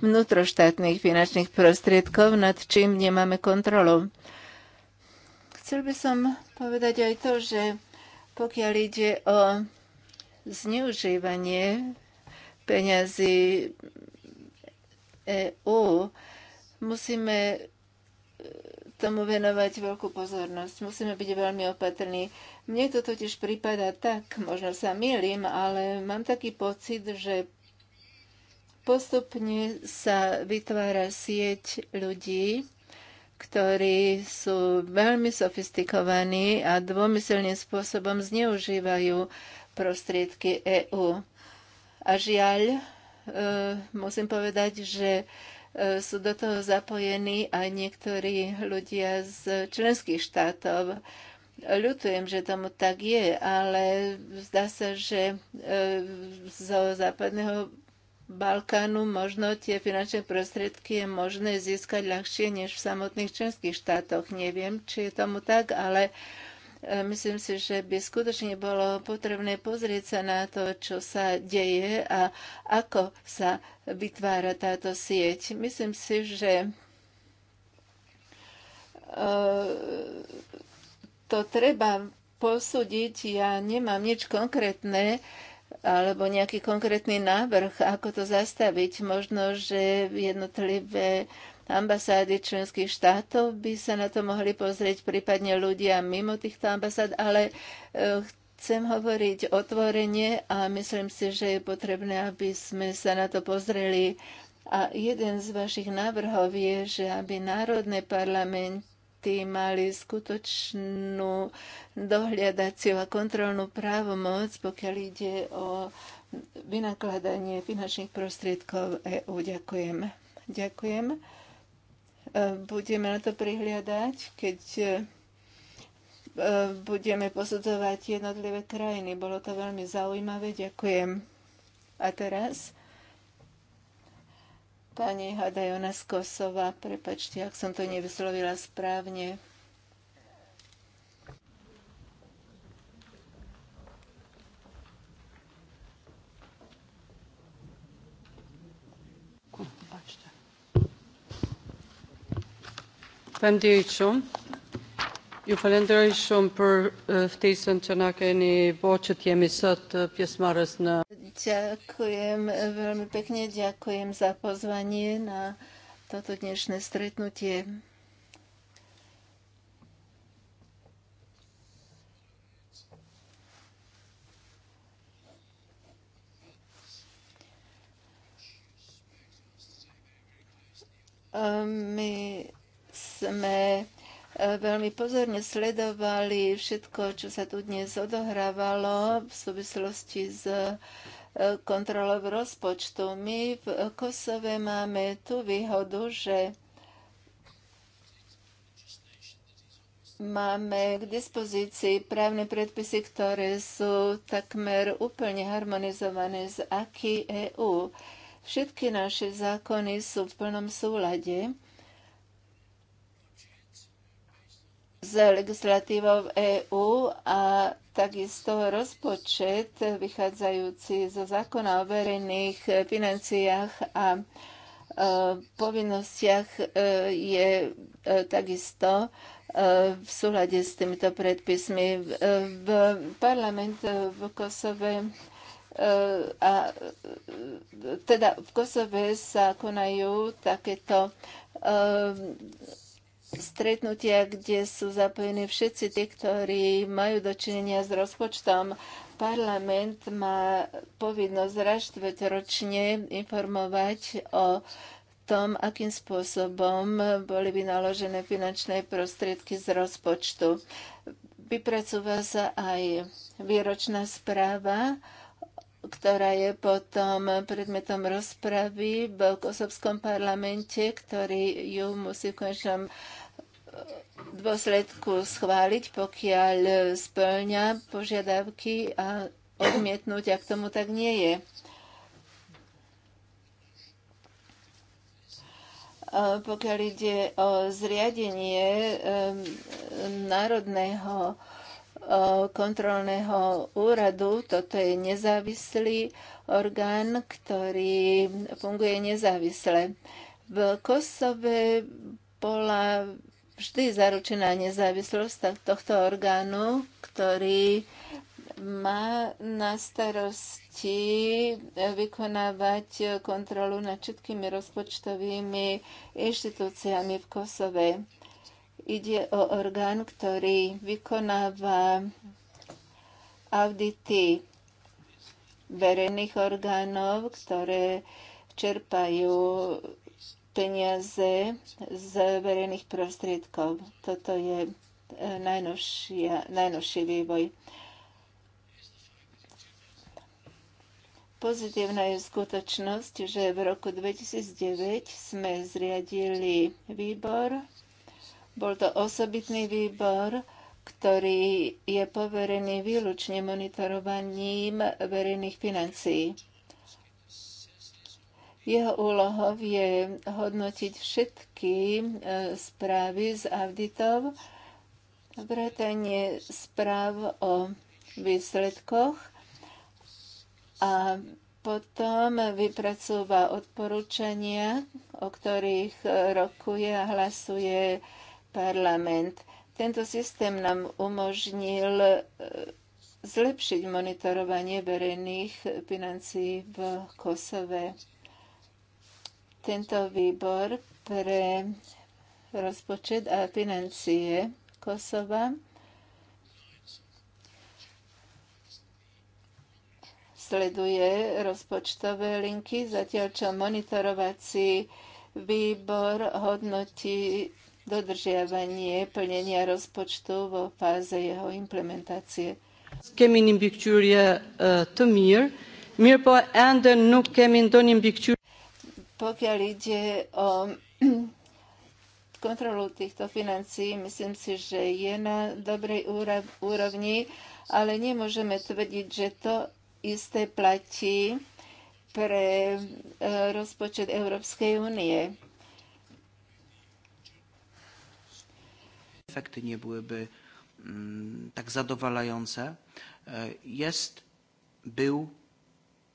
vnútroštátnych finančných prostriedkov, nad čím nemáme kontrolu. Chcel by som povedať aj to, že pokiaľ ide o zneužívanie peniazy EU, musíme eh, tomu venovať veľkú pozornosť. Musíme byť veľmi opatrní. Mne to totiž prípada tak, možno sa milím, ale mám taký pocit, že postupne sa vytvára sieť ľudí, ktorí sú veľmi sofistikovaní a dvomyselným spôsobom zneužívajú prostriedky EÚ. A žiaľ, e, musím povedať, že e, sú do toho zapojení aj niektorí ľudia z členských štátov. Ľutujem, že tomu tak je, ale zdá sa, že e, zo západného Balkánu možno tie finančné prostriedky je možné získať ľahšie než v samotných členských štátoch. Neviem, či je tomu tak, ale uh, E, myslím si, že by skutočne bolo potrebné pozrieť sa na to, čo sa deje a ako sa vytvára táto sieť. Myslím si, že e, to treba posúdiť. Ja nemám nič konkrétne alebo nejaký konkrétny návrh, ako to zastaviť. Možno, že jednotlivé ambasády členských štátov by sa na to mohli pozrieť prípadne ľudia mimo týchto ambasád, ale e, chcem hovoriť otvorene a myslím si, že je potrebné, aby sme sa na to pozreli. A jeden z vašich návrhov je, že aby národné parlamenty mali skutočnú dohliadaciu a kontrolnú právomoc, pokiaľ ide o vynakladanie finančných prostriedkov EÚ. Ďakujem. Ďakujem budeme na to prihliadať, keď e, budeme posudzovať jednotlivé krajiny. Bolo to veľmi zaujímavé, ďakujem. A teraz pani Hadajona z Kosova, prepačte, ak som to nevyslovila správne. Pendítsum. Ju falenderoj shumë për e, ftesën që na keni bo që t'jemi sot e, pjesmarës në... Ďakujem e, veľmi pekne, ďakujem za pozvanie na toto dnešné stretnutie. My sme e, veľmi pozorne sledovali všetko, čo sa tu dnes odohrávalo v súvislosti s e, kontrolou rozpočtu. My v Kosove máme tú výhodu, že máme k dispozícii právne predpisy, ktoré sú takmer úplne harmonizované z aký EU. Všetky naše zákony sú v plnom súlade s legislatívou EÚ a takisto rozpočet vychádzajúci zo zákona o verejných financiách a e, povinnostiach e, je e, takisto v súlade s týmito predpismi. V parlament v Kosove a teda v Kosove sa konajú takéto stretnutia, kde sú zapojení všetci tí, ktorí majú dočinenia s rozpočtom. Parlament má povinnosť raštveť ročne informovať o tom, akým spôsobom boli vynaložené finančné prostriedky z rozpočtu. Vypracúva sa aj výročná správa, ktorá je potom predmetom rozpravy v Kosovskom parlamente, ktorý ju musí v konečnom v dôsledku schváliť, pokiaľ splňa požiadavky a odmietnúť, ak tomu tak nie je. Pokiaľ ide o zriadenie Národného kontrolného úradu. Toto je nezávislý orgán, ktorý funguje nezávisle. V Kosove bola vždy zaručená nezávislosť tohto orgánu, ktorý má na starosti vykonávať kontrolu nad všetkými rozpočtovými inštitúciami v Kosove. Ide o orgán, ktorý vykonáva audity verejných orgánov, ktoré čerpajú peniaze z verejných prostriedkov. Toto je e, najnovší vývoj. Pozitívna je skutočnosť, že v roku 2009 sme zriadili výbor. Bol to osobitný výbor, ktorý je poverený výlučne monitorovaním verejných financií. Jeho úlohou je hodnotiť všetky e, správy z auditov, vrátanie správ o výsledkoch a potom vypracúva odporúčania, o ktorých rokuje a hlasuje parlament. Tento systém nám umožnil e, zlepšiť monitorovanie verejných financí v Kosove. Tento výbor pre rozpočet a financie Kosova sleduje rozpočtové linky, zatiaľ čo monitorovací výbor hodnotí dodržiavanie plnenia rozpočtu vo fáze jeho implementácie. Kemin în Bicciurie eh, Tomir, Mirpo Ander nu kemin donim Bicciurie pokiaľ ide o kontrolu týchto financií, myslím si, že je na dobrej úrovni, ale nemôžeme tvrdiť, že to isté platí pre e, rozpočet Európskej únie. Efekty nie byłyby mm, tak zadowalające. E, jest, był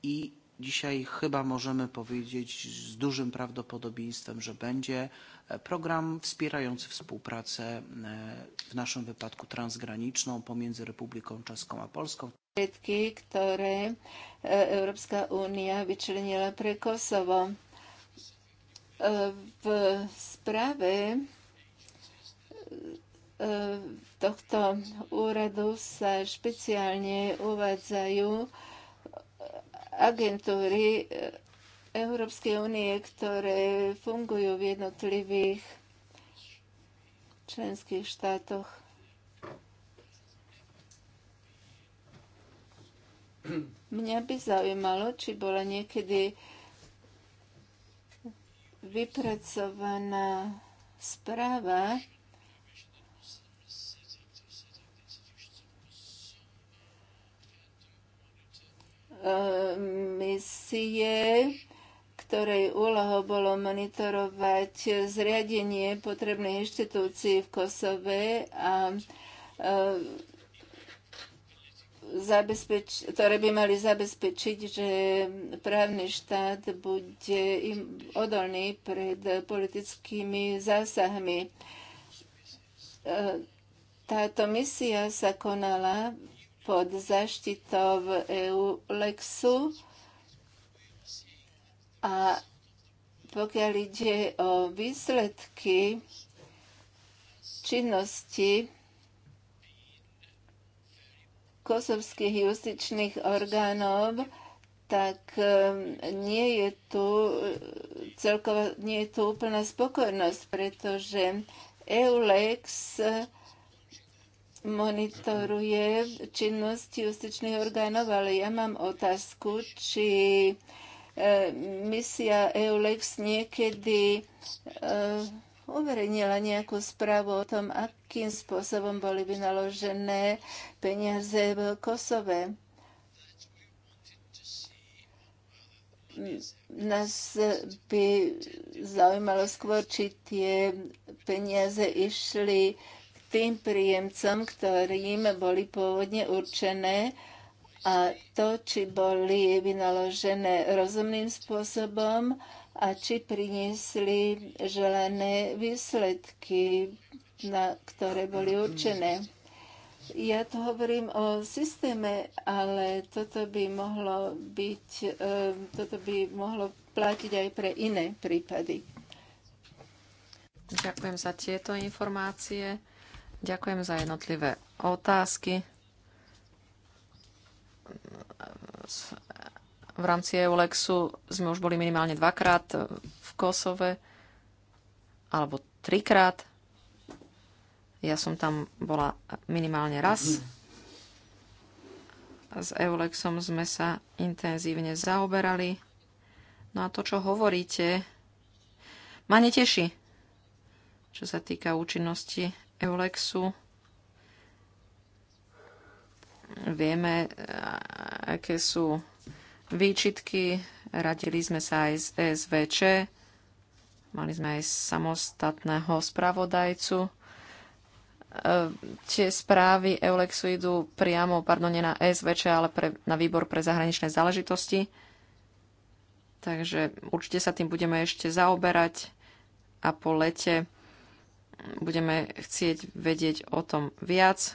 i Dzisiaj chyba możemy powiedzieć z dużym prawdopodobieństwem, że będzie e, program wspierający współpracę, e, w naszym wypadku transgraniczną, pomiędzy Republiką Czeską a Polską. Všetky, które e, Europejska Unia wyczyniła pre Kosovo. w sprawy tohto úradu sa špeciálne uvádzajú agentúry eh, Európskej únie, ktoré fungujú v jednotlivých členských štátoch. Mňa by zaujímalo, či bola niekedy vypracovaná správa misie, ktorej úlohou bolo monitorovať zriadenie potrebných inštitúcii v Kosove a e, ktoré by mali zabezpečiť, že právny štát bude im odolný pred politickými zásahmi. E, táto misia sa konala pod zaštitou EULEXu a pokiaľ ide o výsledky činnosti kosovských justičných orgánov, tak ehm, nie je tu ehm, celkovo, nie je tu úplná spokojnosť, pretože EULEX monitoruje činnosť justičných orgánov, ale ja mám otázku, či e, misia EULEX niekedy e, uverejnila nejakú správu o tom, akým spôsobom boli vynaložené peniaze v Kosove. Nás by zaujímalo skôr, či tie peniaze išli tým príjemcom, ktorým boli pôvodne určené a to, či boli vynaložené rozumným spôsobom a či priniesli želané výsledky, na ktoré boli určené. Ja to hovorím o systéme, ale toto by mohlo byť, ehm, toto by mohlo platiť aj pre iné prípady. Ďakujem za tieto informácie. Ďakujem za jednotlivé otázky. V rámci EULEXu sme už boli minimálne dvakrát v Kosove, alebo trikrát. Ja som tam bola minimálne raz. S EULEXom sme sa intenzívne zaoberali. No a to, čo hovoríte, ma neteší, čo sa týka účinnosti Eulexu. Vieme, eh, aké sú výčitky. Radili sme sa aj z SVČ. Mali sme aj samostatného spravodajcu. Eh, tie správy Eulexu idú priamo, pardon, nie na SVČ, ale pre, na výbor pre zahraničné záležitosti. Takže určite sa tým budeme ešte zaoberať a po lete budeme chcieť vedieť o tom viac.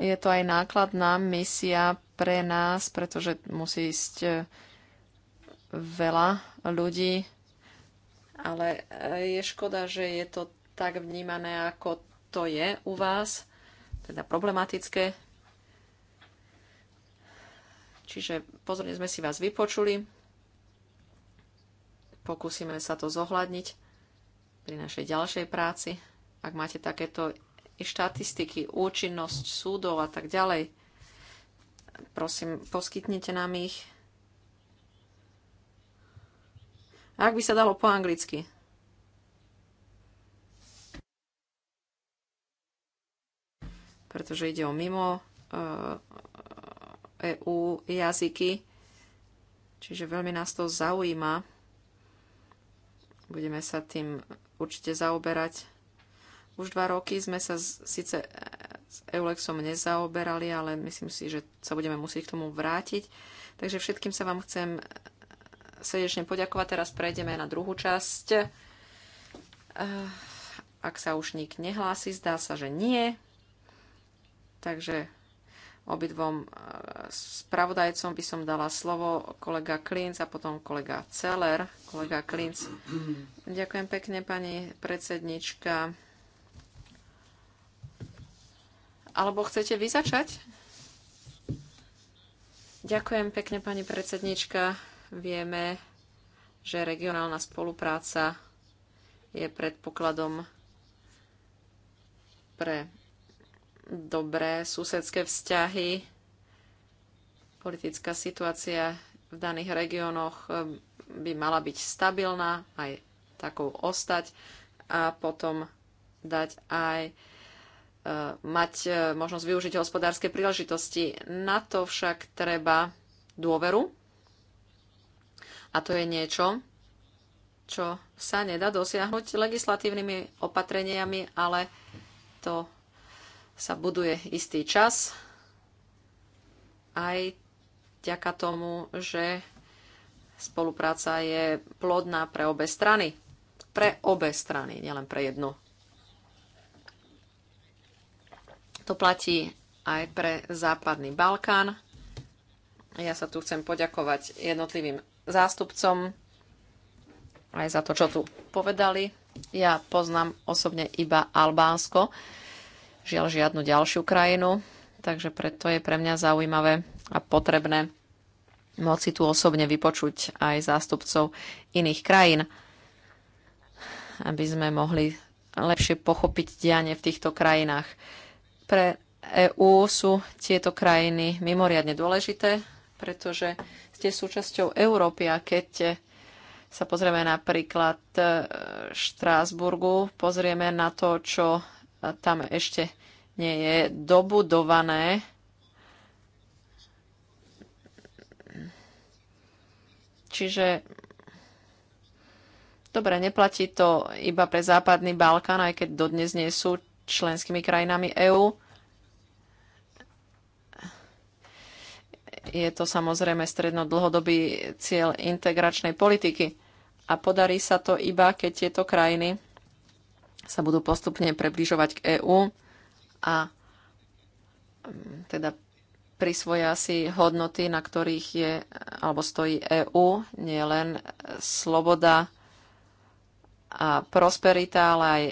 Je to aj nákladná misia pre nás, pretože musí ísť e, veľa ľudí, ale e, je škoda, že je to tak vnímané, ako to je u vás, teda problematické. Čiže pozorne sme si vás vypočuli, pokúsime sa to zohľadniť pri našej ďalšej práci. Ak máte takéto štatistiky, účinnosť súdov a tak ďalej, prosím, poskytnite nám ich. Ak by sa dalo po anglicky. Pretože ide o mimo EU eh, e jazyky, čiže veľmi nás to zaujíma. Budeme sa tým určite zaoberať. Už dva roky sme sa síce s Eulexom nezaoberali, ale myslím si, že sa budeme musieť k tomu vrátiť. Takže všetkým sa vám chcem srdečne poďakovať. Teraz prejdeme na druhú časť. Eh, ak sa už nik nehlási, zdá sa, že nie. Takže obidvom e, spravodajcom by som dala slovo kolega Klinc a potom kolega Celer. Kolega Klinc. Ďakujem pekne, pani predsednička. Alebo chcete vy začať? Ďakujem pekne, pani predsednička. Vieme, že regionálna spolupráca je predpokladom pre dobré susedské vzťahy, politická situácia v daných regiónoch eh, by mala byť stabilná, aj takou ostať a potom dať aj eh, mať eh, možnosť využiť hospodárske príležitosti. Na to však treba dôveru. A to je niečo, čo sa nedá dosiahnuť legislatívnymi opatreniami, ale to sa buduje istý čas. Aj vďaka tomu, že spolupráca je plodná pre obe strany. Pre obe strany, nielen pre jednu. To platí aj pre Západný Balkán. Ja sa tu chcem poďakovať jednotlivým zástupcom aj za to, čo tu povedali. Ja poznám osobne iba Albánsko žiaľ žiadnu ďalšiu krajinu, takže preto je pre mňa zaujímavé a potrebné moci tu osobne vypočuť aj zástupcov iných krajín, aby sme mohli lepšie pochopiť dianie v týchto krajinách. Pre EÚ sú tieto krajiny mimoriadne dôležité, pretože ste súčasťou Európy a keď sa pozrieme napríklad e, Štrásburgu, pozrieme na to, čo tam ešte nie je dobudované. Čiže dobre, neplatí to iba pre Západný Balkán, aj keď dodnes nie sú členskými krajinami EÚ. Je to samozrejme stredno dlhodobý cieľ integračnej politiky a podarí sa to iba, keď tieto krajiny sa budú postupne približovať k EÚ a mm, teda prisvoja si hodnoty, na ktorých je alebo stojí EÚ, nie len sloboda a prosperita, ale aj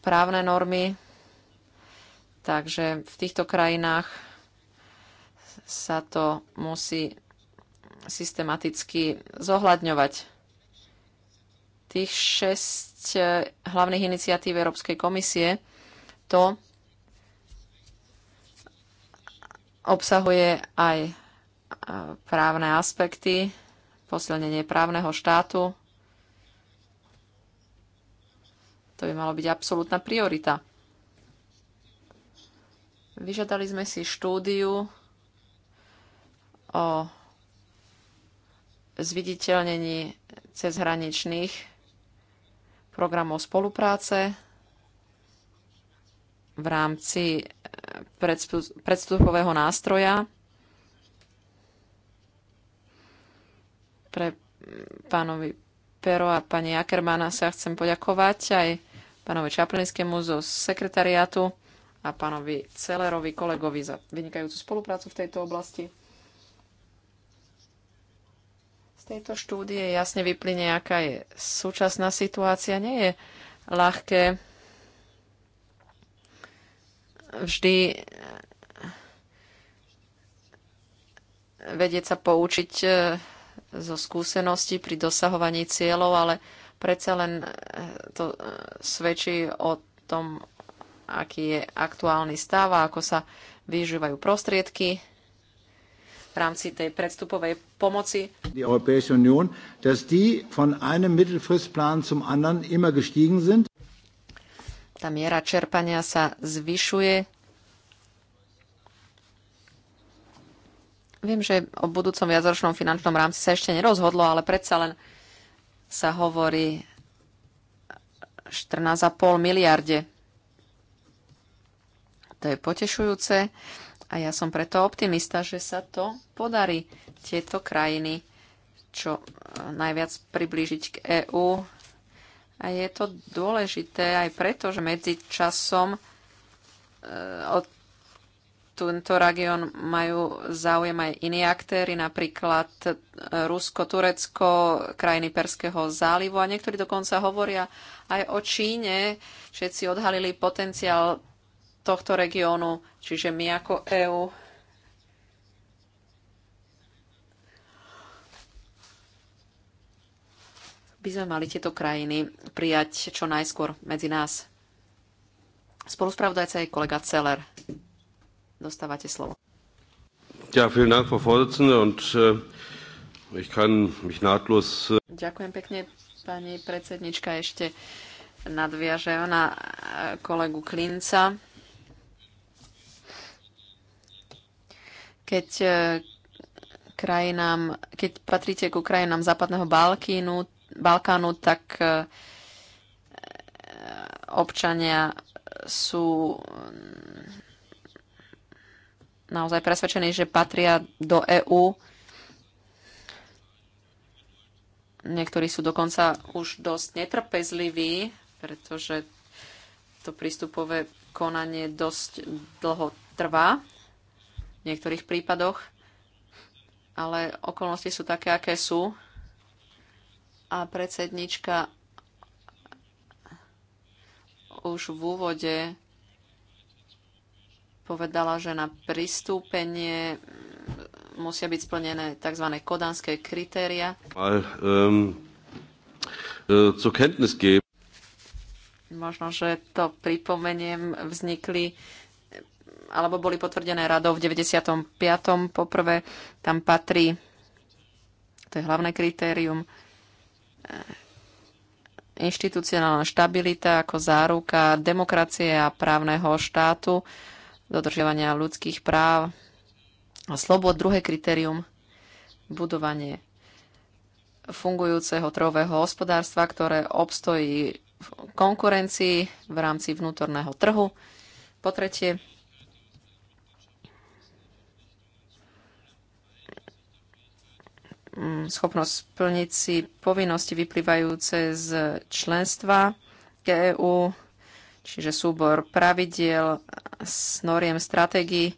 právne normy. Takže v týchto krajinách sa to musí systematicky zohľadňovať. Tých šesť e, hlavných iniciatív Európskej komisie to obsahuje aj e, právne aspekty, posilnenie právneho štátu. To by malo byť absolútna priorita. Vyžadali sme si štúdiu o zviditeľnení cezhraničných programov spolupráce v rámci eh, predstupového nástroja pre mm, pánovi Pero a pani Ackermana sa chcem poďakovať aj pánovi Čaplinskému zo sekretariátu a pánovi Celerovi, kolegovi za vynikajúcu spoluprácu v tejto oblasti. Z tejto štúdie jasne vyplyne, aká je súčasná situácia. Nie je ľahké vždy eh, vedieť sa poučiť eh, zo skúseností pri dosahovaní cieľov, ale predsa len eh, to svedčí o tom, aký je aktuálny stav a ako sa využívajú prostriedky v rámci tej predstupovej pomoci. Die Europäische Union, dass die von einem Mittelfristplan zum anderen immer gestiegen sind. Tá miera čerpania sa zvyšuje. Viem, že o budúcom viacročnom finančnom rámci sa ešte nerozhodlo, ale predsa len sa hovorí 14,5 miliarde. To je potešujúce. A ja som preto optimista, že sa to podarí tieto krajiny čo e, najviac priblížiť k EÚ. A je to dôležité aj preto, že medzi časom e, od tento región majú záujem aj iní aktéry, napríklad e, Rusko, Turecko, krajiny Perského zálivu a niektorí dokonca hovoria aj o Číne. Všetci odhalili potenciál tohto regiónu, čiže my ako EÚ by sme mali tieto krajiny prijať čo najskôr medzi nás. Spoluspravodajca je kolega Celer. Dostávate slovo. Äh, äh, Ďakujem pekne, pani predsednička. Ešte nadviažem na äh, kolegu Klinca. Keď e, krajinám, keď patríte ku krajinám západného Balkínu, Balkánu, tak e, občania sú mm, naozaj presvedčení, že patria do EÚ. Niektorí sú dokonca už dosť netrpezliví, pretože to prístupové konanie dosť dlho trvá v niektorých prípadoch, ale okolnosti sú také, aké sú. A predsednička už v úvode povedala, že na pristúpenie musia byť splnené tzv. kodanské kritéria. Ehm, e, Možno, že to pripomeniem, vznikli alebo boli potvrdené radou v 95. Poprvé tam patrí, to je hlavné kritérium, eh, inštitucionálna štabilita ako záruka demokracie a právneho štátu, dodržiavania ľudských práv a slobod. Druhé kritérium, budovanie fungujúceho trhového hospodárstva, ktoré obstojí v konkurencii v rámci vnútorného trhu. Po tretie, Mm. schopnosť splniť si povinnosti vyplývajúce z členstva EÚ, čiže súbor pravidiel, s noriem stratégií,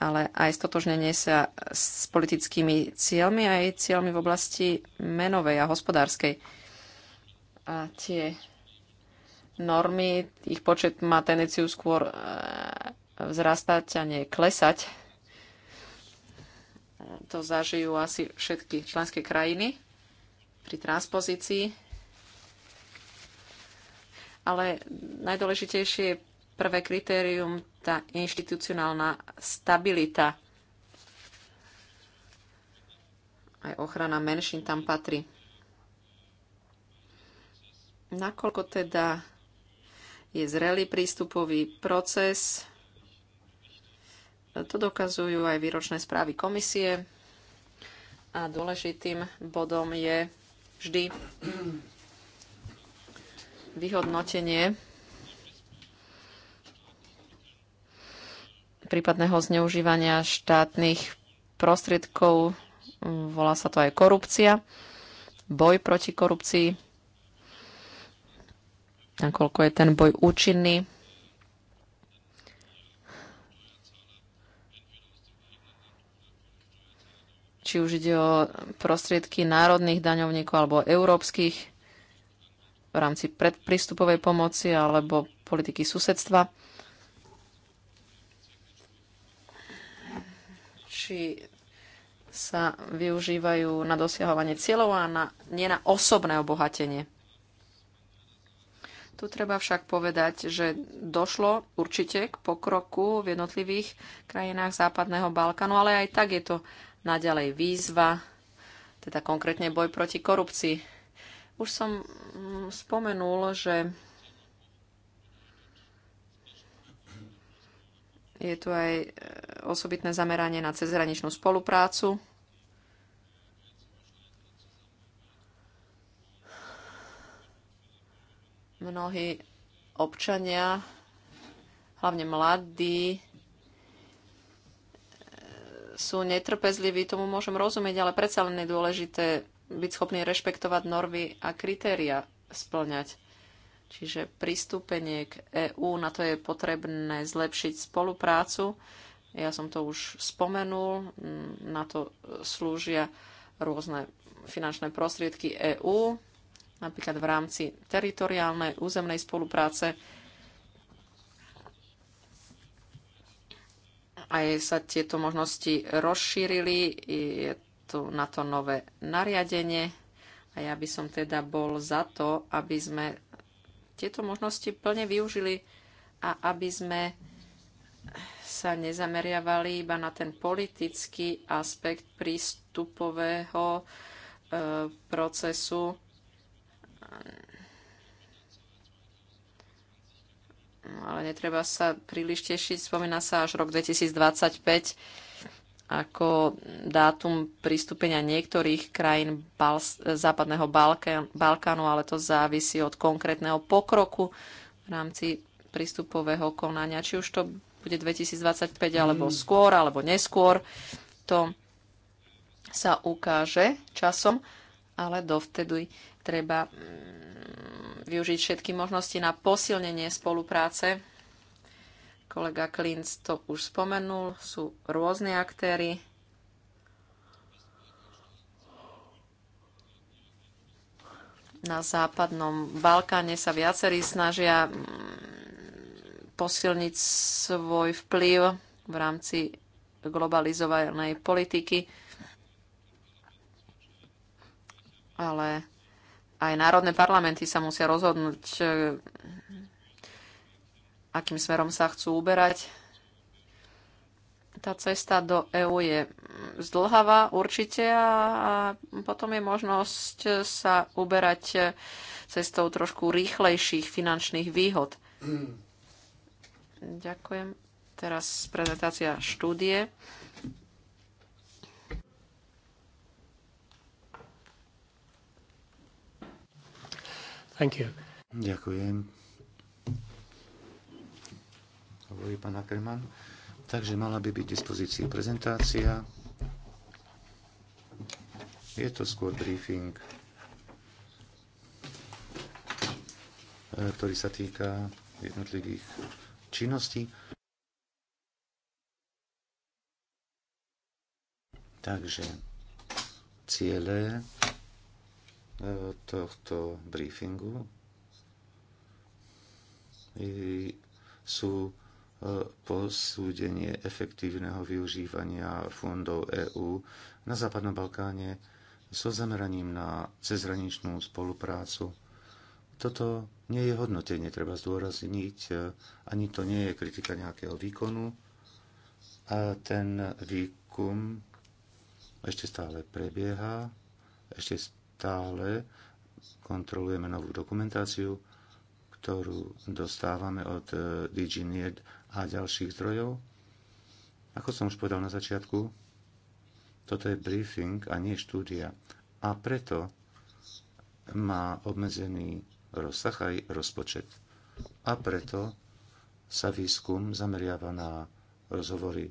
ale aj stotožnenie sa s politickými cieľmi aj cieľmi v oblasti menovej a hospodárskej. A tie normy, ich počet má tendenciu skôr e, vzrastať a nie klesať to zažijú asi všetky členské krajiny pri transpozícii. Ale najdôležitejšie je prvé kritérium, tá inštitucionálna stabilita. Aj ochrana menšín tam patrí. Nakoľko teda je zrelý prístupový proces, to dokazujú aj výročné správy komisie. A dôležitým bodom je vždy vyhodnotenie prípadného zneužívania štátnych prostriedkov. Volá sa to aj korupcia, boj proti korupcii, nakoľko je ten boj účinný či už ide o prostriedky národných daňovníkov alebo európskych v rámci predprístupovej pomoci alebo politiky susedstva. Či sa využívajú na dosiahovanie cieľov a na, nie na osobné obohatenie. Tu treba však povedať, že došlo určite k pokroku v jednotlivých krajinách Západného Balkánu, ale aj tak je to naďalej výzva, teda konkrétne boj proti korupcii. Už som mm, spomenul, že je tu aj e, osobitné zameranie na cezhraničnú spoluprácu. Mnohí občania, hlavne mladí, sú netrpezliví, tomu môžem rozumieť, ale predsa len je dôležité byť schopný rešpektovať normy a kritéria splňať. Čiže pristúpenie k EÚ, na to je potrebné zlepšiť spoluprácu. Ja som to už spomenul, na to slúžia rôzne finančné prostriedky EÚ, napríklad v rámci teritoriálnej územnej spolupráce aj sa tieto možnosti rozšírili. Je tu na to nové nariadenie a ja by som teda bol za to, aby sme tieto možnosti plne využili a aby sme sa nezameriavali iba na ten politický aspekt prístupového e, procesu ale netreba sa príliš tešiť. Spomína sa až rok 2025 ako dátum pristúpenia niektorých krajín Bal- západného Balkánu, ale to závisí od konkrétneho pokroku v rámci prístupového konania. Či už to bude 2025 alebo mm. skôr, alebo neskôr, to sa ukáže časom, ale dovtedy treba mm, využiť všetky možnosti na posilnenie spolupráce. Kolega Klinc to už spomenul, sú rôzne aktéry. Na západnom Balkáne sa viacerí snažia mm, posilniť svoj vplyv v rámci globalizovanej politiky. Ale aj národné parlamenty sa musia rozhodnúť, e, akým smerom sa chcú uberať. Tá cesta do EÚ je zdlhavá určite a potom je možnosť sa uberať e, cestou trošku rýchlejších finančných výhod. Mm. Ďakujem. Teraz prezentácia štúdie. Thank you. Ďakujem. Hovorí pán Ackerman. Takže mala by byť dispozícii prezentácia. Je to skôr briefing, eh, ktorý sa týka jednotlivých činností. Takže ciele tohto briefingu sú e, posúdenie efektívneho využívania fondov EÚ na Západnom Balkáne so zameraním na cezhraničnú spoluprácu. Toto nie je hodnotenie, treba zdôrazniť, e, ani to nie je kritika nejakého výkonu. A ten výkum ešte stále prebieha, ešte stále kontrolujeme novú dokumentáciu, ktorú dostávame od e, DigiNet a ďalších zdrojov. Ako som už povedal na začiatku, toto je briefing a nie štúdia. A preto má obmedzený rozsah aj rozpočet. A preto sa výskum zameriava na rozhovory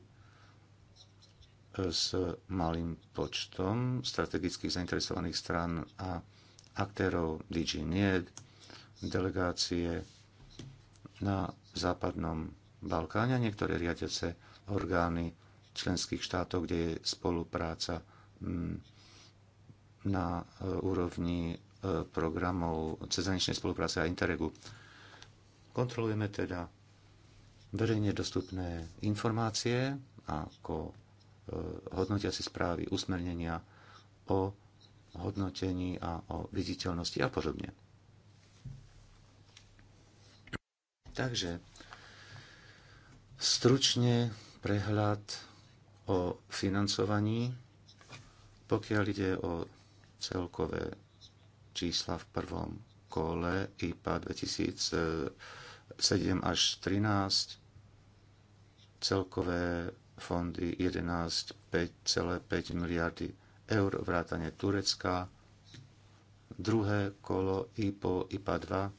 s malým počtom strategických zainteresovaných strán a aktérov DG NIED, delegácie na západnom Balkáne a niektoré riadiace orgány členských štátov, kde je spolupráca mm, na e, úrovni e, programov cezaničnej spolupráce a Interregu. Kontrolujeme teda verejne dostupné informácie ako E, hodnotiace správy, usmernenia o hodnotení a o viditeľnosti a podobne. Takže stručne prehľad o financovaní, pokiaľ ide o celkové čísla v prvom kole IPA 2007 až 2013, celkové fondy 11,5 miliardy eur vrátane Turecka, druhé kolo IPO IPA 2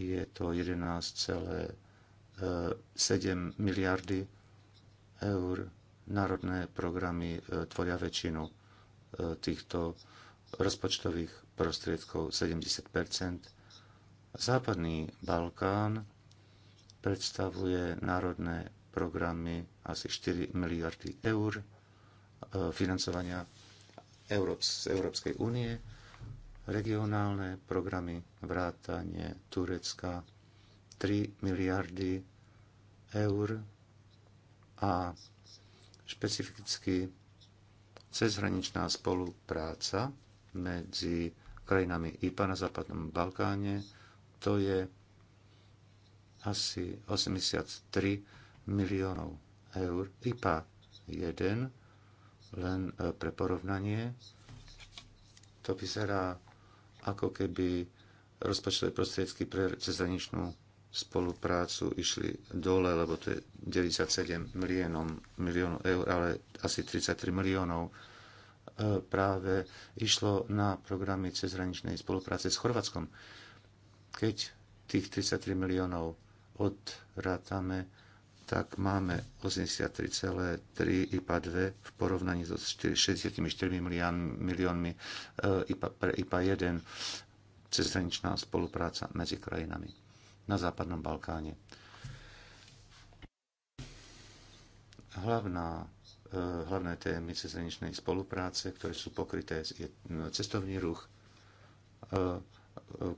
je to 11,7 miliardy eur. Národné programy e, tvoria väčšinu e, týchto rozpočtových prostriedkov 70 Západný Balkán predstavuje národné programy asi 4 miliardy eur e, financovania z Európskej únie, regionálne programy vrátanie Turecka 3 miliardy eur a špecificky cezhraničná spolupráca medzi krajinami IPA na Západnom Balkáne, to je asi 83 miliónov eur. IPA 1, len e, pre porovnanie, to vyzerá ako keby rozpočtové prostriedky pre cezhraničnú spoluprácu išli dole, lebo to je 97 miliónov, miliónov eur, ale asi 33 miliónov e, práve išlo na programy cezhraničnej spolupráce s Chorvatskom. Keď tých 33 miliónov odrátame, tak máme 83,3 IPA 2 v porovnaní so 64 miliónmi e, IPA, pre IPA 1 cezhraničná spolupráca medzi krajinami na Západnom Balkáne. Hlavná, e, hlavné témy cezhraničnej spolupráce, ktoré sú pokryté, je e, cestovný ruch,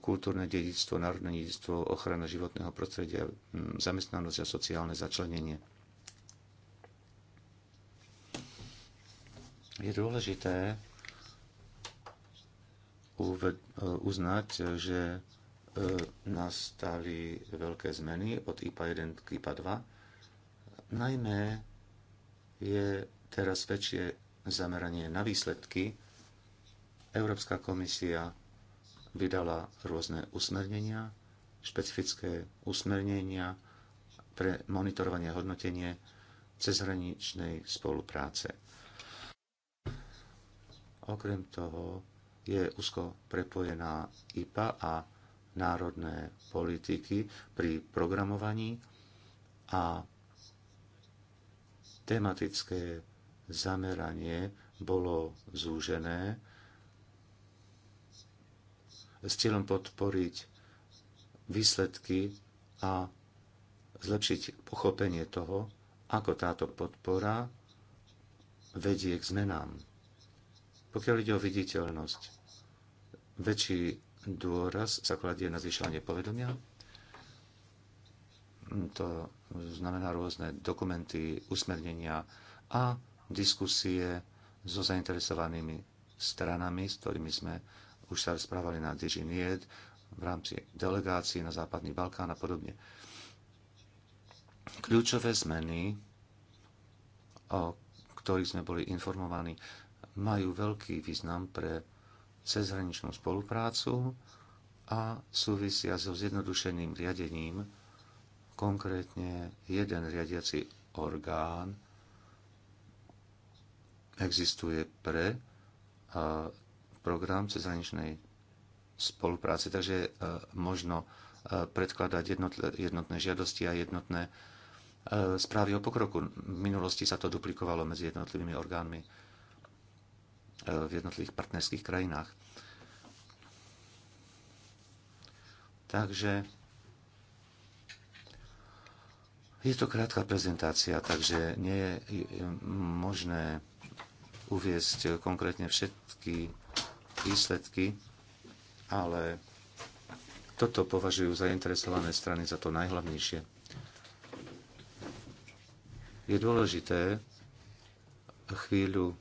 kultúrne dedictvo, národné dedictvo, ochrana životného prostredia, mm, zamestnanosť a sociálne začlenenie. Je dôležité eh, uznať, že eh, nastali veľké zmeny od IPA 1 k IPA 2. Najmä je teraz väčšie zameranie na výsledky. Európska komisia vydala rôzne usmernenia, špecifické usmernenia pre monitorovanie a hodnotenie cezhraničnej spolupráce. Okrem toho je úzko prepojená IPA a národné politiky pri programovaní a tematické zameranie bolo zúžené s cieľom podporiť výsledky a zlepšiť pochopenie toho, ako táto podpora vedie k zmenám. Pokiaľ ide o viditeľnosť, väčší dôraz sa kladie na zvyšovanie povedomia. To znamená rôzne dokumenty, usmernenia a diskusie so zainteresovanými stranami, s ktorými sme už sa rozprávali na Dižinied v rámci delegácií na Západný Balkán a podobne. Kľúčové zmeny, o ktorých sme boli informovaní, majú veľký význam pre cezhraničnú spoluprácu a súvisia so zjednodušeným riadením, konkrétne jeden riadiaci orgán existuje pre program cezhraničnej spolupráce, takže e, možno e, predkladať jednotné žiadosti a jednotné e, správy o pokroku. V minulosti sa to duplikovalo medzi jednotlivými orgánmi v jednotlivých partnerských krajinách. Takže je to krátka prezentácia, takže nie je možné uviesť konkrétne všetky výsledky, ale toto považujú zainteresované strany za to najhlavnejšie. Je dôležité chvíľu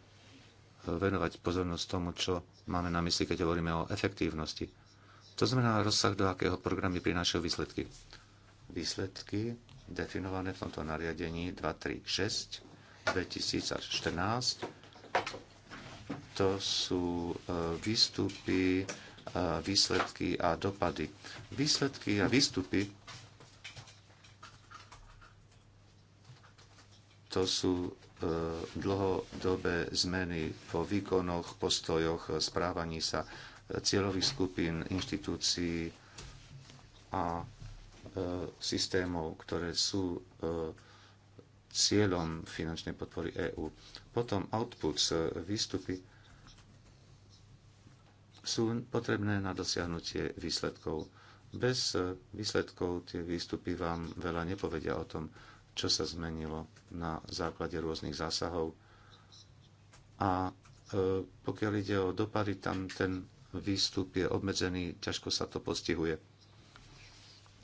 venovať pozornosť tomu, čo máme na mysli, keď hovoríme o efektívnosti. To znamená rozsah, do akého programy prinášajú výsledky. Výsledky definované v tomto nariadení 236 2014 to sú e, výstupy, výsledky a dopady. Výsledky a výstupy to sú e, dlhodobé zmeny vo výkonoch, postojoch, správaní sa cieľových skupín, inštitúcií a e, systémov, ktoré sú cieľom finančnej podpory EÚ. Potom outputs, výstupy sú potrebné na dosiahnutie výsledkov. Bez e, výsledkov tie výstupy vám veľa nepovedia o tom, čo sa zmenilo na základe rôznych zásahov. A e, pokiaľ ide o dopady, tam ten výstup je obmedzený, ťažko sa to postihuje.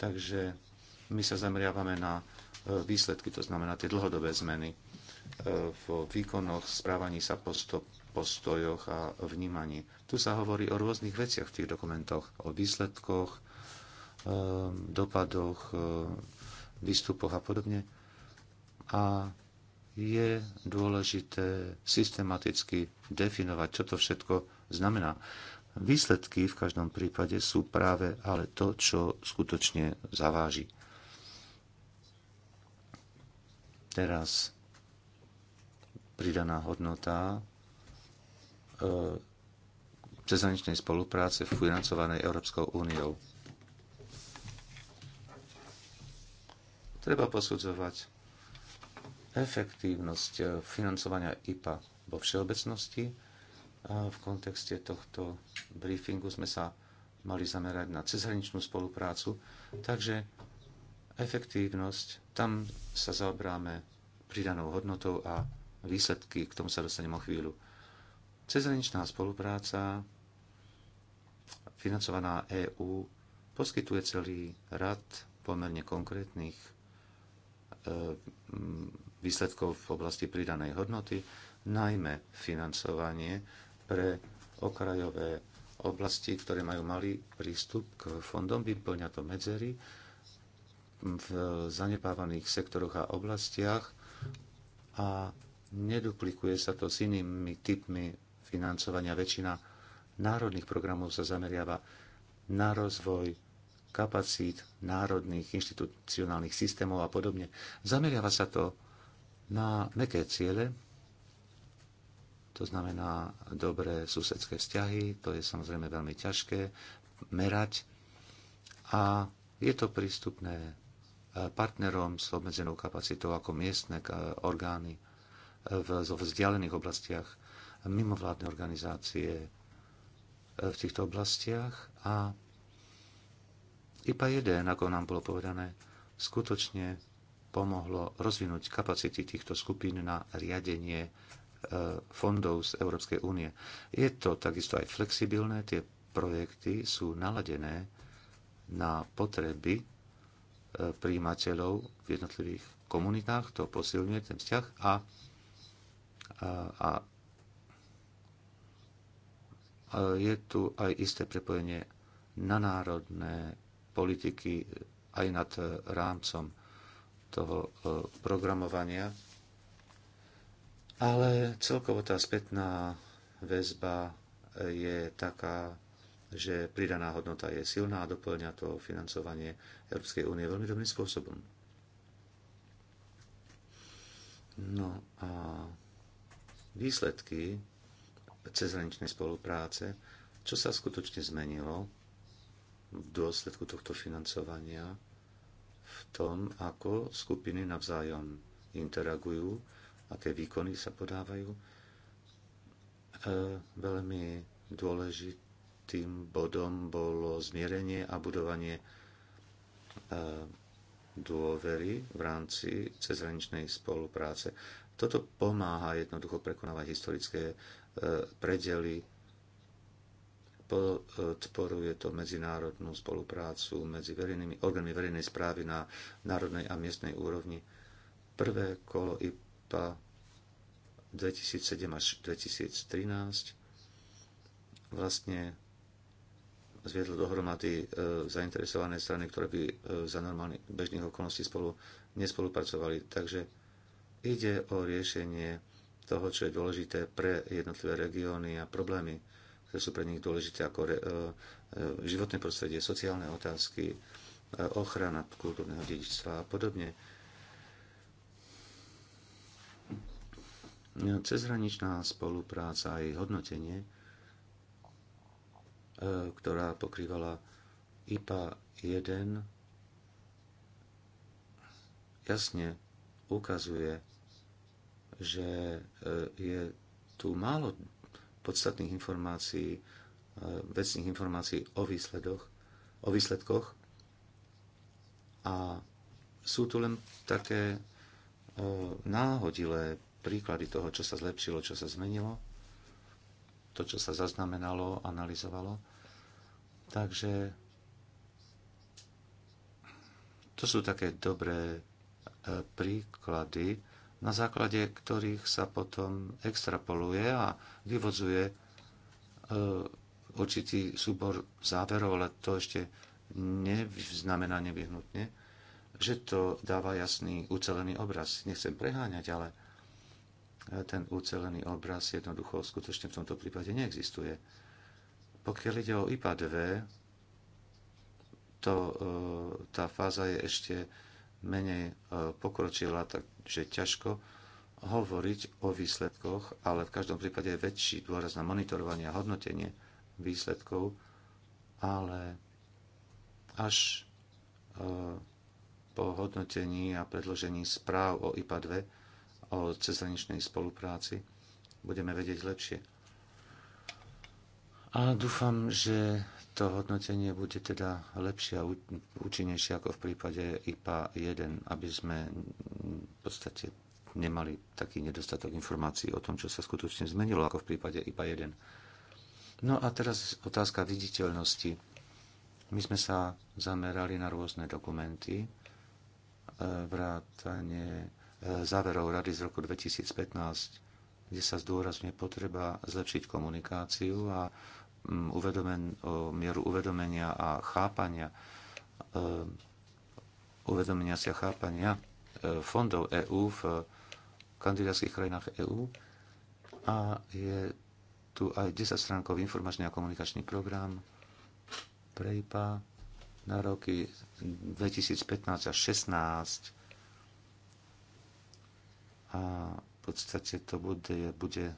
Takže my sa zameriavame na e, výsledky, to znamená tie dlhodobé zmeny v výkonoch, správaní sa, postup, postojoch a vnímaní. Tu sa hovorí o rôznych veciach v tých dokumentoch, o výsledkoch, e, dopadoch, e, výstupoch a podobne. A je dôležité systematicky definovať, čo to všetko znamená. Výsledky v každom prípade sú práve ale to, čo skutočne zaváži. Teraz pridaná hodnota E, cezhraničnej spolupráce financovanej Európskou úniou. Treba posudzovať efektívnosť e, financovania IPA vo všeobecnosti. A v kontexte tohto briefingu sme sa mali zamerať na cezhraničnú spoluprácu, takže efektívnosť, tam sa zaobráme pridanou hodnotou a výsledky, k tomu sa dostanem o chvíľu. Cezhraničná spolupráca financovaná EÚ poskytuje celý rad pomerne konkrétnych e, mm, výsledkov v oblasti pridanej hodnoty, najmä financovanie pre okrajové oblasti, ktoré majú malý prístup k fondom, vyplňa to medzery v zanepávaných sektoroch a oblastiach a neduplikuje sa to s inými typmi financovania. Väčšina národných programov sa zameriava na rozvoj kapacít národných inštitucionálnych systémov a podobne. Zameriava sa to na meké ciele, to znamená dobré susedské vzťahy, to je samozrejme veľmi ťažké merať a je to prístupné e, partnerom s obmedzenou kapacitou ako miestne orgány e, v, vzdialených oblastiach mimovládne organizácie e, v týchto oblastiach a IPA 1, ako nám bolo povedané, skutočne pomohlo rozvinúť kapacity týchto skupín na riadenie e, fondov z Európskej únie. Je to takisto aj flexibilné, tie projekty sú naladené na potreby e, príjimateľov v jednotlivých komunitách, to posilňuje ten vzťah a, a, a je tu aj isté prepojenie na národné politiky aj nad e, rámcom toho e, programovania. Ale celkovo tá spätná väzba e, je taká, že pridaná hodnota je silná a doplňa to financovanie Európskej únie veľmi dobrým spôsobom. No a výsledky cezhraničnej spolupráce. Čo sa skutočne zmenilo v dôsledku tohto financovania v tom, ako skupiny navzájom interagujú, aké výkony sa podávajú? E, veľmi dôležitým bodom bolo zmierenie a budovanie e, dôvery v rámci cezhraničnej spolupráce. Toto pomáha jednoducho prekonávať historické E, predeli. Podporuje to medzinárodnú spoluprácu medzi verejnými, orgánmi verejnej správy na národnej a miestnej úrovni. Prvé kolo IPA 2007 až 2013 vlastne zviedlo dohromady e, zainteresované strany, ktoré by e, za normálnych bežných okolností spolu nespolupracovali. Takže ide o riešenie toho, čo je dôležité pre jednotlivé regióny a problémy, ktoré sú pre nich dôležité ako re, e, e, životné prostredie, sociálne otázky, e, ochrana kultúrneho dedičstva a podobne. No, cezhraničná spolupráca a jej hodnotenie, ktorá pokrývala IPA 1, jasne ukazuje že e, je tu málo podstatných informácií, e, vecných informácií o výsledoch, o výsledkoch a sú tu len také e, náhodilé príklady toho, čo sa zlepšilo, čo sa zmenilo, to, čo sa zaznamenalo, analyzovalo. Takže to sú také dobré príklady na základe ktorých sa potom extrapoluje a vyvodzuje e, určitý súbor záverov, ale to ešte neznamená nevyhnutne, že to dáva jasný ucelený obraz. Nechcem preháňať, ale e, ten ucelený obraz jednoducho skutočne v tomto prípade neexistuje. Pokiaľ ide o IPA 2, to, e, tá fáza je ešte menej e, pokročila, takže ťažko hovoriť o výsledkoch, ale v každom prípade je väčší dôraz na monitorovanie a hodnotenie výsledkov, ale až e, po hodnotení a predložení správ o IPA 2 o cezhraničnej spolupráci budeme vedieť lepšie. A dúfam, že to hodnotenie bude teda lepšie a účinnejšie ako v prípade IPA 1, aby sme v podstate nemali taký nedostatok informácií o tom, čo sa skutočne zmenilo, ako v prípade IPA 1. No a teraz otázka viditeľnosti. My sme sa zamerali na rôzne dokumenty, e, vrátanie e, záverov Rady z roku 2015, kde sa zdôrazňuje potreba zlepšiť komunikáciu a uvedomen, o mieru uvedomenia a chápania, e, uvedomenia si a chápania e, fondov EÚ v kandidátskych krajinách EÚ a je tu aj 10-stránkový informačný a komunikačný program pre IPA na roky 2015 až 2016 a v podstate to bude, bude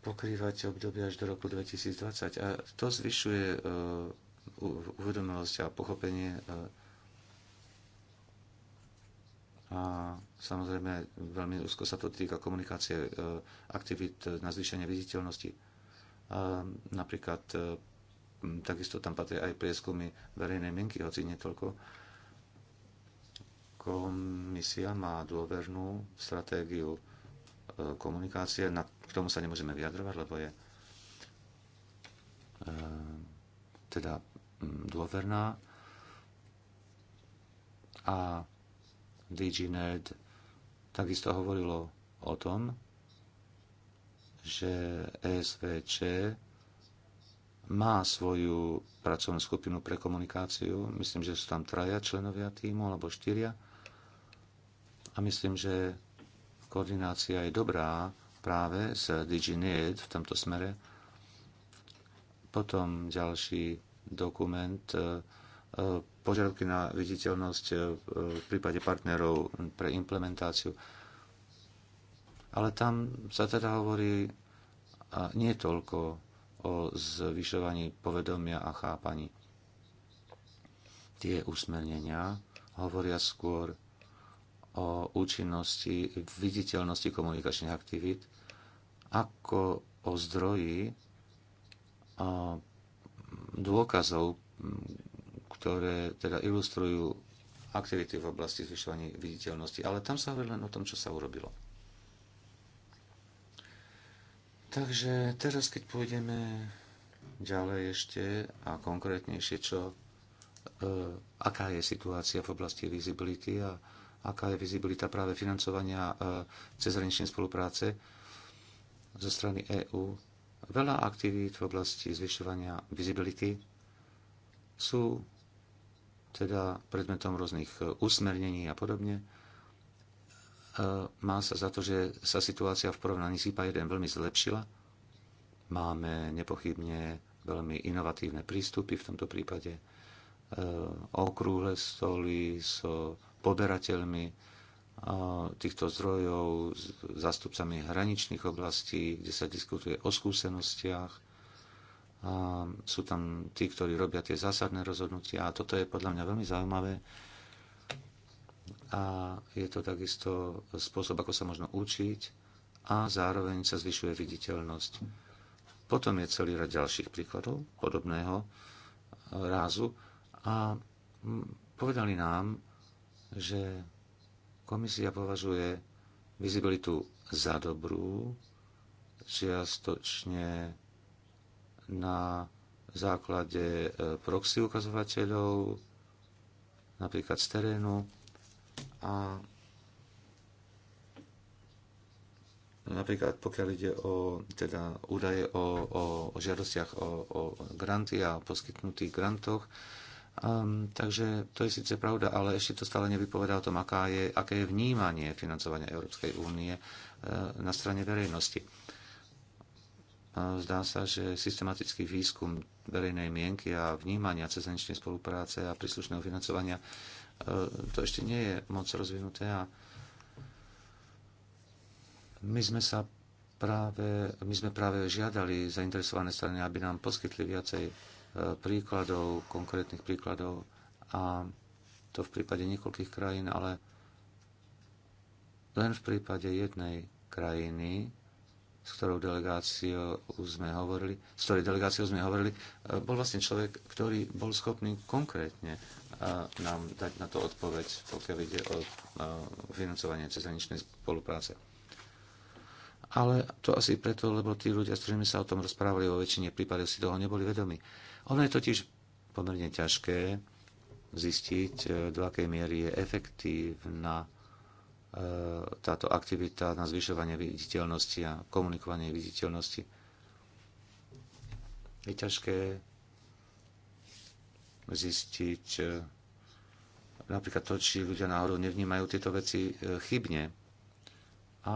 pokrývať obdobie až do roku 2020. A to zvyšuje e, uvedomelosť a pochopenie e, a samozrejme veľmi úzko sa to týka komunikácie e, aktivít na zvýšenie viditeľnosti. napríklad takisto tam patrí aj prieskumy verejnej mienky, hoci toľko. Komisia má dôvernú stratégiu komunikácie, k tomu sa nemôžeme vyjadrovať, lebo je e, teda dôverná a DigiNet takisto hovorilo o tom, že e SVČ má svoju pracovnú skupinu pre komunikáciu. Myslím, že sú tam traja členovia týmu alebo štyria. A myslím, že Koordinácia je dobrá práve s DigiNet v tomto smere. Potom ďalší dokument e, e, požiadavky na viditeľnosť e, v prípade partnerov pre implementáciu. Ale tam sa teda hovorí nie toľko o zvyšovaní povedomia a chápaní. Tie usmernenia hovoria skôr o účinnosti, viditeľnosti komunikačných aktivít, ako o zdroji a dôkazov, ktoré teda ilustrujú aktivity v oblasti zvyšovania viditeľnosti, ale tam sa hovorí len o tom, čo sa urobilo. Takže teraz, keď pôjdeme ďalej ešte a konkrétnejšie, čo, e, aká je situácia v oblasti visibility a aká je vizibilita práve financovania e, cezhraničnej spolupráce zo strany EÚ. Veľa aktivít v oblasti zvyšovania vizibility sú teda predmetom rôznych e, usmernení a podobne. E, má sa za to, že sa situácia v porovnaní s IPA 1 veľmi zlepšila. Máme nepochybne veľmi inovatívne prístupy v tomto prípade. Okrúhle stoly so poberateľmi eh, týchto zdrojov, zástupcami hraničných oblastí, kde sa diskutuje o skúsenostiach. A sú tam tí, ktorí robia tie zásadné rozhodnutia a toto je podľa mňa veľmi zaujímavé. A je to takisto spôsob, ako sa možno učiť a zároveň sa zvyšuje viditeľnosť. Potom je celý rad ďalších príkladov podobného eh, rázu a mm, povedali nám, že komisia považuje vizibilitu za dobrú, čiastočne na základe e, proxy ukazovateľov, napríklad z terénu a napríklad pokiaľ ide o teda údaje o, o, o žiadostiach o, o granty a poskytnutých grantoch, Um, takže to je síce pravda, ale ešte to stále nevypovedá o tom, aká je, aké je vnímanie financovania Európskej únie uh, na strane verejnosti. Uh, zdá sa, že systematický výskum verejnej mienky a vnímania cezhraničnej spolupráce a príslušného financovania uh, to ešte nie je moc rozvinuté a my sme sa práve, my sme práve žiadali zainteresované strany, aby nám poskytli viacej príkladov, konkrétnych príkladov a to v prípade niekoľkých krajín, ale len v prípade jednej krajiny, s ktorou delegáciou sme hovorili, s ktorej delegáciou sme hovorili, eh, bol vlastne človek, ktorý bol schopný konkrétne eh, nám dať na to odpoveď, pokiaľ ide o eh, financovanie cezhraničnej spolupráce. Ale to asi preto, lebo tí ľudia, s ktorými sa o tom rozprávali, vo väčšine prípadov si toho neboli vedomi. Ono je totiž pomerne ťažké zistiť, e, do akej miery je efektívna e, táto aktivita na zvyšovanie viditeľnosti a komunikovanie viditeľnosti. Je ťažké zistiť e, napríklad to, či ľudia náhodou nevnímajú tieto veci chybne. A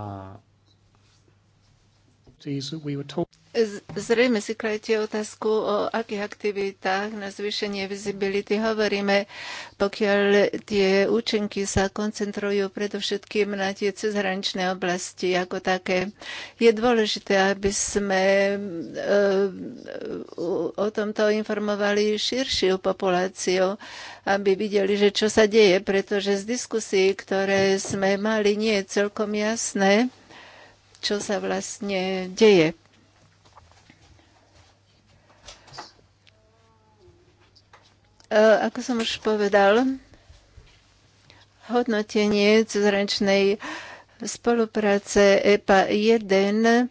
Zrejme si krajte otázku, o akých aktivitách na zvýšenie visibility hovoríme, pokiaľ tie účinky sa koncentrujú predovšetkým na tie cezhraničné oblasti ako také. Je dôležité, aby sme e, o tomto informovali širšiu populáciu, aby videli, že čo sa deje, pretože z diskusí, ktoré sme mali, nie je celkom jasné, čo sa vlastne deje. E, ako som už povedal, hodnotenie cezhraničnej spolupráce EPA 1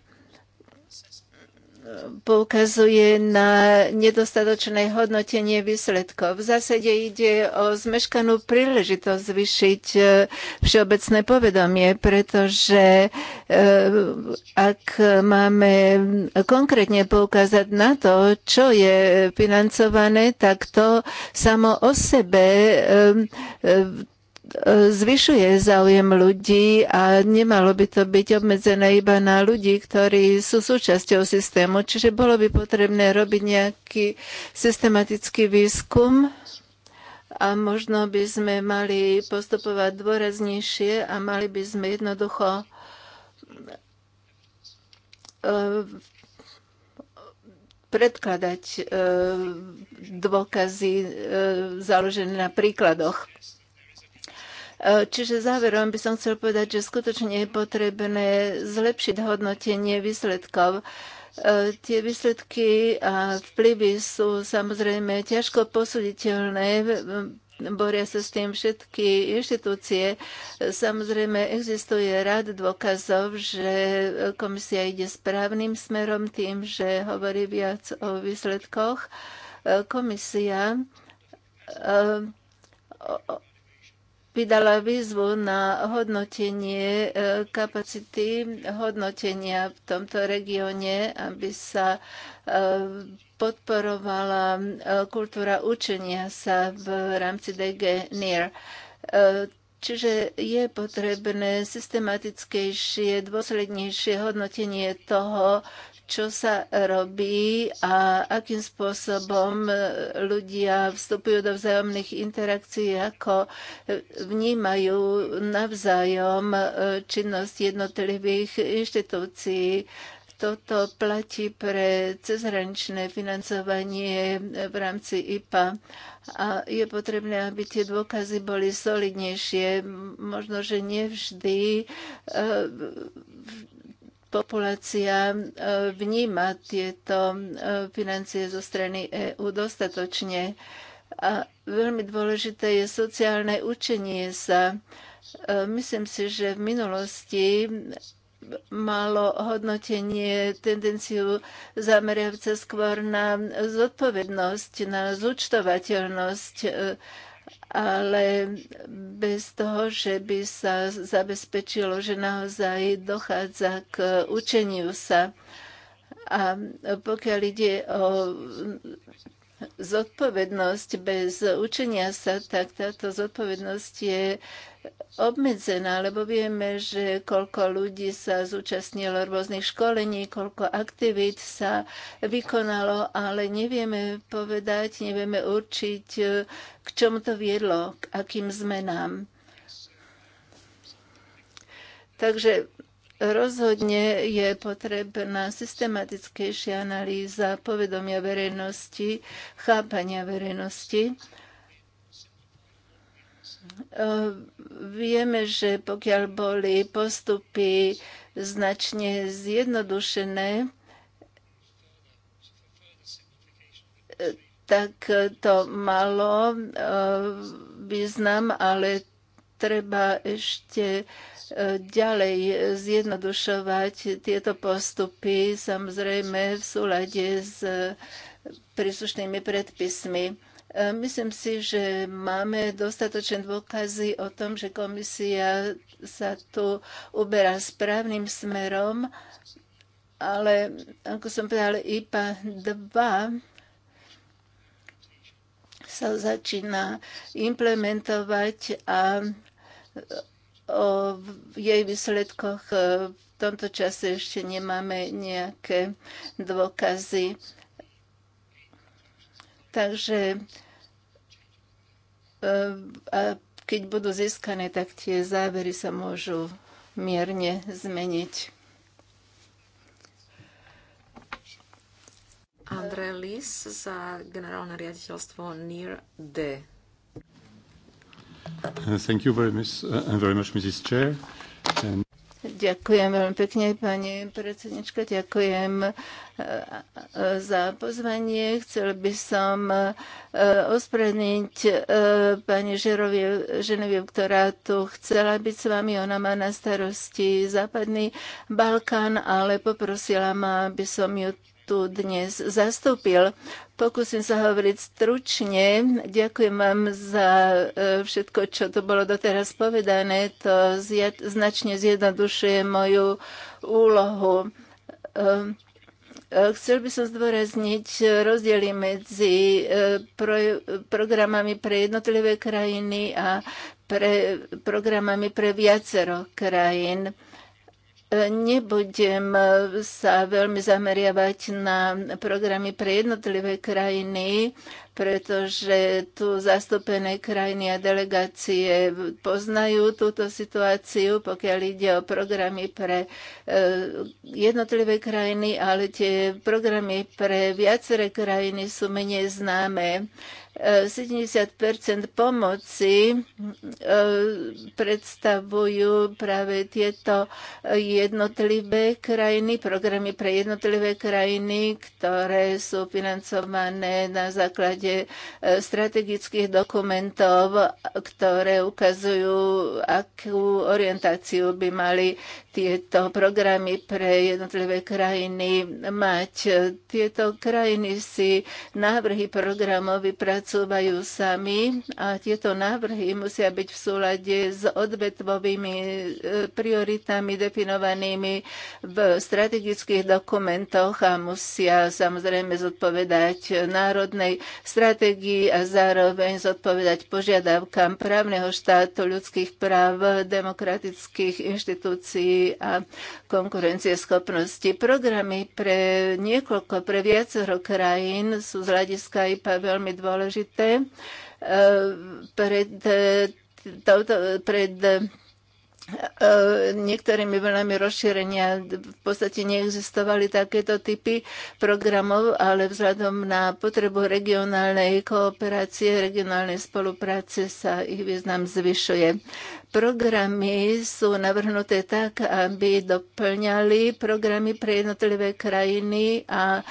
poukazuje na nedostatočné hodnotenie výsledkov. V zásade ide o zmeškanú príležitosť zvyšiť e, všeobecné povedomie, pretože e, ak máme konkrétne poukázať na to, čo je financované, tak to samo o sebe e, zvyšuje záujem ľudí a nemalo by to byť obmedzené iba na ľudí, ktorí sú súčasťou systému. Čiže bolo by potrebné robiť nejaký systematický výskum a možno by sme mali postupovať dôraznejšie a mali by sme jednoducho eh, predkladať eh, dôkazy eh, založené na príkladoch. Eh, čiže záverom by som chcel povedať, že skutočne je potrebné zlepšiť hodnotenie výsledkov eh, tie výsledky a vplyvy sú samozrejme ťažko posuditeľné. Boria sa s tým všetky inštitúcie. Samozrejme, existuje rád dôkazov, že komisia ide správnym smerom tým, že hovorí viac o výsledkoch. Eh, komisia vydala výzvu na hodnotenie e, kapacity hodnotenia v tomto regióne, aby sa e, podporovala e, kultúra učenia sa v rámci DG NIR. Čiže je potrebné systematickejšie, dôslednejšie hodnotenie toho, čo sa robí a akým spôsobom ľudia vstupujú do vzájomných interakcií, ako vnímajú navzájom e, činnosť jednotlivých inštitúcií. Toto platí pre cezhraničné financovanie v rámci IPA a je potrebné, aby tie dôkazy boli solidnejšie. Možno, že nevždy e, populácia e, vníma tieto e, financie zo strany EÚ dostatočne. A veľmi dôležité je sociálne učenie sa. E, myslím si, že v minulosti malo hodnotenie tendenciu zameriavať sa skôr na zodpovednosť, na zúčtovateľnosť ale bez toho, že by sa zabezpečilo, že naozaj dochádza k učeniu sa. A pokiaľ ide o zodpovednosť bez učenia sa, tak táto zodpovednosť je obmedzená, lebo vieme, že koľko ľudí sa zúčastnilo rôznych školení, koľko aktivít sa vykonalo, ale nevieme povedať, nevieme určiť, k čomu to viedlo, k akým zmenám. Takže rozhodne je potrebná systematickejšia analýza povedomia verejnosti, chápania verejnosti Ehm, vieme, že pokiaľ boli postupy značne zjednodušené, eh, tak to malo eh, význam, ale treba ešte eh, ďalej zjednodušovať tieto postupy, samozrejme v súlade s príslušnými predpismi. E, myslím si, že máme dostatočné dôkazy o tom, že komisia sa tu uberá správnym smerom, ale ako som povedala, IPA 2 sa začína implementovať a o jej výsledkoch e, v tomto čase ešte nemáme nejaké dôkazy. Takže eh, a keď budú získané, tak tie závery sa môžu mierne zmeniť. André Lis za generálne riaditeľstvo NIR D. Thank you very much, eh, very much Mrs. Chair. And... Ďakujem veľmi pekne, pani predsednička. Ďakujem e, e, za pozvanie. Chcel by som e, ospredniť pani Ženeviev, ktorá tu chcela byť s vami. Ona má na starosti západný Balkán, ale poprosila ma, aby som ju tu dnes zastúpil. Pokúsim sa hovoriť stručne. Ďakujem vám za e, všetko, čo tu bolo doteraz povedané. To značne zjednodušuje moju úlohu. E, e, chcel by som zdôrazniť rozdiely medzi pro, programami pre jednotlivé krajiny a pre programami pre viacero krajín. Nebudem e, sa veľmi zameriavať na programy pre jednotlivé krajiny, pretože tu zastúpené krajiny a delegácie poznajú túto situáciu, pokiaľ ide o programy pre e, jednotlivé krajiny, ale tie programy pre viaceré krajiny sú menej známe. 70 e, pomoci e, predstavujú práve tieto jednotlivé krajiny, programy pre jednotlivé krajiny, ktoré sú financované na základe základe strategických dokumentov, ktoré ukazujú, akú orientáciu by mali tieto programy pre jednotlivé krajiny mať. Tieto krajiny si návrhy programov vypracúvajú sami a tieto návrhy musia byť v súlade s odvetvovými e, prioritami definovanými v strategických dokumentoch a musia samozrejme zodpovedať národnej strategii a zároveň zodpovedať požiadavkám právneho štátu, ľudských práv, demokratických inštitúcií a konkurencieschopnosti. Programy pre niekoľko, pre viacero krajín sú z hľadiska IPA veľmi dôležité. E, pred e, touto, pred E, niektorými vlnami rozšírenia v podstate neexistovali takéto typy programov, ale vzhľadom na potrebu regionálnej kooperácie, regionálnej spolupráce sa ich význam zvyšuje. Programy sú navrhnuté tak, aby doplňali programy pre jednotlivé krajiny a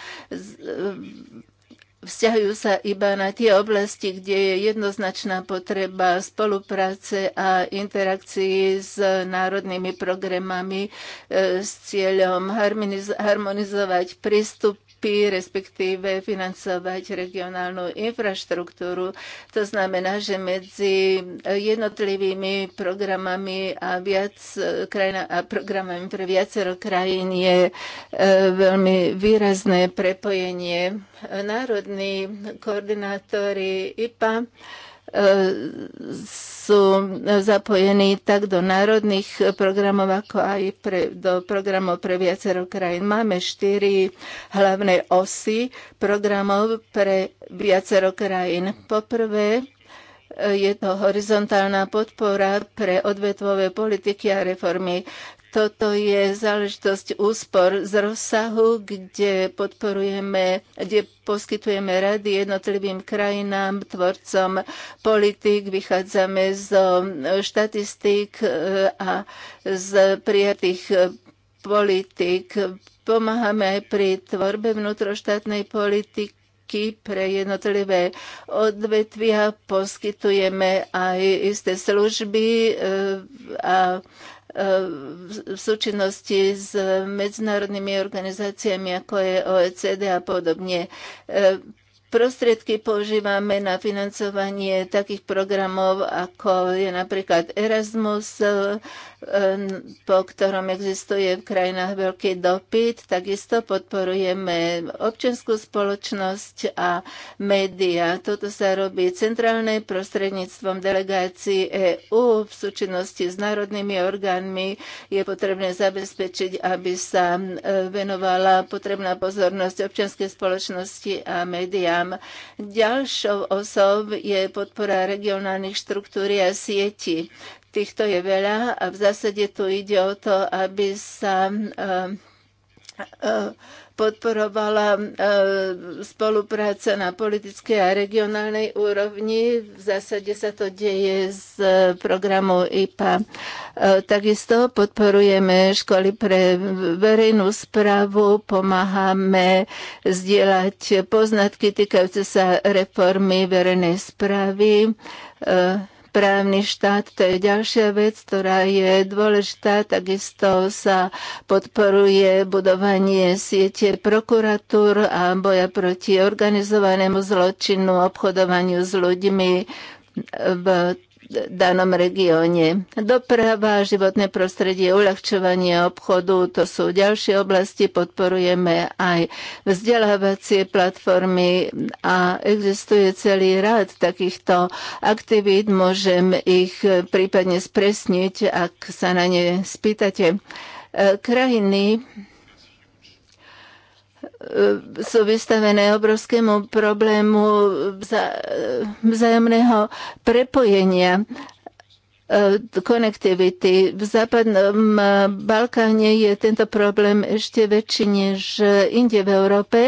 vzťahujú sa iba na tie oblasti, kde je jednoznačná potreba spolupráce a interakcii s národnými programami e, s cieľom harmonizovať prístup PIP, respektíve financovať regionálnu infraštruktúru. To znamená, že medzi jednotlivými programami a, viac, krajina, a programami pre viacero krajín je e, veľmi výrazné prepojenie. Národní koordinátori IPA sú zapojení tak do národných programov, ako aj pre, do programov pre viacero krajín. Máme štyri hlavné osy programov pre viacero krajín. Poprvé, je to horizontálna podpora pre odvetvové politiky a reformy. Toto je záležitosť úspor z rozsahu, kde podporujeme, kde poskytujeme rady jednotlivým krajinám, tvorcom politik, vychádzame zo štatistík e, a z prijatých e, politik. Pomáhame aj pri tvorbe vnútroštátnej politiky pre jednotlivé odvetvia, poskytujeme aj isté služby e, a v súčinnosti s medzinárodnými organizáciami, ako je OECD a podobne. E, prostriedky používame na financovanie takých programov, ako je napríklad Erasmus, Ehm, po ktorom existuje v krajinách veľký dopyt. Takisto podporujeme občianskú spoločnosť a média. Toto sa robí centrálne prostredníctvom delegácií EÚ v súčinnosti s národnými orgánmi. Je potrebné zabezpečiť, aby sa ehm, venovala potrebná pozornosť občianskej spoločnosti a médiám. Ďalšou osob je podpora regionálnych štruktúr a sieti. Týchto je veľa a v zásade tu ide o to, aby sa eh, eh, podporovala eh, spolupráca na politickej a regionálnej úrovni. V zásade sa to deje z programu IPA. Takisto podporujeme školy pre verejnú správu, pomáhame zdieľať poznatky týkajúce sa reformy verejnej správy Právny štát to je ďalšia vec, ktorá je dôležitá. Takisto sa podporuje budovanie siete prokuratúr a boja proti organizovanému zločinu, obchodovaniu s ľuďmi v danom regióne. Doprava, životné prostredie, uľahčovanie obchodu, to sú ďalšie oblasti. Podporujeme aj vzdelávacie platformy a existuje celý rád takýchto aktivít. Môžem ich prípadne spresniť, ak sa na ne spýtate. E, krajiny E, sú vystavené obrovskému problému e, vzájomného prepojenia e, konektivity. V západnom Balkáne je tento problém ešte väčší než inde v Európe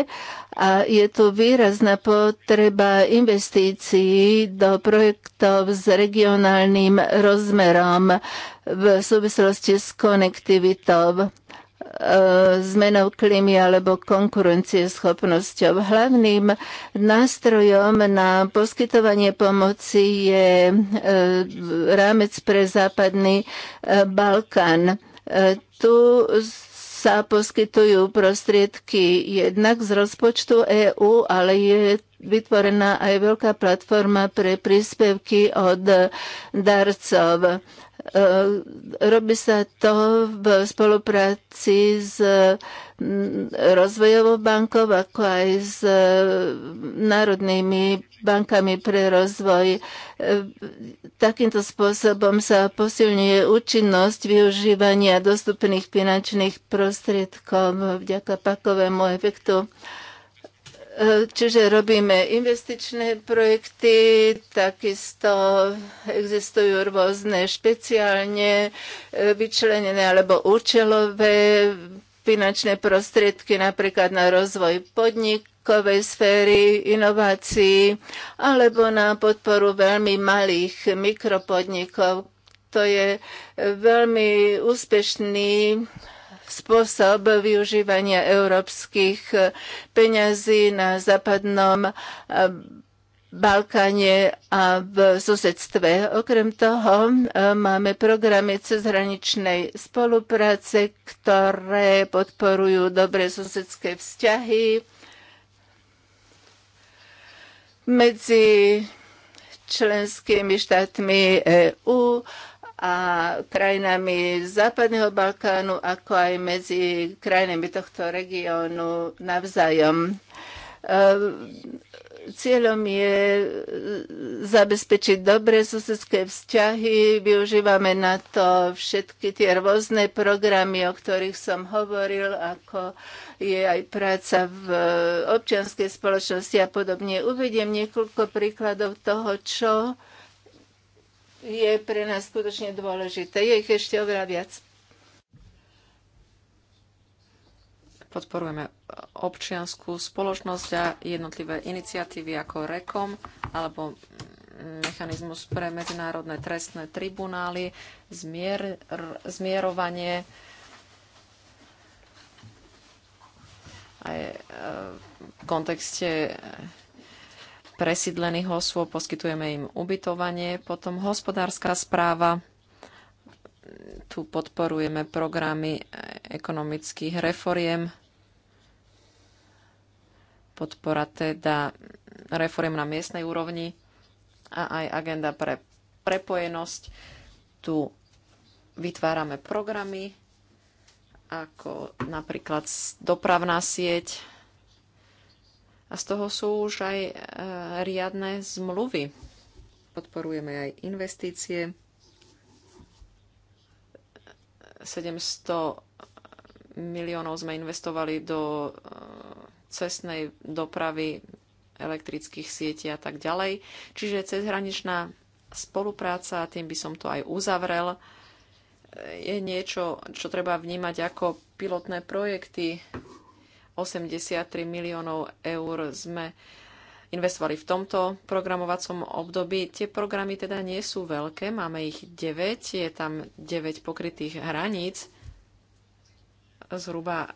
a je tu výrazná potreba investícií do projektov s regionálnym rozmerom v súvislosti s konektivitou. E, zmenou klímy alebo konkurencieschopnosťou. Hlavným nástrojom na poskytovanie pomoci je e, rámec pre západný e, Balkán. Tu sa poskytujú prostriedky jednak z rozpočtu EÚ, ale je vytvorená aj veľká platforma pre príspevky od darcov. E, robí sa to v spolupráci s mm, rozvojovou bankou, ako aj s e, národnými bankami pre rozvoj. E, takýmto spôsobom sa posilňuje účinnosť využívania dostupných finančných prostriedkov vďaka pakovému efektu. E, čiže robíme investičné projekty, takisto existujú rôzne špeciálne e, vyčlenené alebo účelové finančné prostriedky napríklad na rozvoj podnik kovej sféry, inovácií alebo na podporu veľmi malých mikropodnikov. To je veľmi úspešný spôsob využívania európskych eh, peňazí na západnom eh, Balkáne a v susedstve. Okrem toho eh, máme programy cezhraničnej spolupráce, ktoré podporujú dobré susedské vzťahy medzi členskými štátmi EÚ a krajinami Západného Balkánu, ako aj medzi krajinami tohto regiónu navzájom. E, cieľom je zabezpečiť dobré susedské vzťahy. Využívame na to všetky tie rôzne programy, o ktorých som hovoril, ako je aj práca v občianskej spoločnosti a podobne. Uvediem niekoľko príkladov toho, čo je pre nás skutočne dôležité. Je ich ešte oveľa viac. Podporujeme občianskú spoločnosť a jednotlivé iniciatívy ako REKOM alebo mechanizmus pre medzinárodné trestné tribunály, zmier, zmierovanie, aj e, v kontexte presídlených osôb, poskytujeme im ubytovanie. Potom hospodárska správa, tu podporujeme programy ekonomických reforiem, podpora teda reforiem na miestnej úrovni a aj agenda pre prepojenosť. Tu vytvárame programy, ako napríklad dopravná sieť, a z toho sú už aj e, riadne zmluvy. Podporujeme aj investície. 700 miliónov sme investovali do e, cestnej dopravy, elektrických sietí a tak ďalej. Čiže cezhraničná spolupráca, a tým by som to aj uzavrel, e, je niečo, čo treba vnímať ako pilotné projekty 83 miliónov eur sme investovali v tomto programovacom období. Tie programy teda nie sú veľké, máme ich 9, je tam 9 pokrytých hraníc, zhruba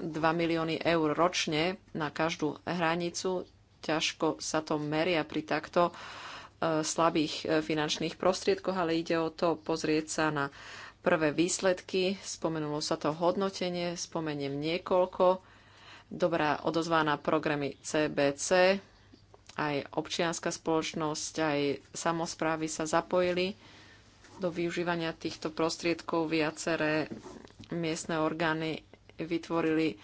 2 e, milióny eur ročne na každú hranicu. Ťažko sa to meria pri takto e, slabých e, finančných prostriedkoch, ale ide o to pozrieť sa na prvé výsledky. Spomenulo sa to hodnotenie, spomeniem niekoľko dobrá odozva na programy CBC, aj občianská spoločnosť, aj samozprávy sa zapojili do využívania týchto prostriedkov. Viaceré miestne orgány vytvorili eh,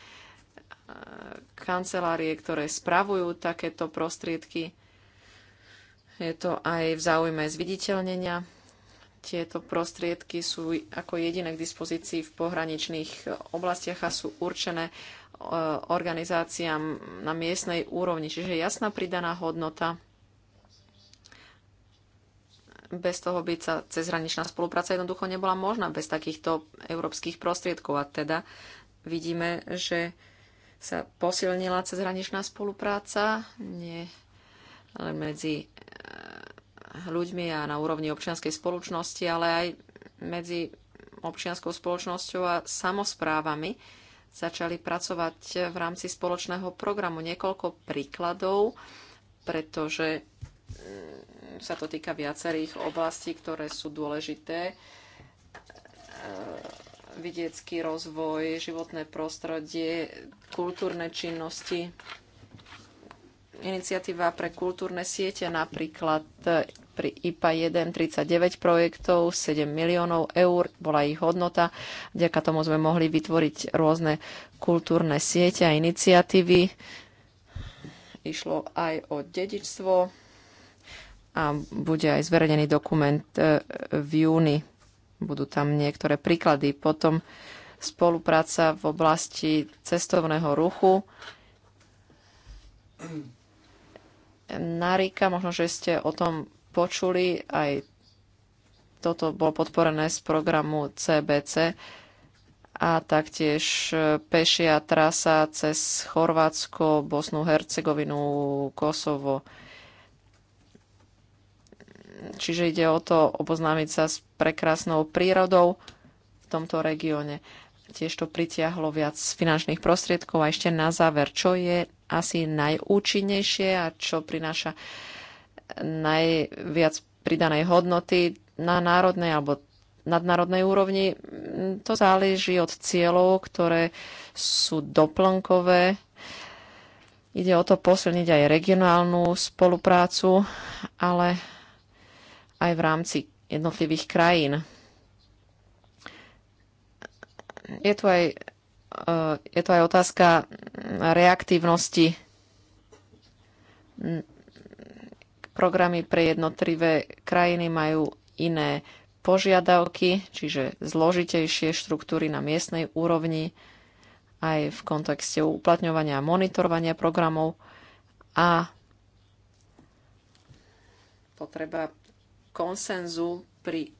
kancelárie, ktoré spravujú takéto prostriedky. Je to aj v záujme zviditeľnenia. Tieto prostriedky sú ako jediné k dispozícii v pohraničných oblastiach a sú určené Eh, organizáciám na miestnej úrovni. Čiže jasná pridaná hodnota. Bez toho by sa cezhraničná spolupráca jednoducho nebola možná bez takýchto európskych prostriedkov. A teda vidíme, že sa posilnila cezhraničná spolupráca, nie len medzi eh, ľuďmi a na úrovni občianskej spoločnosti, ale aj medzi občianskou spoločnosťou a samozprávami začali pracovať v rámci spoločného programu. Niekoľko príkladov, pretože mm, sa to týka viacerých oblastí, ktoré sú dôležité. E, vidiecký rozvoj, životné prostredie, kultúrne činnosti, iniciatíva pre kultúrne siete napríklad pri IPA 1 39 projektov, 7 miliónov eur bola ich hodnota. Vďaka tomu sme mohli vytvoriť rôzne kultúrne siete a iniciatívy. Išlo aj o dedičstvo a bude aj zverejnený dokument e, v júni. Budú tam niektoré príklady. Potom spolupráca v oblasti cestovného ruchu. Narika, možno, že ste o tom počuli. Aj toto bolo podporené z programu CBC a taktiež pešia trasa cez Chorvátsko, Bosnu, Hercegovinu, Kosovo. Čiže ide o to oboznámiť sa s prekrásnou prírodou v tomto regióne. Tiež to pritiahlo viac finančných prostriedkov. A ešte na záver, čo je asi najúčinnejšie a čo prináša uh, najviac pridanej hodnoty na národnej alebo nadnárodnej úrovni. To záleží od cieľov, ktoré sú doplnkové. Ide o to posilniť aj regionálnu spoluprácu, ale aj v rámci jednotlivých krajín. Je tu aj, eh, je tu aj otázka reaktívnosti Programy pre jednotlivé krajiny majú iné požiadavky, čiže zložitejšie štruktúry na miestnej úrovni aj v kontexte uplatňovania a monitorovania programov a potreba konsenzu pri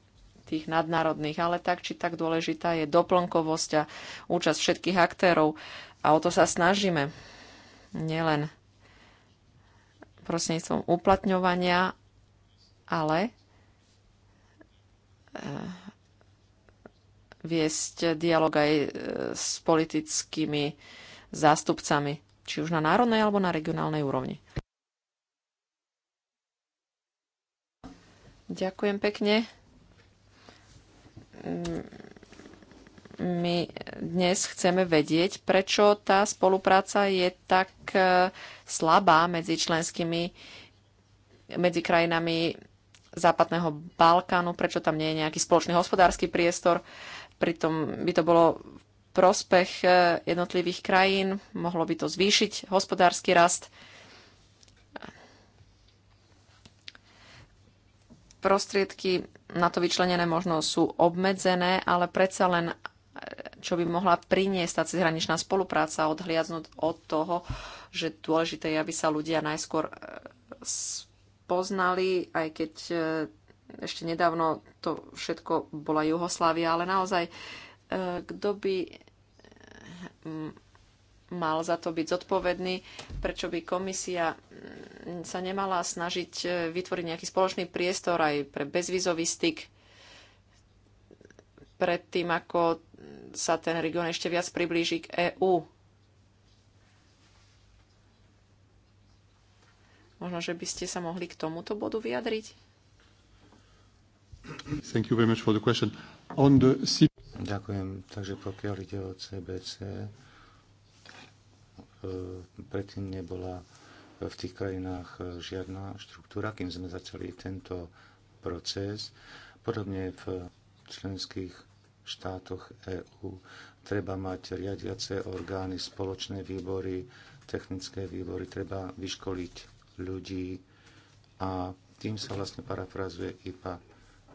tých nadnárodných, ale tak či tak dôležitá je doplnkovosť a účasť všetkých aktérov a o to sa snažíme. Nielen prostredníctvom uplatňovania, ale e, viesť dialog aj e, s politickými zástupcami, či už na národnej alebo na regionálnej úrovni. Ďakujem pekne. Mm, my dnes chceme vedieť, prečo tá spolupráca je tak e, slabá medzi členskými, medzi krajinami Západného Balkánu, prečo tam nie je nejaký spoločný hospodársky priestor. Pritom by to bolo prospech e, jednotlivých krajín, mohlo by to zvýšiť hospodársky rast. Prostriedky na to vyčlenené možno sú obmedzené, ale predsa len čo by mohla priniesť tá cezhraničná spolupráca, odhliadnúť od toho, že dôležité je, aby sa ľudia najskôr e, spoznali, aj keď e, ešte nedávno to všetko bola Juhoslávia, ale naozaj, e, kto by mal za to byť zodpovedný, prečo by komisia sa nemala snažiť vytvoriť nejaký spoločný priestor aj pre bezvizový styk pred tým, ako sa ten región ešte viac priblíži k EÚ. Možno, že by ste sa mohli k tomuto bodu vyjadriť. Thank you very much for the question. On the... Ďakujem. Takže pokiaľ ide o CBC, e, predtým nebola v tých krajinách e, žiadna štruktúra, kým sme začali tento proces. Podobne v členských štátoch EÚ. Treba mať riadiace orgány, spoločné výbory, technické výbory, treba vyškoliť ľudí a tým sa vlastne parafrazuje IPA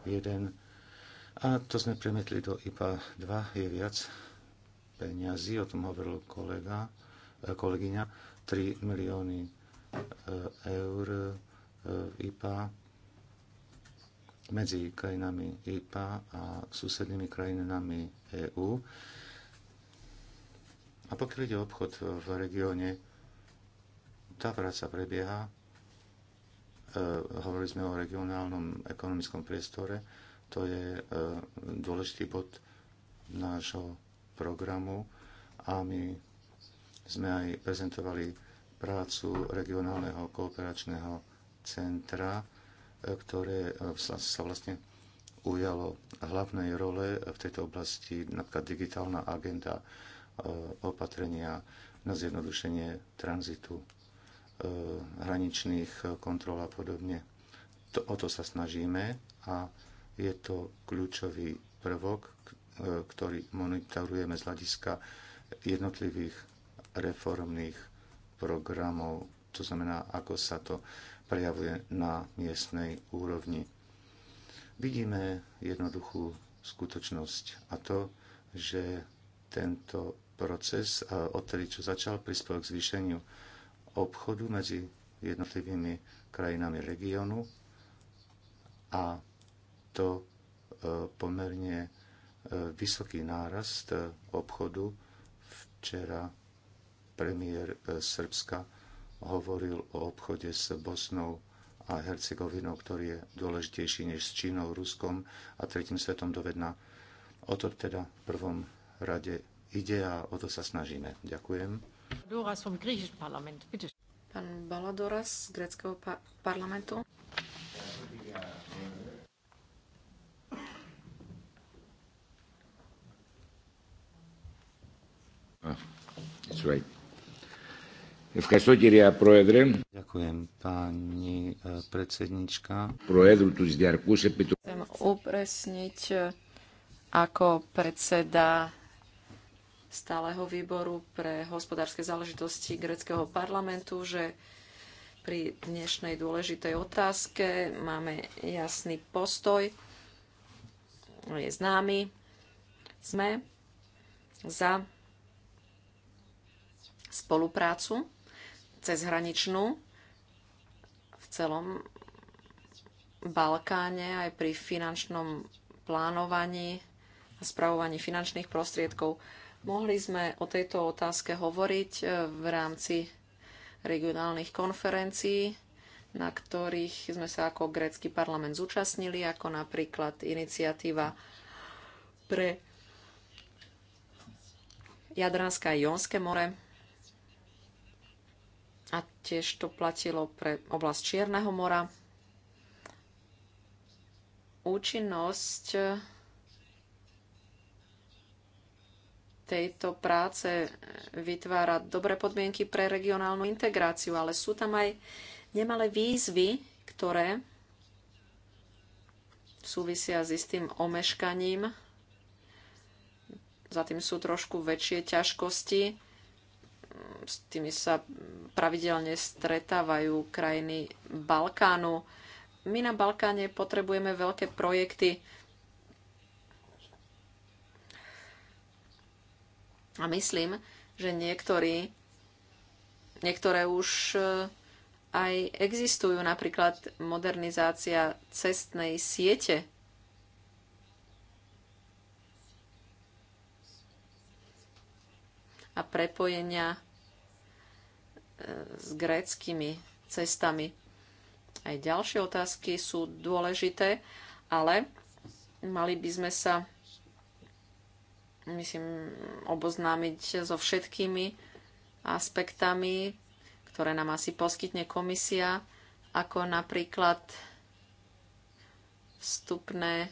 1. A to sme premetli do IPA 2, je viac peňazí, o tom hovoril kolega, e, kolegyňa, 3 milióny e, eur v e, IPA medzi krajinami IPA a susednými krajinami EÚ. A pokiaľ ide obchod v regióne, tá práca prebieha. E, hovorili sme o regionálnom ekonomickom priestore. To je e, dôležitý bod nášho programu a my sme aj prezentovali prácu regionálneho kooperačného centra ktoré eh, sa vlastne ujalo hlavnej role v tejto oblasti, napríklad digitálna agenda, eh, opatrenia na zjednodušenie tranzitu, eh, hraničných kontrol a podobne. To, o to sa snažíme a je to kľúčový prvok, ktorý monitorujeme z hľadiska jednotlivých reformných programov, to znamená, ako sa to prejavuje na miestnej úrovni. Vidíme jednoduchú skutočnosť a to, že tento proces, odtedy čo začal, prispel k zvýšeniu obchodu medzi jednotlivými krajinami regiónu a to e, pomerne e, vysoký nárast e, obchodu. Včera premiér Srbska hovoril o obchode s Bosnou a Hercegovinou, ktorý je dôležitejší než s Čínou, Ruskom a Tretím svetom dovedná. O to teda v prvom rade ide a o to sa snažíme. Ďakujem. Pán Baladoras z greckého pa- parlamentu. Oh, right. Ďakujem, pani e, predsednička. Chcem upresniť e, ako predseda stáleho výboru pre hospodárske záležitosti greckého parlamentu, že pri dnešnej dôležitej otázke máme jasný postoj. Je známy. Sme za spoluprácu cezhraničnú v celom Balkáne, aj pri finančnom plánovaní a spravovaní finančných prostriedkov. Mohli sme o tejto otázke hovoriť e, v rámci regionálnych konferencií, na ktorých sme sa ako grécky parlament zúčastnili, ako napríklad iniciatíva pre Jadranské a Jonské more Tiež to platilo pre oblasť Čierneho mora. Účinnosť tejto práce vytvára dobré podmienky pre regionálnu integráciu, ale sú tam aj nemalé výzvy, ktoré súvisia s istým omeškaním. Za tým sú trošku väčšie ťažkosti s tými sa pravidelne stretávajú krajiny Balkánu. My na Balkáne potrebujeme veľké projekty. A myslím, že niektorí, niektoré už e, aj existujú, napríklad modernizácia cestnej siete a prepojenia s gréckými cestami. Aj ďalšie otázky sú dôležité, ale mali by sme sa myslím, oboznámiť so všetkými aspektami, ktoré nám asi poskytne komisia, ako napríklad vstupné eh,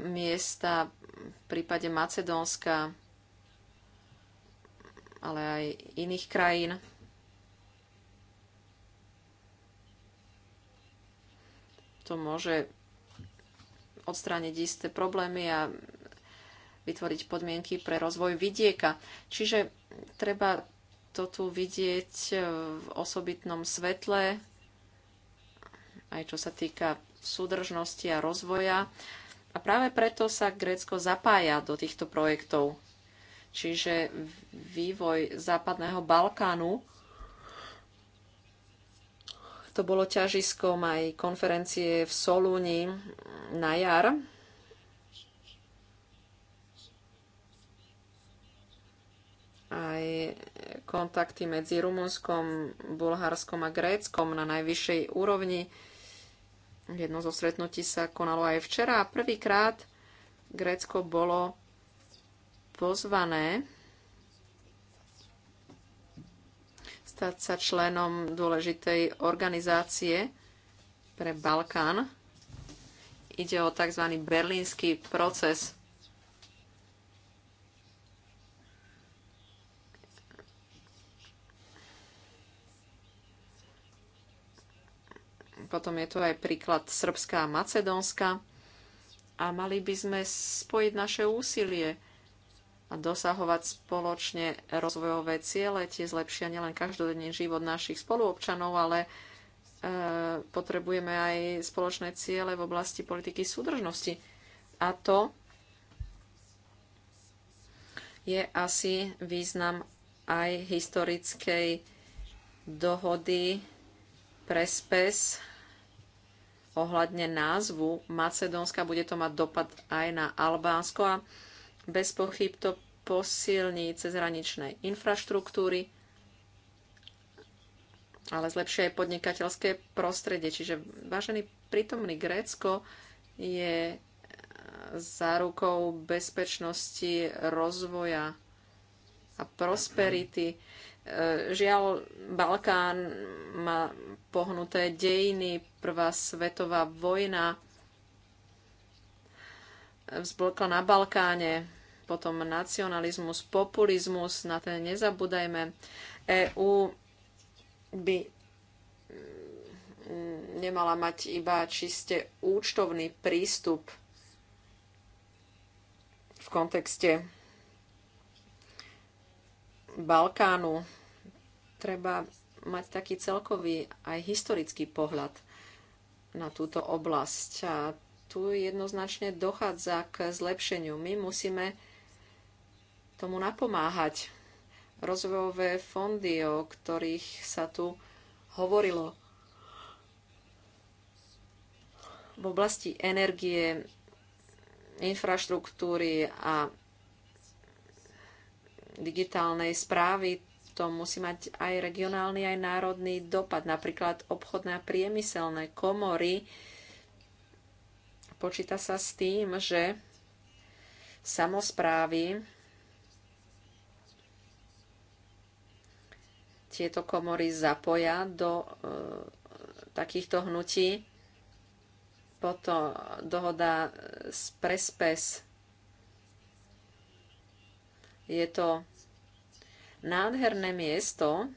miesta v prípade Macedónska, ale aj iných krajín. To môže odstrániť isté problémy a vytvoriť podmienky pre rozvoj vidieka. Čiže treba to tu vidieť v osobitnom svetle, aj čo sa týka súdržnosti a rozvoja. A práve preto sa Grécko zapája do týchto projektov. Čiže vývoj západného Balkánu to bolo ťažiskom aj konferencie v Solúni na jar. Aj kontakty medzi Rumunskom, Bulharskom a Gréckom na najvyššej úrovni. Jedno zo stretnutí sa konalo aj včera. Prvýkrát Grécko bolo pozvané stať sa členom dôležitej organizácie pre Balkán. Ide o tzv. berlínsky proces. Potom je tu aj príklad Srbská a Macedónska. A mali by sme spojiť naše úsilie a dosahovať spoločne rozvojové ciele. Tie zlepšia nielen každodenný život našich spoluobčanov, ale e, potrebujeme aj spoločné ciele v oblasti politiky súdržnosti. A to je asi význam aj historickej dohody pre SPES ohľadne názvu Macedónska. Bude to mať dopad aj na Albánsko a bez pochyb to posilní cez hraničné infraštruktúry, ale zlepšia aj podnikateľské prostredie. Čiže, vážený prítomný Grécko je e, zárukou bezpečnosti, rozvoja a prosperity. E, žiaľ, Balkán má pohnuté dejiny, prvá svetová vojna vzblkla na Balkáne, potom nacionalizmus, populizmus, na ten nezabúdajme. EÚ by mm, nemala mať iba čiste účtovný prístup v kontexte Balkánu. Treba mať taký celkový aj historický pohľad na túto oblasť. A tu jednoznačne dochádza k zlepšeniu. My musíme tomu napomáhať. Rozvojové fondy, o ktorých sa tu hovorilo. V oblasti energie, infraštruktúry a digitálnej správy to musí mať aj regionálny, aj národný dopad. Napríklad obchodné a priemyselné komory. Počíta sa s tým, že samozprávy tieto komory zapoja do e, takýchto hnutí. Potom dohoda s Prespes. Je to nádherné miesto.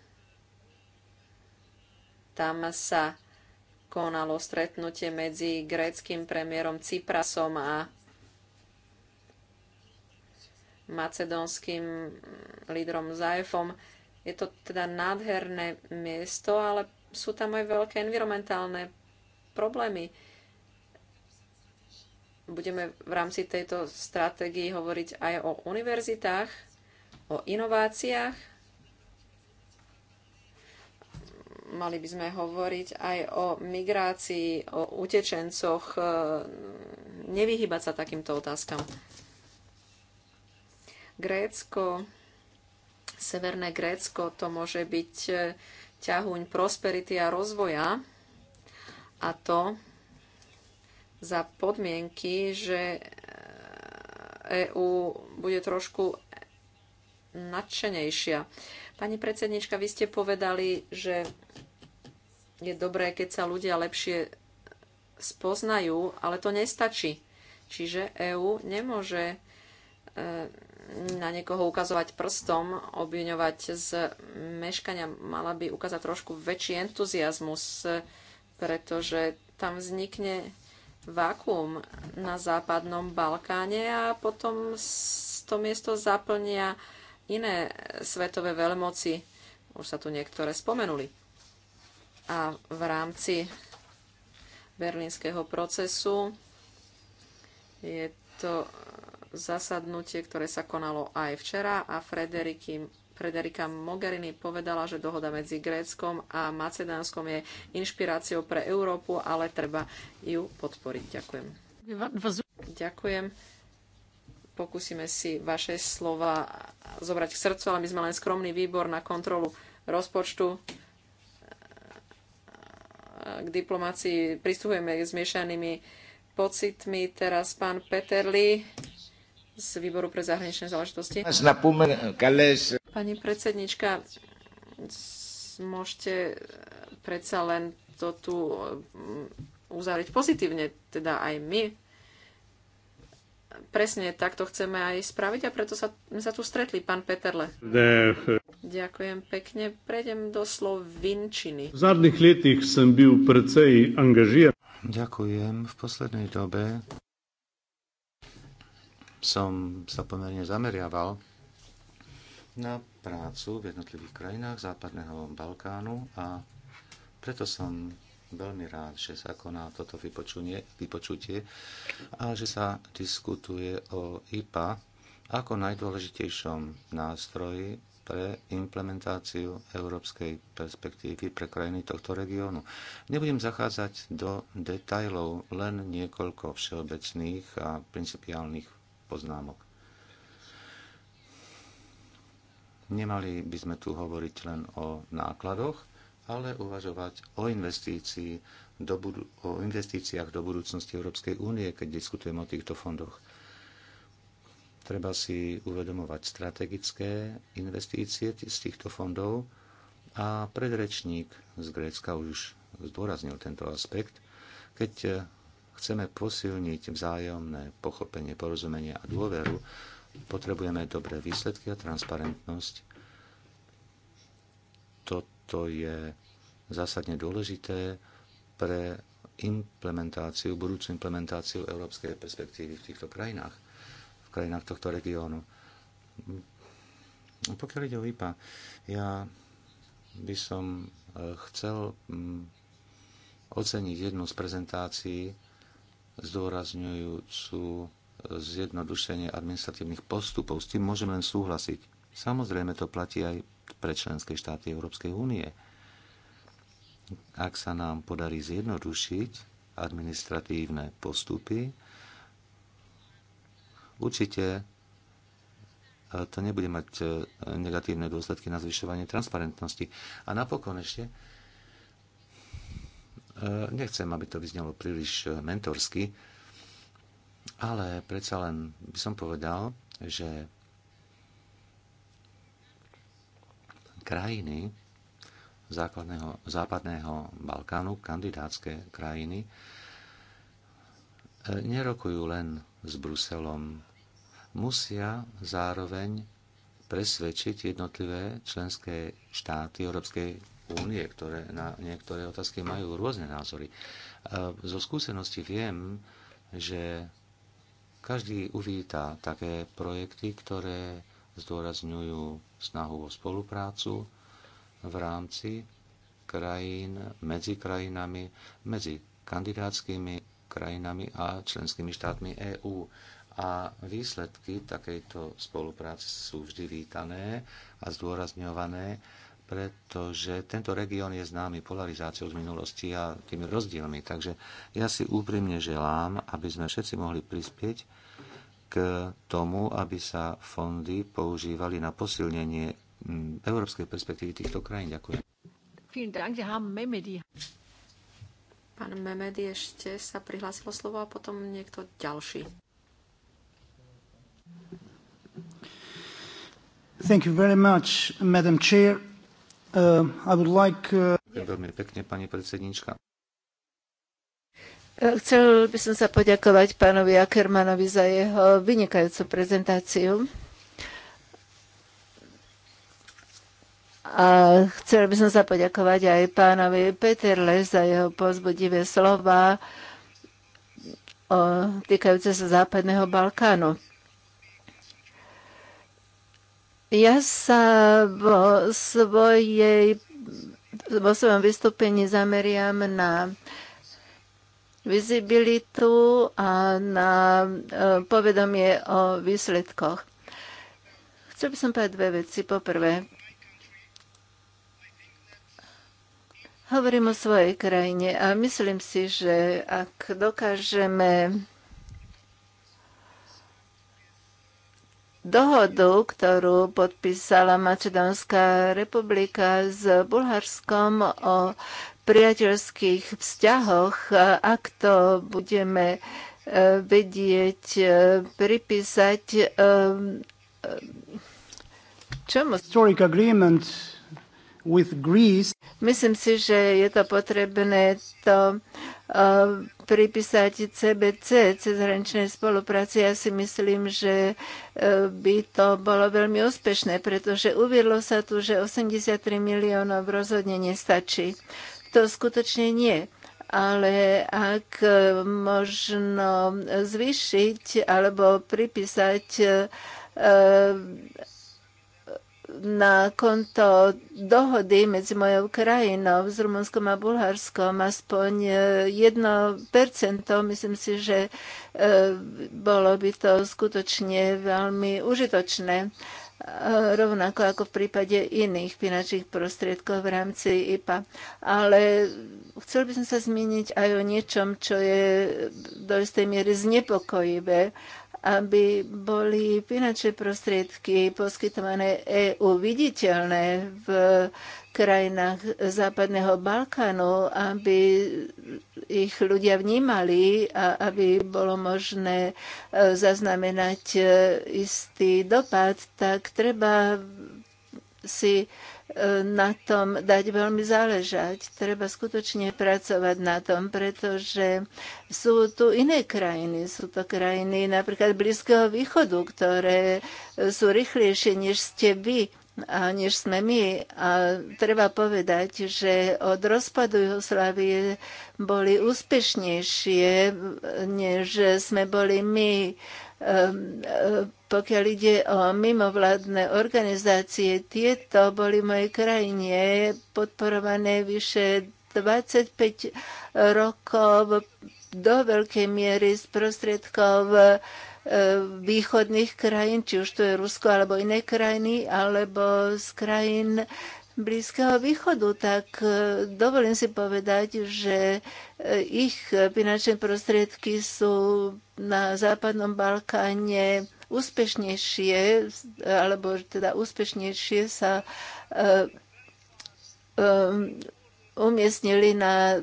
Tam sa konalo stretnutie medzi gréckým premiérom Cyprasom a macedónským lídrom Zaefom je to teda nádherné miesto, ale sú tam aj veľké environmentálne problémy. Budeme v rámci tejto stratégii hovoriť aj o univerzitách, o inováciách. Mali by sme hovoriť aj o migrácii, o utečencoch, nevyhybať sa takýmto otázkam. Grécko Severné Grécko to môže byť e, ťahuň prosperity a rozvoja a to za podmienky, že EÚ e bude trošku nadšenejšia. Pani predsednička, vy ste povedali, že je dobré, keď sa ľudia lepšie spoznajú, ale to nestačí. Čiže EÚ nemôže e, na niekoho ukazovať prstom, obviňovať z meškania. Mala by ukázať trošku väčší entuziasmus, pretože tam vznikne vákuum na západnom Balkáne a potom to miesto zaplnia iné svetové veľmoci. Už sa tu niektoré spomenuli. A v rámci berlínskeho procesu je to zasadnutie, ktoré sa konalo aj včera a Frederiky Frederika Mogherini povedala, že dohoda medzi Gréckom a Macedánskom je inšpiráciou pre Európu, ale treba ju podporiť. Ďakujem. Ďakujem. Pokúsime si vaše slova zobrať k srdcu, ale my sme len skromný výbor na kontrolu rozpočtu. K diplomácii pristupujeme k zmiešanými pocitmi. Teraz pán Peterli z Výboru pre zahraničné záležitosti. Pani predsednička, môžete predsa len to tu um, uzáriť pozitívne, teda aj my. Presne takto chceme aj spraviť a preto sa, sme sa tu stretli, pán Peterle. De... Ďakujem pekne. Prejdem do slovinčiny. V zadných letých som byl precej angažovaný. Ďakujem. V poslednej dobe som sa pomerne zameriaval na prácu v jednotlivých krajinách Západného Balkánu a preto som veľmi rád, že sa koná toto vypočutie a že sa diskutuje o IPA ako najdôležitejšom nástroji pre implementáciu európskej perspektívy pre krajiny tohto regiónu. Nebudem zachádzať do detajlov, len niekoľko všeobecných a principiálnych poznámok. Nemali by sme tu hovoriť len o nákladoch, ale uvažovať o, investícii do budu- o investíciách do budúcnosti Európskej únie, keď diskutujeme o týchto fondoch. Treba si uvedomovať strategické investície z týchto fondov a predrečník z Grécka už zdôraznil tento aspekt, keď chceme posilniť vzájomné pochopenie, porozumenie a dôveru, potrebujeme dobré výsledky a transparentnosť. Toto je zásadne dôležité pre implementáciu, budúcu implementáciu európskej perspektívy v týchto krajinách, v krajinách tohto regiónu. Pokiaľ ide o IPA, ja by som eh, chcel mm, oceniť jednu z prezentácií zdôrazňujúcu zjednodušenie administratívnych postupov. S tým môžem len súhlasiť. Samozrejme to platí aj pre členské štáty Európskej únie. Ak sa nám podarí zjednodušiť administratívne postupy, určite e, to nebude mať e, negatívne dôsledky na zvyšovanie transparentnosti. A napokon ešte E, nechcem, aby to vyznelo príliš e, mentorsky, ale predsa len by som povedal, že krajiny základného, západného Balkánu, kandidátske krajiny, e, nerokujú len s Bruselom. Musia zároveň presvedčiť jednotlivé členské štáty Európskej únie, ktoré na niektoré otázky majú rôzne názory. Zo skúsenosti viem, že každý uvíta také projekty, ktoré zdôrazňujú snahu o spoluprácu v rámci krajín, medzi krajinami, medzi kandidátskými krajinami a členskými štátmi EÚ. A výsledky takejto spolupráce sú vždy vítané a zdôrazňované pretože tento región je známy polarizáciou z minulosti a tými rozdielmi. Takže ja si úprimne želám, aby sme všetci mohli prispieť k tomu, aby sa fondy používali na posilnenie európskej perspektívy týchto krajín. Ďakujem. Pán Memedy ešte sa prihlásil slovo a potom niekto ďalší. Thank you very much, Madam Chair. Uh, like, uh... Veľmi pekne, pani predsednička. E, chcel by som sa poďakovať pánovi Ackermanovi za jeho vynikajúcu prezentáciu. A chcel by som sa poďakovať aj pánovi Peterle za jeho pozbudivé slova týkajúce sa Západného Balkánu. Ja sa vo svojej vo svojom vystúpení zameriam na vizibilitu a na e, povedomie o výsledkoch. Chcel by som povedať dve veci. Poprvé, hovorím o svojej krajine a myslím si, že ak dokážeme dohodu, ktorú podpísala Macedónska republika s Bulharskom o priateľských vzťahoch, ak to budeme e, vedieť e, pripísať e, čomu? Historic agreement Myslím si, že je to potrebné to eh, pripísať CBC, cezhraničnej spolupráci. Ja si myslím, že eh, by to bolo veľmi úspešné, pretože uviedlo sa tu, že 83 miliónov rozhodne nestačí. To skutočne nie ale ak eh, možno zvýšiť alebo pripísať na konto dohody medzi mojou krajinou s Rumunskom a Bulharskom aspoň 1%. E, Myslím si, že e, bolo by to skutočne veľmi užitočné e, rovnako ako v prípade iných finančných prostriedkov v rámci IPA. Ale chcel by som sa zmieniť aj o niečom, čo je do istej miery znepokojivé aby boli finančné prostriedky poskytované EU viditeľné v krajinách Západného Balkánu, aby ich ľudia vnímali a aby bolo možné e, zaznamenať e, istý dopad, tak treba si na tom dať veľmi záležať. Treba skutočne pracovať na tom, pretože sú tu iné krajiny. Sú to krajiny napríklad Blízkeho východu, ktoré sú rýchlejšie, než ste vy a než sme my. A treba povedať, že od rozpadu Jugoslávie boli úspešnejšie, než sme boli my. Ehm, e, pokiaľ ide o mimovládne organizácie, tieto boli v mojej krajine podporované vyše 25 rokov do veľkej miery z prostriedkov e, východných krajín, či už to je Rusko alebo iné krajiny, alebo z krajín Blízkeho východu, tak e, dovolím si povedať, že e, ich finančné prostriedky sú na západnom Balkáne úspešnejšie, alebo teda úspešnejšie sa e, umiestnili na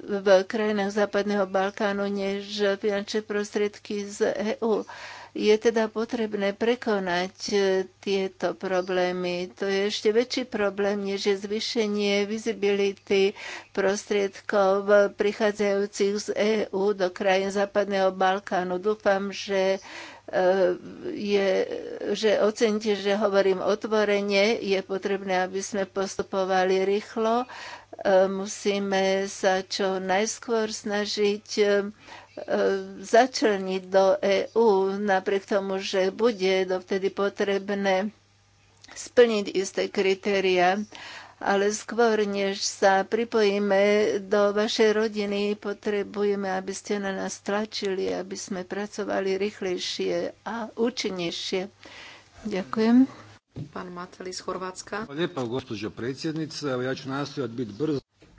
v krajinách Západného Balkánu než finančné prostriedky z EU. Je teda potrebné prekonať e, tieto problémy. To je ešte väčší problém, než je zvýšenie visibility prostriedkov prichádzajúcich z EÚ do krajín Západného Balkánu. Dúfam, že e, je, že ocenite, že hovorím otvorene, je potrebné, aby sme postupovali rýchlo Musíme sa čo najskôr snažiť e, začleniť do EÚ, napriek tomu, že bude dovtedy potrebné splniť isté kritéria, ale skôr, než sa pripojíme do vašej rodiny, potrebujeme, aby ste na nás tlačili, aby sme pracovali rýchlejšie a účinnejšie. Ďakujem. Pán Mateli z Chorvátska. gospođo ja ću byť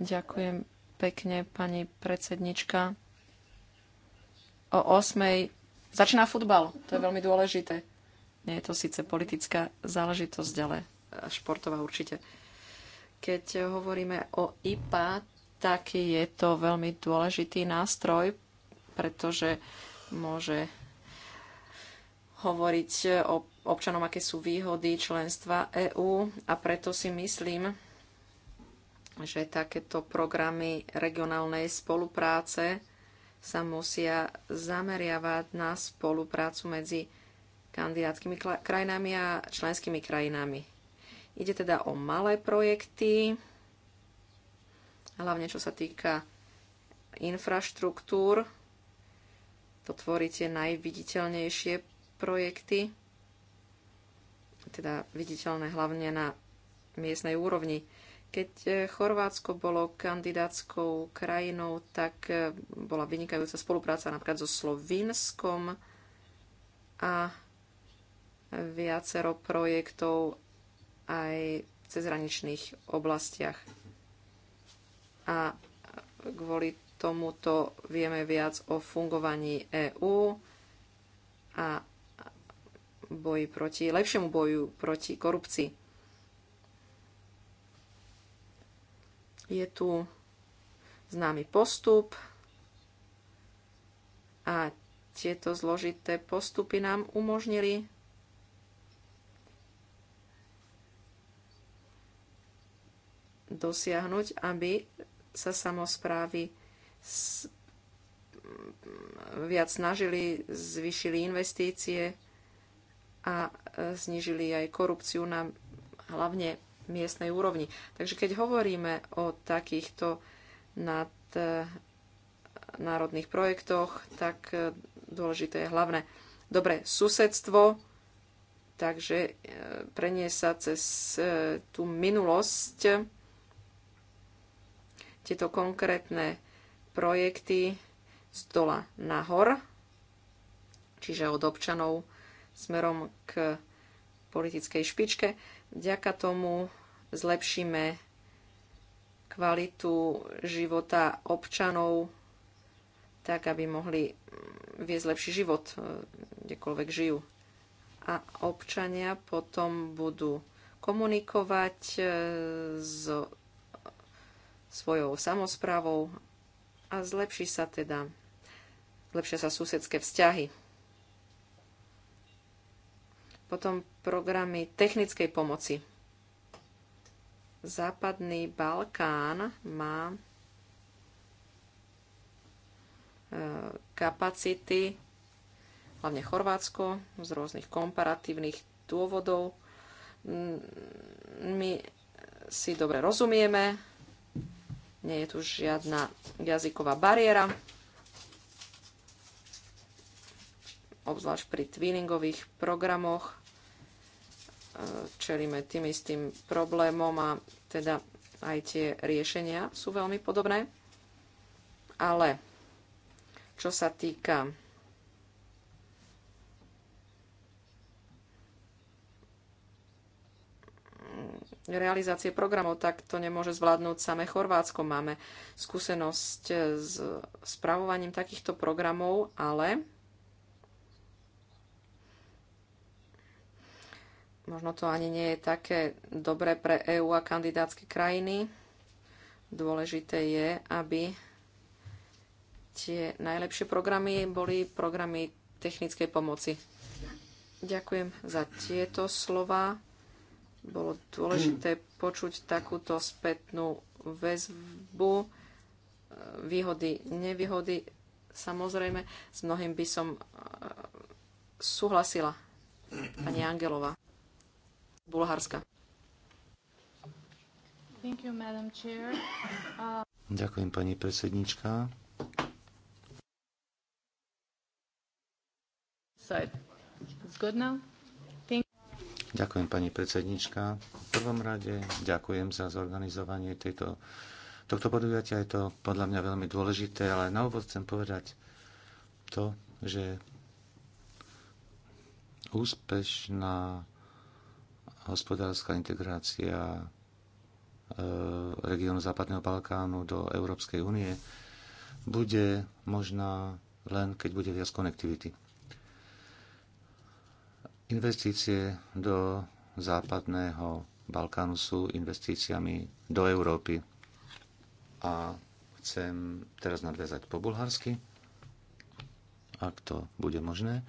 Ďakujem pekne, pani predsednička. O 8. začína futbal, to je veľmi dôležité. Nie je to síce politická záležitosť, ale športová určite. Keď hovoríme o IPA, tak je to veľmi dôležitý nástroj, pretože môže hovoriť o občanom, aké sú výhody členstva EÚ a preto si myslím, že takéto programy regionálnej spolupráce sa musia zameriavať na spoluprácu medzi kandidátskymi krajinami a členskými krajinami. Ide teda o malé projekty, hlavne čo sa týka infraštruktúr. To tvoríte najviditeľnejšie projekty teda viditeľné hlavne na miestnej úrovni. Keď e, Chorvátsko bolo kandidátskou krajinou, tak e, bola vynikajúca spolupráca napríklad so Slovinskom a viacero projektov aj v cezhraničných oblastiach. A kvôli tomuto vieme viac o fungovaní EÚ a boji proti, lepšiemu boju proti korupcii. Je tu známy postup a tieto zložité postupy nám umožnili dosiahnuť, aby sa samozprávy viac snažili, zvyšili investície, a e, znižili aj korupciu na hlavne miestnej úrovni. Takže keď hovoríme o takýchto nadnárodných e, projektoch, tak e, dôležité je hlavné dobre susedstvo, takže preniesa sa cez tú minulosť tieto konkrétne projekty z dola nahor, čiže od občanov smerom k politickej špičke. Vďaka tomu zlepšíme kvalitu života občanov, tak aby mohli viesť lepší život, e, kdekoľvek žijú. A občania potom budú komunikovať e, s svojou samozprávou a zlepší sa teda, zlepšia sa susedské vzťahy. Potom programy technickej pomoci. Západný Balkán má e, kapacity, hlavne Chorvátsko, z rôznych komparatívnych dôvodov. Mm, my si dobre rozumieme, nie je tu žiadna jazyková bariéra, obzvlášť pri twinningových programoch čelíme tým istým problémom a teda aj tie riešenia sú veľmi podobné. Ale čo sa týka realizácie programov, tak to nemôže zvládnuť samé Chorvátsko. Máme skúsenosť s spravovaním takýchto programov, ale Možno to ani nie je také dobré pre EÚ a kandidátske krajiny. Dôležité je, aby tie najlepšie programy boli programy technickej pomoci. Ďakujem za tieto slova. Bolo dôležité počuť takúto spätnú väzbu, výhody, nevýhody. Samozrejme, s mnohým by som eh, súhlasila. Pani Angelová. Bulharska. You, uh... Ďakujem, pani predsednička. Ďakujem, pani predsednička. V prvom rade ďakujem za zorganizovanie tejto, tohto podujatia. Je to podľa mňa veľmi dôležité, ale na úvod chcem povedať to, že úspešná hospodárska integrácia e, regiónu Západného Balkánu do Európskej únie bude možná len, keď bude viac konektivity. Investície do Západného Balkánu sú investíciami do Európy. A chcem teraz nadviazať po bulharsky, ak to bude možné.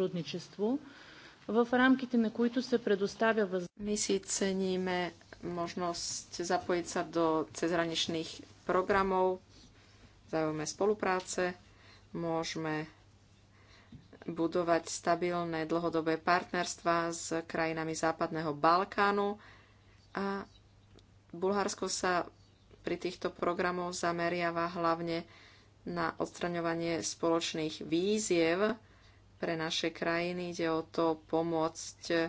сътрудничество, в рамките на които се предоставя възможност. My si ceníme možnosť zapojiť sa do cezhraničných programov, záujme spolupráce, môžeme budovať stabilné dlhodobé partnerstva s krajinami Západného Balkánu a Bulharsko sa pri týchto programoch zameriava hlavne na odstraňovanie spoločných víziev, pre naše krajiny. Ide o to pomôcť eh,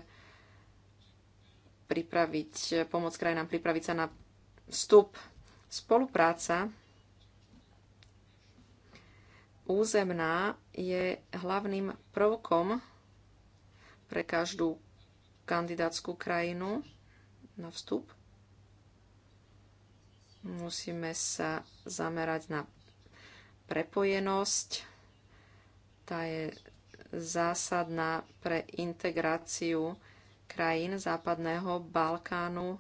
pripraviť, eh, pomôcť krajinám pripraviť sa na vstup. Spolupráca územná je hlavným prvkom pre každú kandidátskú krajinu na vstup. Musíme sa zamerať na prepojenosť. Tá je zásadná pre integráciu krajín Západného Balkánu.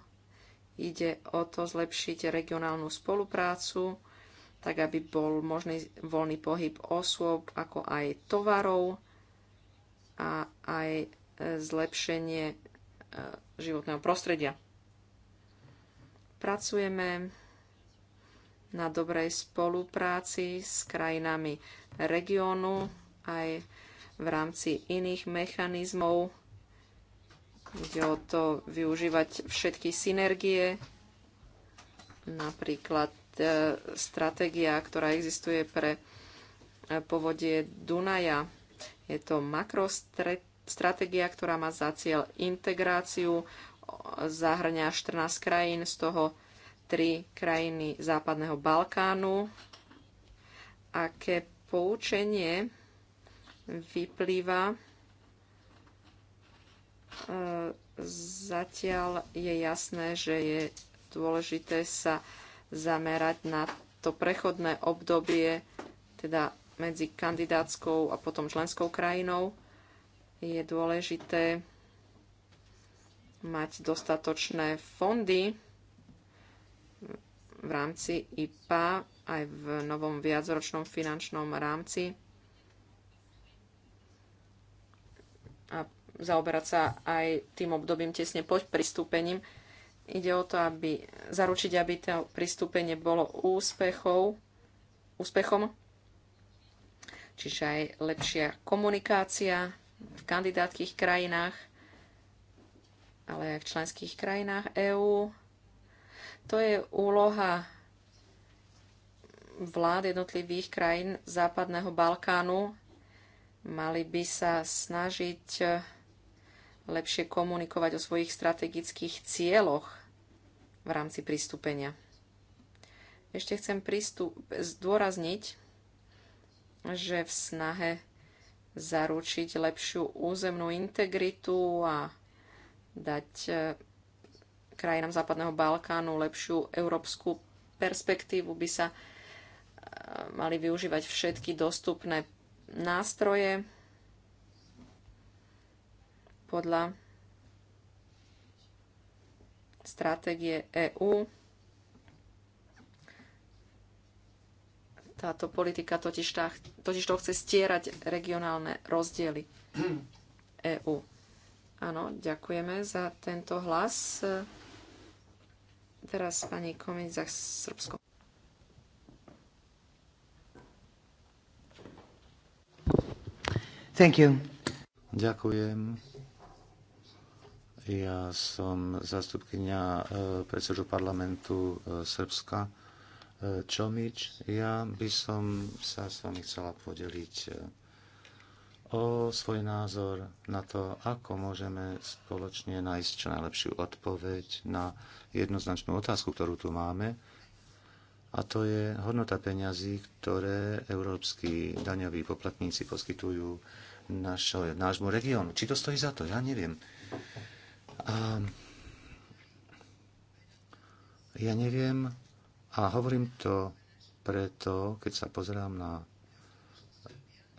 Ide o to zlepšiť regionálnu spoluprácu, tak aby bol možný voľný pohyb osôb, ako aj tovarov a aj e, zlepšenie e, životného prostredia. Pracujeme na dobrej spolupráci s krajinami regiónu aj v rámci iných mechanizmov. Ide o to využívať všetky synergie, napríklad e, stratégia, ktorá existuje pre e, povodie Dunaja. Je to makrostratégia, ktorá má za cieľ integráciu, zahrňa 14 krajín, z toho 3 krajiny Západného Balkánu. Aké poučenie vyplýva. E, zatiaľ je jasné, že je dôležité sa zamerať na to prechodné obdobie, teda medzi kandidátskou a potom členskou krajinou. Je dôležité mať dostatočné fondy v rámci IPA aj v novom viacročnom finančnom rámci a zaoberať sa aj tým obdobím tesne pod pristúpením. Ide o to, aby zaručiť, aby to pristúpenie bolo úspechov, úspechom, čiže aj lepšia komunikácia v kandidátkých krajinách, ale aj v členských krajinách EÚ. To je úloha vlád jednotlivých krajín Západného Balkánu Mali by sa snažiť eh, lepšie komunikovať o svojich strategických cieľoch v rámci pristúpenia. Ešte chcem pristup, zdôrazniť, že v snahe zaručiť lepšiu územnú integritu a dať eh, krajinám Západného Balkánu lepšiu európsku perspektívu by sa eh, mali využívať všetky dostupné nástroje podľa stratégie EÚ. Táto politika totiž, tá, totiž to chce stierať regionálne rozdiely EÚ. Áno, ďakujeme za tento hlas. Teraz pani Komiť za Srbsko. Thank you. Ďakujem. Ja som zastupkynia e, predsedu parlamentu e, Srbska e, Čomič. Ja by som sa s vami chcela podeliť o svoj názor na to, ako môžeme spoločne nájsť čo najlepšiu odpoveď na jednoznačnú otázku, ktorú tu máme. A to je hodnota peňazí, ktoré európsky daňoví poplatníci poskytujú našo, nášmu regiónu. Či to stojí za to, ja neviem. A ja neviem a hovorím to preto, keď sa pozerám na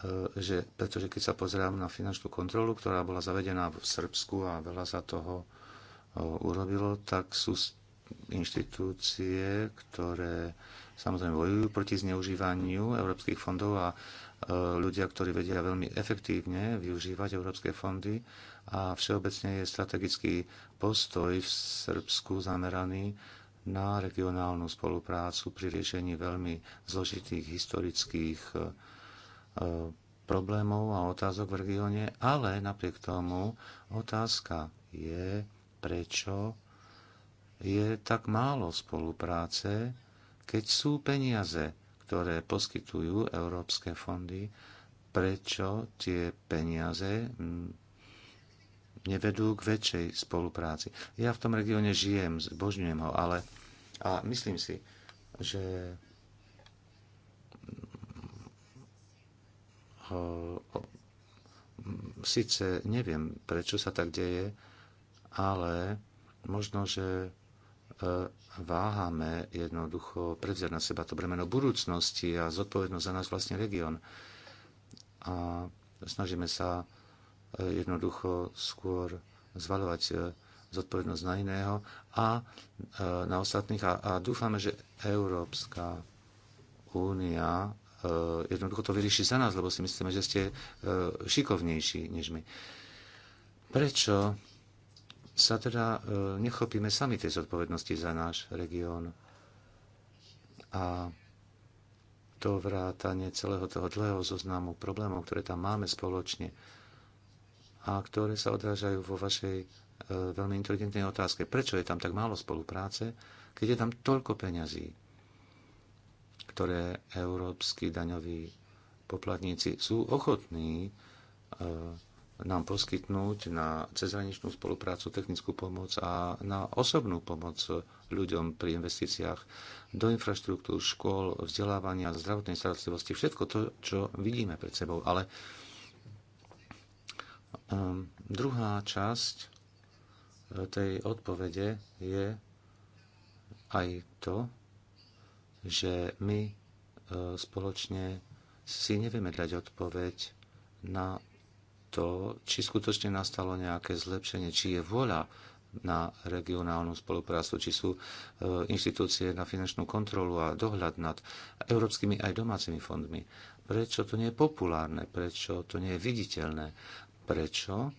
e, že, pretože keď sa pozerám na finančnú kontrolu, ktorá bola zavedená v Srbsku a veľa za toho e, urobilo, tak sú inštitúcie, ktoré samozrejme bojujú proti zneužívaniu európskych fondov a Eh, ľudia, ktorí vedia veľmi efektívne využívať európske fondy a všeobecne je strategický postoj v Srbsku zameraný na regionálnu spoluprácu pri riešení veľmi zložitých historických eh, problémov a otázok v regióne, ale napriek tomu otázka je, prečo je tak málo spolupráce, keď sú peniaze ktoré poskytujú európske fondy, prečo tie peniaze mm, nevedú k väčšej spolupráci. Ja v tom regióne žijem, zbožňujem ho, ale a myslím si, že síce neviem, prečo sa tak deje, ale možno, že váhame jednoducho prevziať na seba to bremeno budúcnosti a zodpovednosť za náš vlastný región. A snažíme sa e, jednoducho skôr zvalovať e, zodpovednosť na iného a e, na ostatných. A, a dúfame, že Európska únia jednoducho to vyrieši za nás, lebo si myslíme, že ste šikovnejší než my. Prečo sa teda e, nechopíme sami tej zodpovednosti za náš región a to vrátanie celého toho dlhého zoznamu problémov, ktoré tam máme spoločne a ktoré sa odrážajú vo vašej e, veľmi inteligentnej otázke. Prečo je tam tak málo spolupráce, keď je tam toľko peňazí, ktoré európsky daňoví poplatníci sú ochotní e, nám poskytnúť na cezhraničnú spoluprácu, technickú pomoc a na osobnú pomoc ľuďom pri investíciách do infraštruktúr, škôl, vzdelávania, zdravotnej starostlivosti, všetko to, čo vidíme pred sebou. Ale um, druhá časť e, tej odpovede je aj to, že my e, spoločne si nevieme dať odpoveď na to, či skutočne nastalo nejaké zlepšenie, či je voľa na regionálnu spoluprácu, či sú e, inštitúcie na finančnú kontrolu a dohľad nad európskymi aj domácimi fondmi. Prečo to nie je populárne? Prečo to nie je viditeľné? Prečo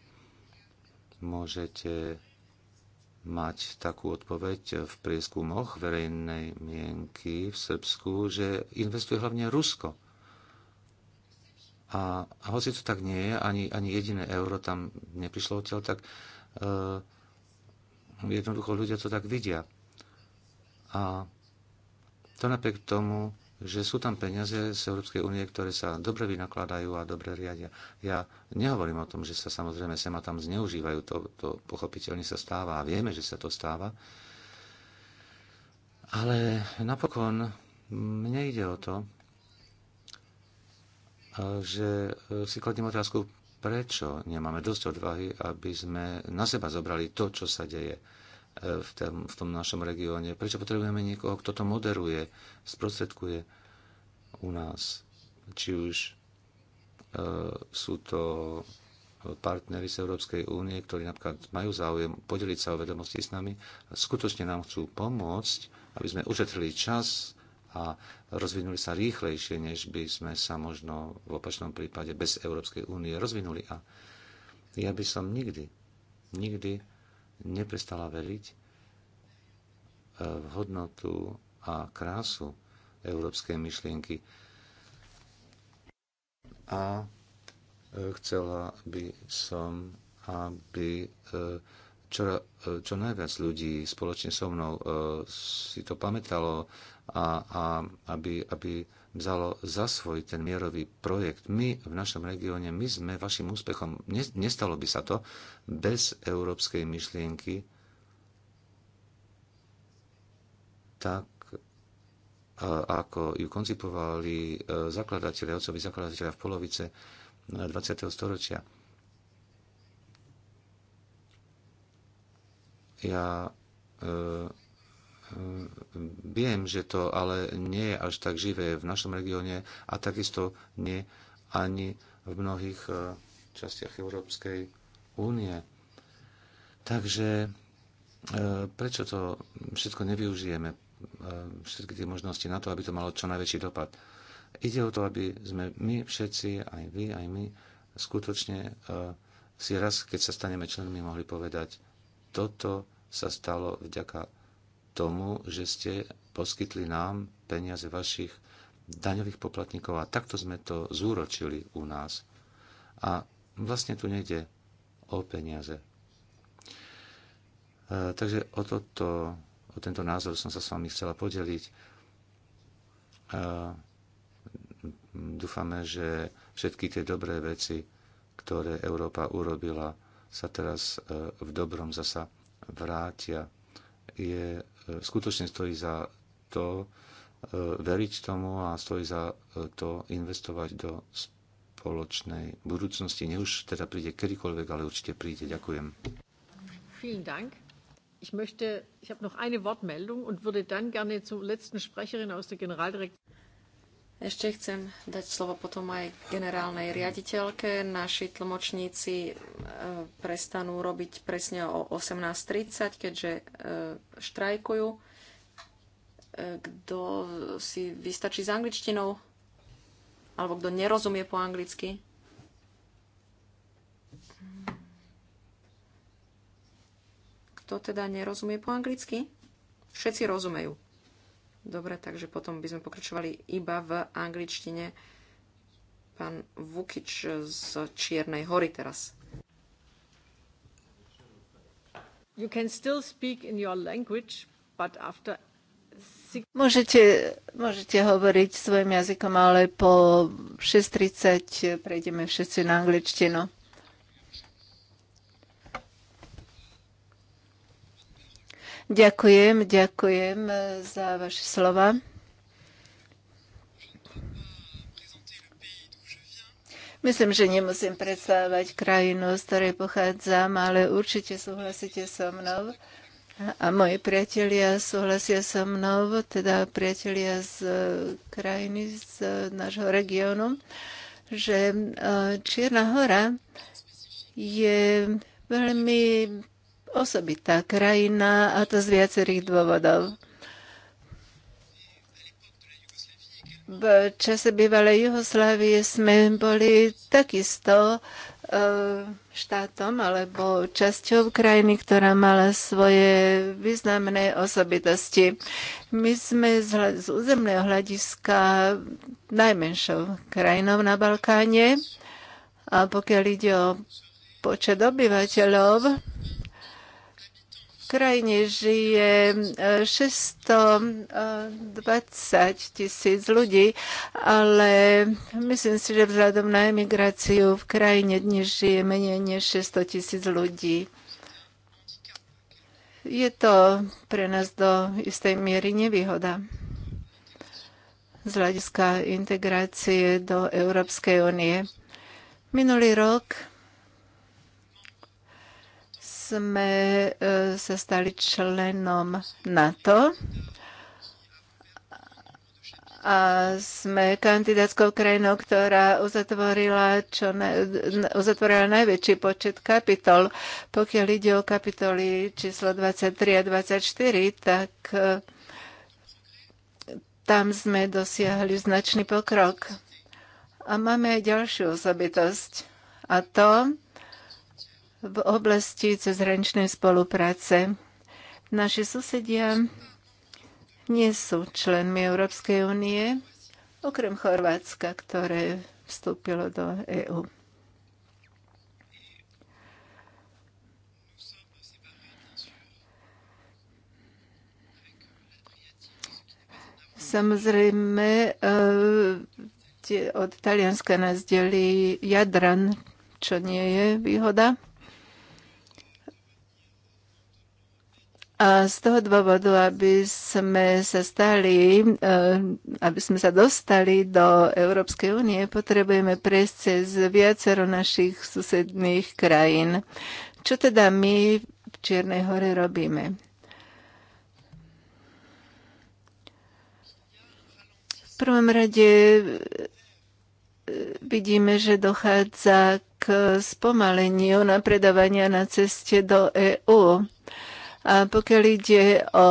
môžete mať takú odpoveď v prieskumoch verejnej mienky v Srbsku, že investuje hlavne Rusko a, a hoci to tak nie je, ani, ani jediné euro tam neprišlo odtiaľ, tak e, jednoducho ľudia to tak vidia. A to napriek tomu, že sú tam peniaze z Európskej únie, ktoré sa dobre vynakladajú a dobre riadia. Ja nehovorím o tom, že sa samozrejme sem a tam zneužívajú, to, to pochopiteľne sa stáva a vieme, že sa to stáva. Ale napokon mne ide o to, že e, si kladím otázku, prečo nemáme dosť odvahy, aby sme na seba zobrali to, čo sa deje e, v tom, v tom našom regióne. Prečo potrebujeme niekoho, kto to moderuje, sprostredkuje u nás. Či už e, sú to partnery z Európskej únie, ktorí napríklad majú záujem podeliť sa o vedomosti s nami, skutočne nám chcú pomôcť, aby sme ušetrili čas, a rozvinuli sa rýchlejšie, než by sme sa možno v opačnom prípade bez Európskej únie rozvinuli. A ja by som nikdy, nikdy neprestala veriť e, v hodnotu a krásu európskej myšlienky. A e, chcela by som, aby e, čo, čo najviac ľudí spoločne so mnou si to pamätalo, a, a aby, aby vzalo za svoj ten mierový projekt. My v našom regióne, my sme vašim úspechom, nestalo by sa to bez európskej myšlienky, tak ako ju koncipovali e, zakladatelia, otcovi zakladatelia v polovice 20. E, storočia. Ja e, Viem, že to ale nie je až tak živé v našom regióne a takisto nie ani v mnohých e, častiach Európskej únie. Takže e, prečo to všetko nevyužijeme, e, všetky tie možnosti na to, aby to malo čo najväčší dopad? Ide o to, aby sme my všetci, aj vy, aj my, skutočne si raz, keď sa staneme členmi, mohli povedať, toto sa stalo vďaka tomu, že ste poskytli nám peniaze vašich daňových poplatníkov a takto sme to zúročili u nás. A vlastne tu nejde o peniaze. E, takže o, toto, o tento názor som sa s vami chcela podeliť. E, dúfame, že všetky tie dobré veci, ktoré Európa urobila, sa teraz e, v dobrom zasa vrátia. Je E, skutočne stojí za to e, veriť tomu a stojí za e, to investovať do spoločnej budúcnosti. Nech už teda príde kedykoľvek, ale určite príde. Ďakujem. Vielen Dank. Ich möchte, ich habe noch eine Wortmeldung und würde dann gerne zur letzten Sprecherin aus der Generaldirektion. Ešte chcem dať slovo potom aj generálnej riaditeľke. Naši tlmočníci e, prestanú robiť presne o 18.30, keďže e, štrajkujú. E, kto si vystačí s angličtinou? Alebo kto nerozumie po anglicky? Kto teda nerozumie po anglicky? Všetci rozumejú. Dobre, takže potom by sme pokračovali iba v angličtine. Pán Vukič z Čiernej hory teraz. You can still speak in your language, but after Môžete, môžete hovoriť svojim jazykom, ale po 6.30 prejdeme všetci na angličtinu. Ďakujem, ďakujem e, za vaše slova. Myslím, že nemusím predstávať krajinu, z ktorej pochádzam, ale určite súhlasíte so mnou. A moji priatelia súhlasia so mnou, teda priatelia z e, krajiny, z e, nášho regiónu, že Čierna hora je veľmi osobitá krajina a to z viacerých dôvodov. V čase bývalej Jugoslávie sme boli takisto e, štátom alebo časťou krajiny, ktorá mala svoje významné osobitosti. My sme z, z územného hľadiska najmenšou krajinou na Balkáne a pokiaľ ide o počet obyvateľov, Ukrajine žije 620 eh, eh, tisíc ľudí, ale myslím si, že vzhľadom na emigráciu v krajine dnes žije menej než 600 tisíc ľudí. Je to pre nás do istej miery nevýhoda z hľadiska integrácie do Európskej únie. Minulý rok sme e, sa stali členom NATO a sme kandidátskou krajinou, ktorá uzatvorila, čo na, uzatvorila najväčší počet kapitol. Pokiaľ ide o kapitoly číslo 23 a 24, tak e, tam sme dosiahli značný pokrok. A máme aj ďalšiu osobitosť. A to, v oblasti cezhraničnej spolupráce. Naši susedia nie sú členmi Európskej únie, okrem Chorvátska, ktoré vstúpilo do EÚ. Samozrejme, eh, od Talianska nás delí Jadran, čo nie je výhoda. A z toho dôvodu, aby sme sa stali, e, aby sme sa dostali do Európskej únie, potrebujeme prejsť cez viacero našich susedných krajín. Čo teda my v Čiernej hore robíme? V prvom rade e, vidíme, že dochádza k spomaleniu napredovania na ceste do EÚ. A pokiaľ ide o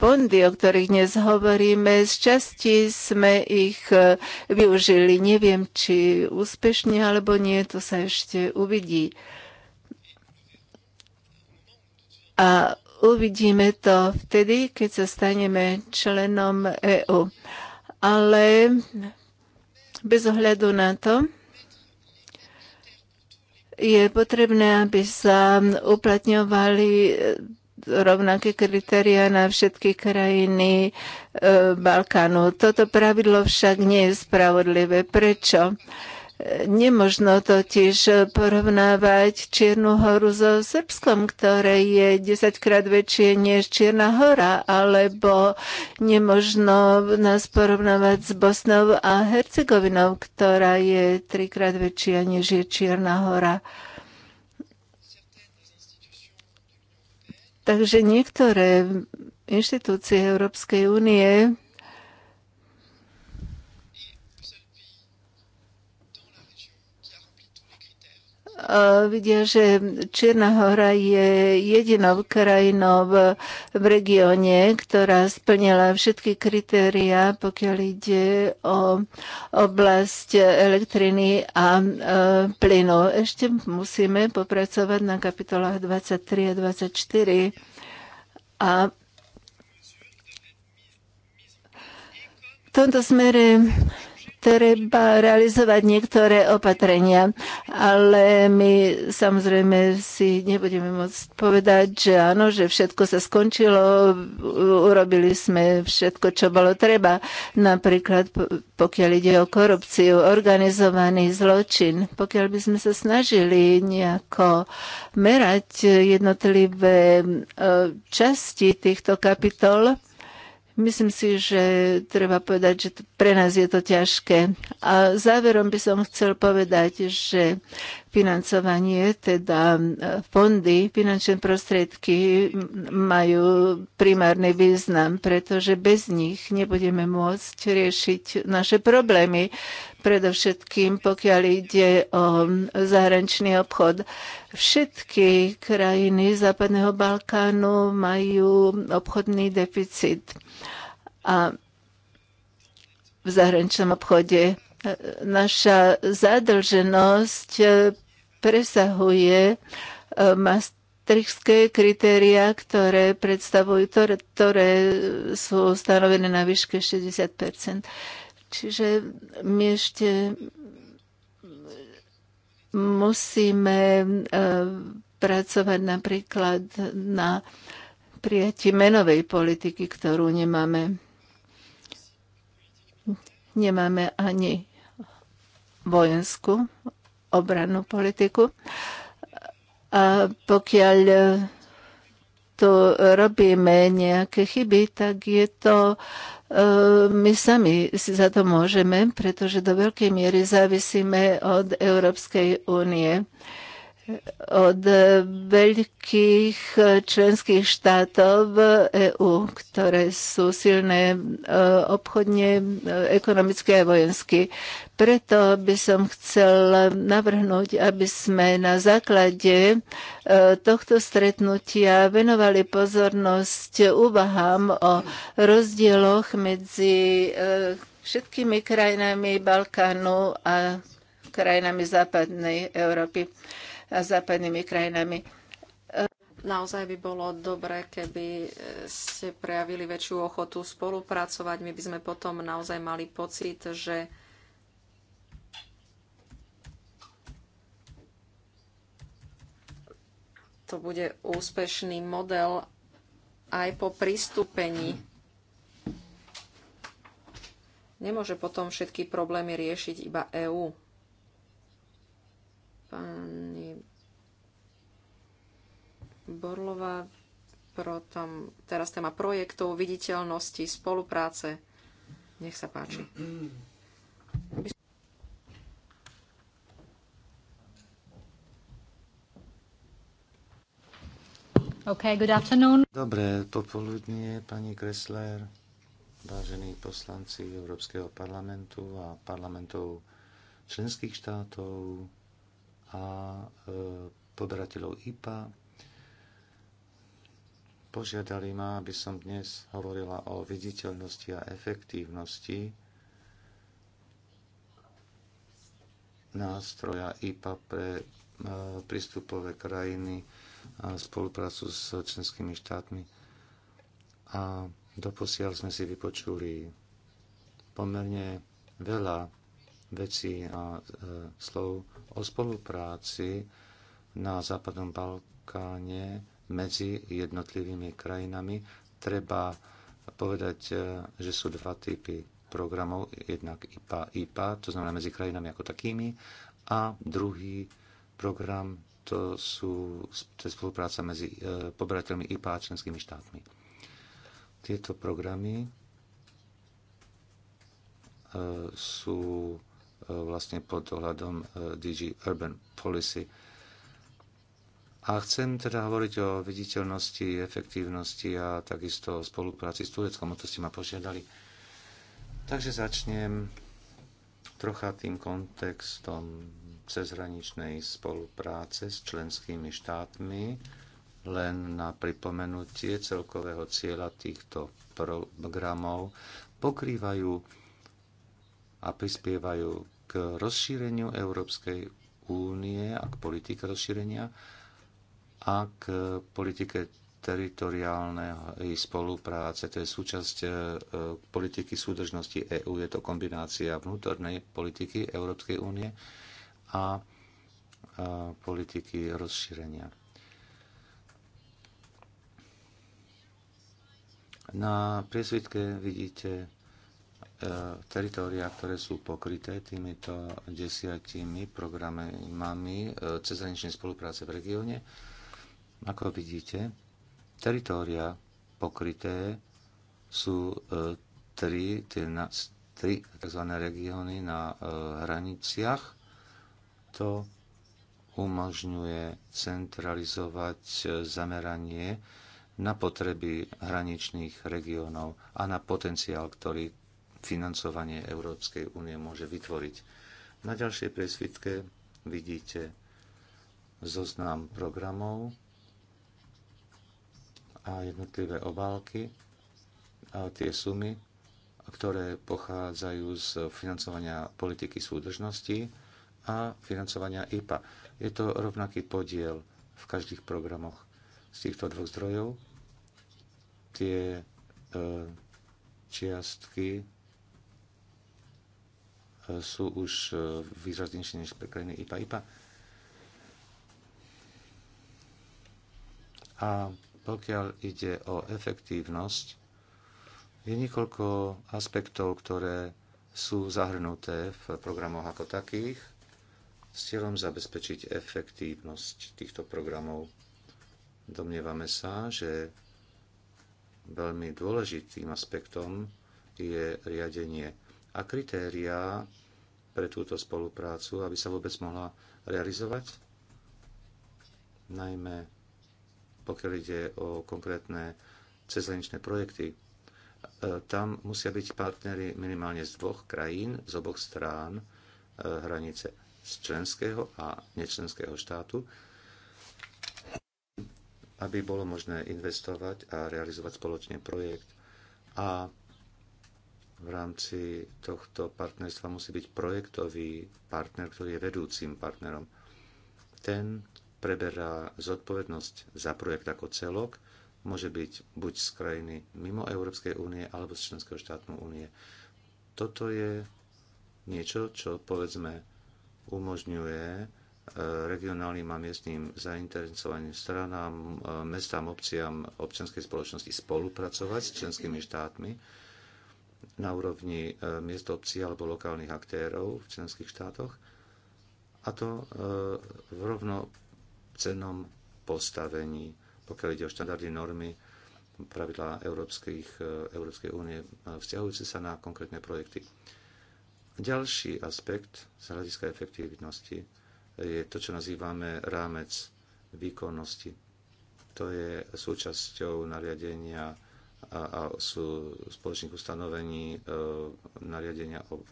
fondy, o ktorých dnes hovoríme, z časti sme ich e, využili. Neviem, či úspešne alebo nie, to sa ešte uvidí. A uvidíme to vtedy, keď sa staneme členom EÚ. Ale bez ohľadu na to, je potrebné, aby sa uplatňovali rovnaké kritéria na všetky krajiny e, Balkánu. Toto pravidlo však nie je spravodlivé. Prečo? E, nemožno totiž porovnávať Čiernu horu so Srbskom, ktoré je 10 krát väčšie než Čierna hora, alebo nemožno nás porovnávať s Bosnou a Hercegovinou, ktorá je trikrát väčšia než je Čierna hora. Takže niektoré inštitúcie Európskej únie vidia, že Čierna hora je jedinou krajinou v, v regióne, ktorá splnila všetky kritériá, pokiaľ ide o oblasť elektriny a e, plynu. Ešte musíme popracovať na kapitolách 23 a 24 a v tomto smere treba realizovať niektoré opatrenia. Ale my samozrejme si nebudeme môcť povedať, že áno, že všetko sa skončilo, urobili sme všetko, čo bolo treba. Napríklad pokiaľ ide o korupciu, organizovaný zločin, pokiaľ by sme sa snažili nejako merať jednotlivé e, časti týchto kapitol, Myslím si, že treba povedať, že pre nás je to ťažké. A záverom by som chcel povedať, že financovanie, teda e, fondy, finančné prostriedky majú primárny význam, pretože bez nich nebudeme môcť riešiť naše problémy, predovšetkým pokiaľ ide o zahraničný obchod. Všetky krajiny Západného Balkánu majú obchodný deficit. A v zahraničnom obchode e, naša zadlženosť e, presahuje eh, maastrichtské kritéria, ktoré predstavujú, ktoré, ktoré sú stanovené na výške 60 Čiže my ešte musíme eh, pracovať napríklad na prijatí menovej politiky, ktorú nemáme. Nemáme ani vojenskú obrannú politiku. A pokiaľ e, tu robíme nejaké chyby, tak je to e, my sami si za to môžeme, pretože do veľkej miery závisíme od Európskej únie od veľkých členských štátov EÚ, ktoré sú silné e, obchodne, e, ekonomicky a vojensky. Preto by som chcel navrhnúť, aby sme na základe e, tohto stretnutia venovali pozornosť úvahám o rozdieloch medzi všetkými krajinami Balkánu a krajinami západnej Európy západnými krajinami. Naozaj by bolo dobré, keby ste prejavili väčšiu ochotu spolupracovať. My by sme potom naozaj mali pocit, že to bude úspešný model aj po pristúpení. Nemôže potom všetky problémy riešiť iba EÚ pani Borlova, tam, teraz téma projektov, viditeľnosti, spolupráce. Nech sa páči. Okay, good afternoon. Dobré popoludnie, pani Kressler, vážení poslanci Európskeho parlamentu a parlamentov členských štátov, a e, podarateľov IPA. Požiadali ma, aby som dnes hovorila o viditeľnosti a efektívnosti nástroja IPA pre e, prístupové krajiny a spoluprácu s členskými štátmi. A doposiaľ sme si vypočuli pomerne veľa vecí a e, slov o spolupráci na Západnom Balkáne medzi jednotlivými krajinami. Treba povedať, e, že sú dva typy programov, jednak IPA, IPA, to znamená medzi krajinami ako takými, a druhý program to, sú, to je spolupráca medzi e, poberateľmi IPA a členskými štátmi. Tieto programy sú vlastne pod ohľadom eh, DG Urban Policy. A chcem teda hovoriť o viditeľnosti, efektívnosti a takisto o spolupráci s Tureckom, o to ste ma požiadali. Takže začnem trocha tým kontextom cezhraničnej spolupráce s členskými štátmi, len na pripomenutie celkového cieľa týchto programov pokrývajú a prispievajú k rozšíreniu Európskej únie a k politike rozšírenia a k politike teritoriálnej spolupráce. To je súčasť e, politiky súdržnosti EÚ. Je to kombinácia vnútornej politiky Európskej únie a e, politiky rozšírenia. Na priesvitke vidíte E, teritória, ktoré sú pokryté týmito desiatimi programami e, cezhraničnej spolupráce v regióne. Ako vidíte, teritória pokryté sú e, tri, tie na, tri tzv. regióny na hraniciach. To umožňuje centralizovať zameranie na potreby hraničných regiónov a na potenciál, ktorý financovanie Európskej únie môže vytvoriť. Na ďalšej presvitke vidíte zoznam programov a jednotlivé obálky a tie sumy, ktoré pochádzajú z financovania politiky súdržnosti a financovania IPA. Je to rovnaký podiel v každých programoch z týchto dvoch zdrojov. Tie e, čiastky sú už e, výraznejšie než pre krajiny IPA-IPA. A pokiaľ ide o efektívnosť, je niekoľko aspektov, ktoré sú zahrnuté v programoch ako takých s cieľom zabezpečiť efektívnosť týchto programov. Domnievame sa, že veľmi dôležitým aspektom je riadenie a kritériá pre túto spoluprácu, aby sa vôbec mohla realizovať, najmä pokiaľ ide o konkrétne cezhraničné projekty. E, tam musia byť partnery minimálne z dvoch krajín, z oboch strán e, hranice z členského a nečlenského štátu, aby bolo možné investovať a realizovať spoločne projekt. A v rámci tohto partnerstva musí byť projektový partner, ktorý je vedúcim partnerom. Ten preberá zodpovednosť za projekt ako celok, môže byť buď z krajiny mimo Európskej únie alebo z členského štátnu únie. Toto je niečo, čo povedzme umožňuje e, regionálnym a miestným zainteresovaným stranám, e, mestám, obciam, občianskej spoločnosti spolupracovať s členskými štátmi na úrovni e, miest obcí alebo lokálnych aktérov v členských štátoch a to e, v rovno cenom postavení, pokiaľ ide o štandardy normy, pravidlá Európskych, e, Európskej únie vzťahujúce sa na konkrétne projekty. Ďalší aspekt z hľadiska efektívnosti je to, čo nazývame rámec výkonnosti. To je súčasťou nariadenia a, a sú spoločných ustanovení e, nariadenia o e,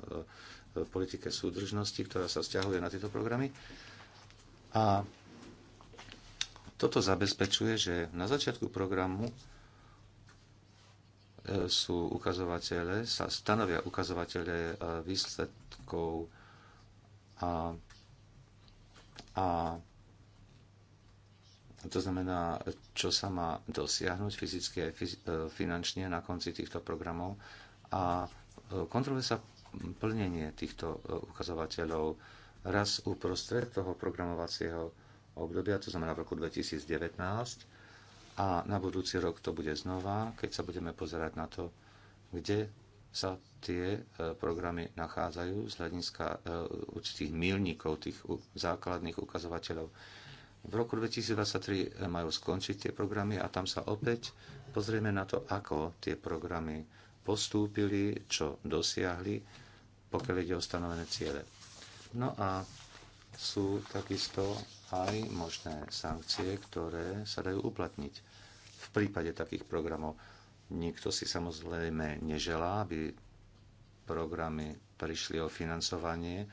politike súdržnosti, ktorá sa vzťahuje na tieto programy. A toto zabezpečuje, že na začiatku programu e, sú ukazovatele, sa stanovia ukazovatele e, výsledkov a, a to znamená, čo sa má dosiahnuť fyzicky aj e, finančne na konci týchto programov a e, kontroluje sa plnenie týchto e, ukazovateľov raz uprostred toho programovacieho obdobia, to znamená v roku 2019 a na budúci rok to bude znova, keď sa budeme pozerať na to, kde sa tie programy nachádzajú z hľadiska určitých milníkov, tých základných ukazovateľov v roku 2023 eh, majú skončiť tie programy a tam sa opäť pozrieme na to, ako tie programy postúpili, čo dosiahli, pokiaľ ide o stanovené ciele. No a sú takisto aj možné sankcie, ktoré sa dajú uplatniť v prípade takých programov. Nikto si samozrejme neželá, aby programy prišli o financovanie,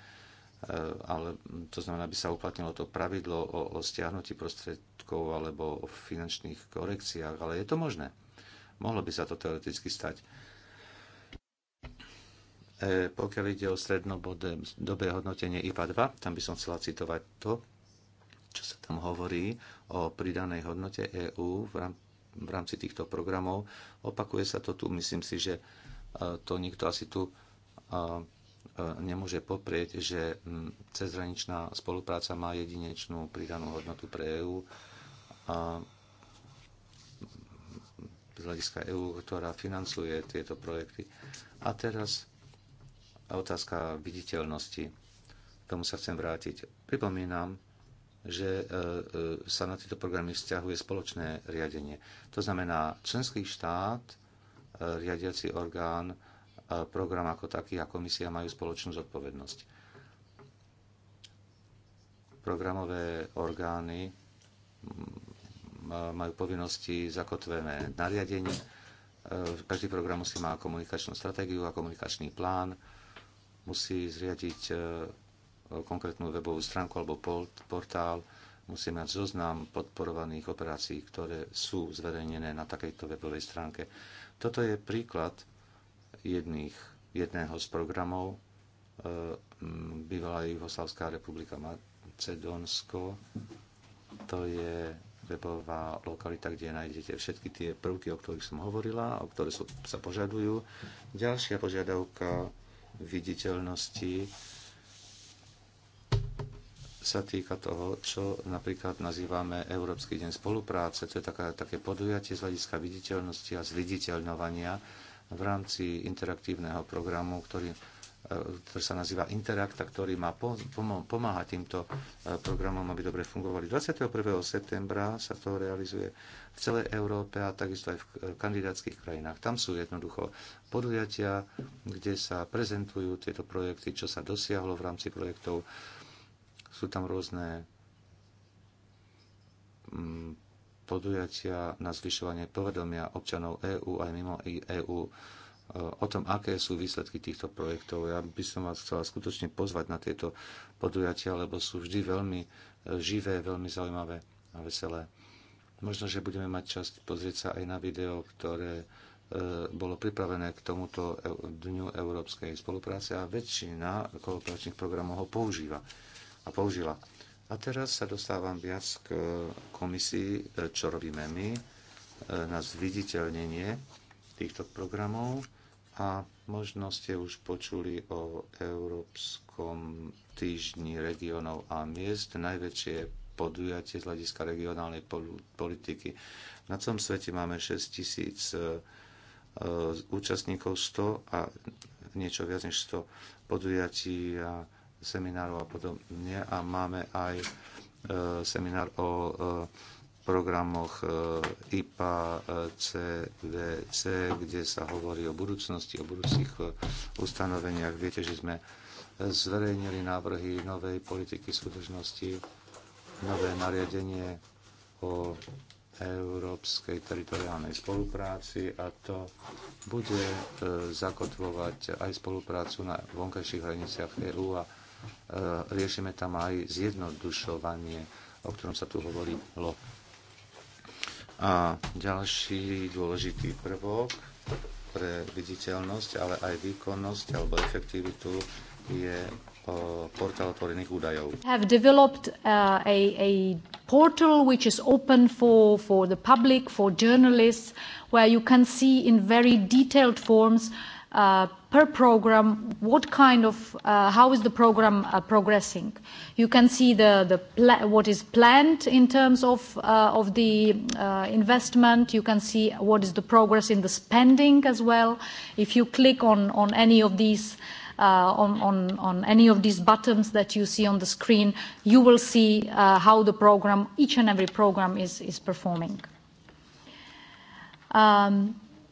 Eh, ale to znamená, aby sa uplatnilo to pravidlo o, o stiahnutí prostriedkov alebo o finančných korekciách, ale je to možné. Mohlo by sa to teoreticky stať. E, pokiaľ ide o dobe hodnotenie IPA 2, tam by som chcela citovať to, čo sa tam hovorí o pridanej hodnote EÚ v, rám- v rámci týchto programov. Opakuje sa to tu, myslím si, že eh, to nikto asi tu E, nemôže poprieť, že cezhraničná spolupráca má jedinečnú pridanú hodnotu pre EÚ a z hľadiska EÚ, ktorá financuje tieto projekty. A teraz otázka viditeľnosti. K tomu sa chcem vrátiť. Pripomínam, že e, e, sa na tieto programy vzťahuje spoločné riadenie. To znamená, členský štát, riadiaci orgán, program ako taký a komisia majú spoločnú zodpovednosť. Programové orgány majú povinnosti zakotvené nariadenie. E, každý program musí mať komunikačnú stratégiu a komunikačný plán. Musí zriadiť e, konkrétnu webovú stránku alebo portál. Musí mať zoznam podporovaných operácií, ktoré sú zverejnené na takejto webovej stránke. Toto je príklad jedných, jedného z programov e, bývalá Jugoslavská republika Macedónsko. To je webová lokalita, kde nájdete všetky tie prvky, o ktorých som hovorila, o ktoré sú, sa požadujú. Ďalšia požiadavka viditeľnosti sa týka toho, čo napríklad nazývame Európsky deň spolupráce. To je taká, také podujatie z hľadiska viditeľnosti a zviditeľňovania v rámci interaktívneho programu, ktorý e, ktorý sa nazýva Interacta, ktorý má pomáhať týmto e, programom, aby dobre fungovali. 21. septembra sa to realizuje v celej Európe a takisto aj v kandidátskych krajinách. Tam sú jednoducho podujatia, kde sa prezentujú tieto projekty, čo sa dosiahlo v rámci projektov. Sú tam rôzne mm, podujatia na zvyšovanie povedomia občanov EÚ aj mimo EÚ e, o tom, aké sú výsledky týchto projektov. Ja by som vás chcela skutočne pozvať na tieto podujatia, lebo sú vždy veľmi e, živé, veľmi zaujímavé a veselé. Možno, že budeme mať čas pozrieť sa aj na video, ktoré e, bolo pripravené k tomuto Dňu Európskej spolupráce a väčšina kooperačných programov ho používa a použila. A teraz sa dostávam viac k komisii, čo robíme my, e, na zviditeľnenie týchto programov. A možno ste už počuli o Európskom týždni regionov a miest, najväčšie podujatie z hľadiska regionálnej politiky. Na celom svete máme 6 tisíc e, e, účastníkov, 100 a niečo viac než 100 podujatí a seminárov a podobne a máme aj e, seminár o e, programoch e, IPA, CVC, kde sa hovorí o budúcnosti, o budúcich ustanoveniach. Viete, že sme zverejnili návrhy novej politiky súdržnosti, nové nariadenie o európskej teritoriálnej spolupráci a to bude zakotvovať aj spoluprácu na vonkajších hraniciach EÚ a E, riešime tam aj zjednodušovanie, o ktorom sa tu hovorilo. A ďalší dôležitý prvok pre viditeľnosť, ale aj výkonnosť alebo efektivitu je e, portál otvorených údajov. Have developed e, a, a portal which is open for, for the public, for journalists, where you can see in very detailed forms uh, per program, what kind of, uh, how is the program uh, progressing? You can see the, the pla what is planned in terms of, uh, of the uh, investment. You can see what is the progress in the spending as well. If you click on, on any of these, uh, on, on, on any of these buttons that you see on the screen, you will see uh, how the program, each and every program is, is performing. Um,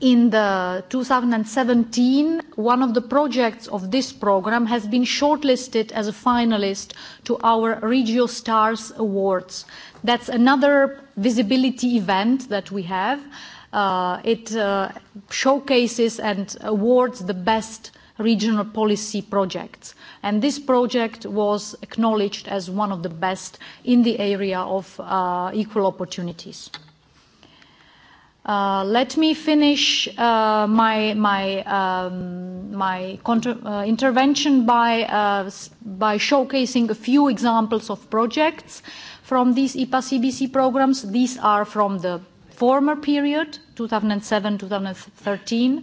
in the 2017, one of the projects of this program has been shortlisted as a finalist to our Regio Stars Awards. That's another visibility event that we have. Uh, it uh, showcases and awards the best regional policy projects. And this project was acknowledged as one of the best in the area of uh, equal opportunities. Uh, let me finish uh, my my um, my contra- uh, intervention by uh, by showcasing a few examples of projects from these IPA CBC programs. These are from the former period, 2007-2013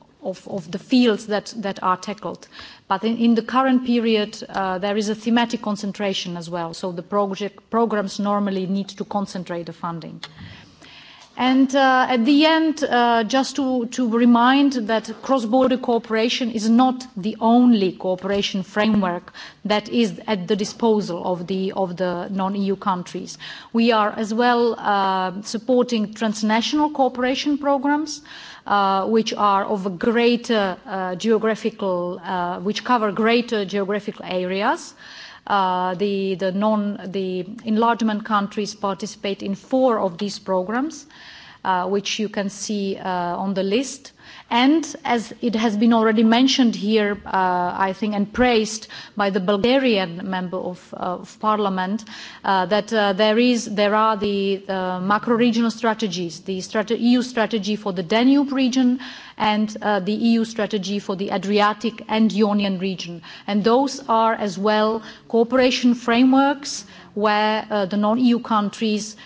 of, of the fields that, that are tackled. But in, in the current period, uh, there is a thematic concentration as well. So the project, programs normally need to concentrate the funding. Mm-hmm. And uh, at the end, uh, just to, to remind that cross-border cooperation is not the only cooperation framework that is at the disposal of the, of the non-EU countries. We are as well uh, supporting transnational cooperation programs, uh, which are of a greater uh, geographical, uh, which cover greater geographical areas. Uh, uh, the, the, non, the enlargement countries participate in four of these programs, uh, which you can see uh, on the list. And as it has been already mentioned here, uh, I think, and praised by the Bulgarian member of, uh, of parliament, uh, that uh, there, is, there are the uh, macro-regional strategies, the strate- EU strategy for the Danube region and uh, the EU strategy for the Adriatic and Ionian region. And those are as well cooperation frameworks where uh, the non-EU countries –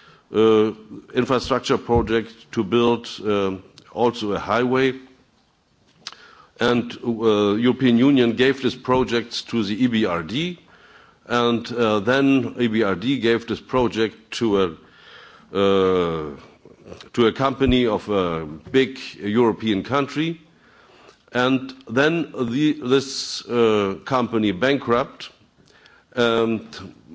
uh, infrastructure project to build um, also a highway. And uh, European Union gave this project to the EBRD, and uh, then EBRD gave this project to a uh, to a company of a big European country, and then the, this uh, company bankrupt. And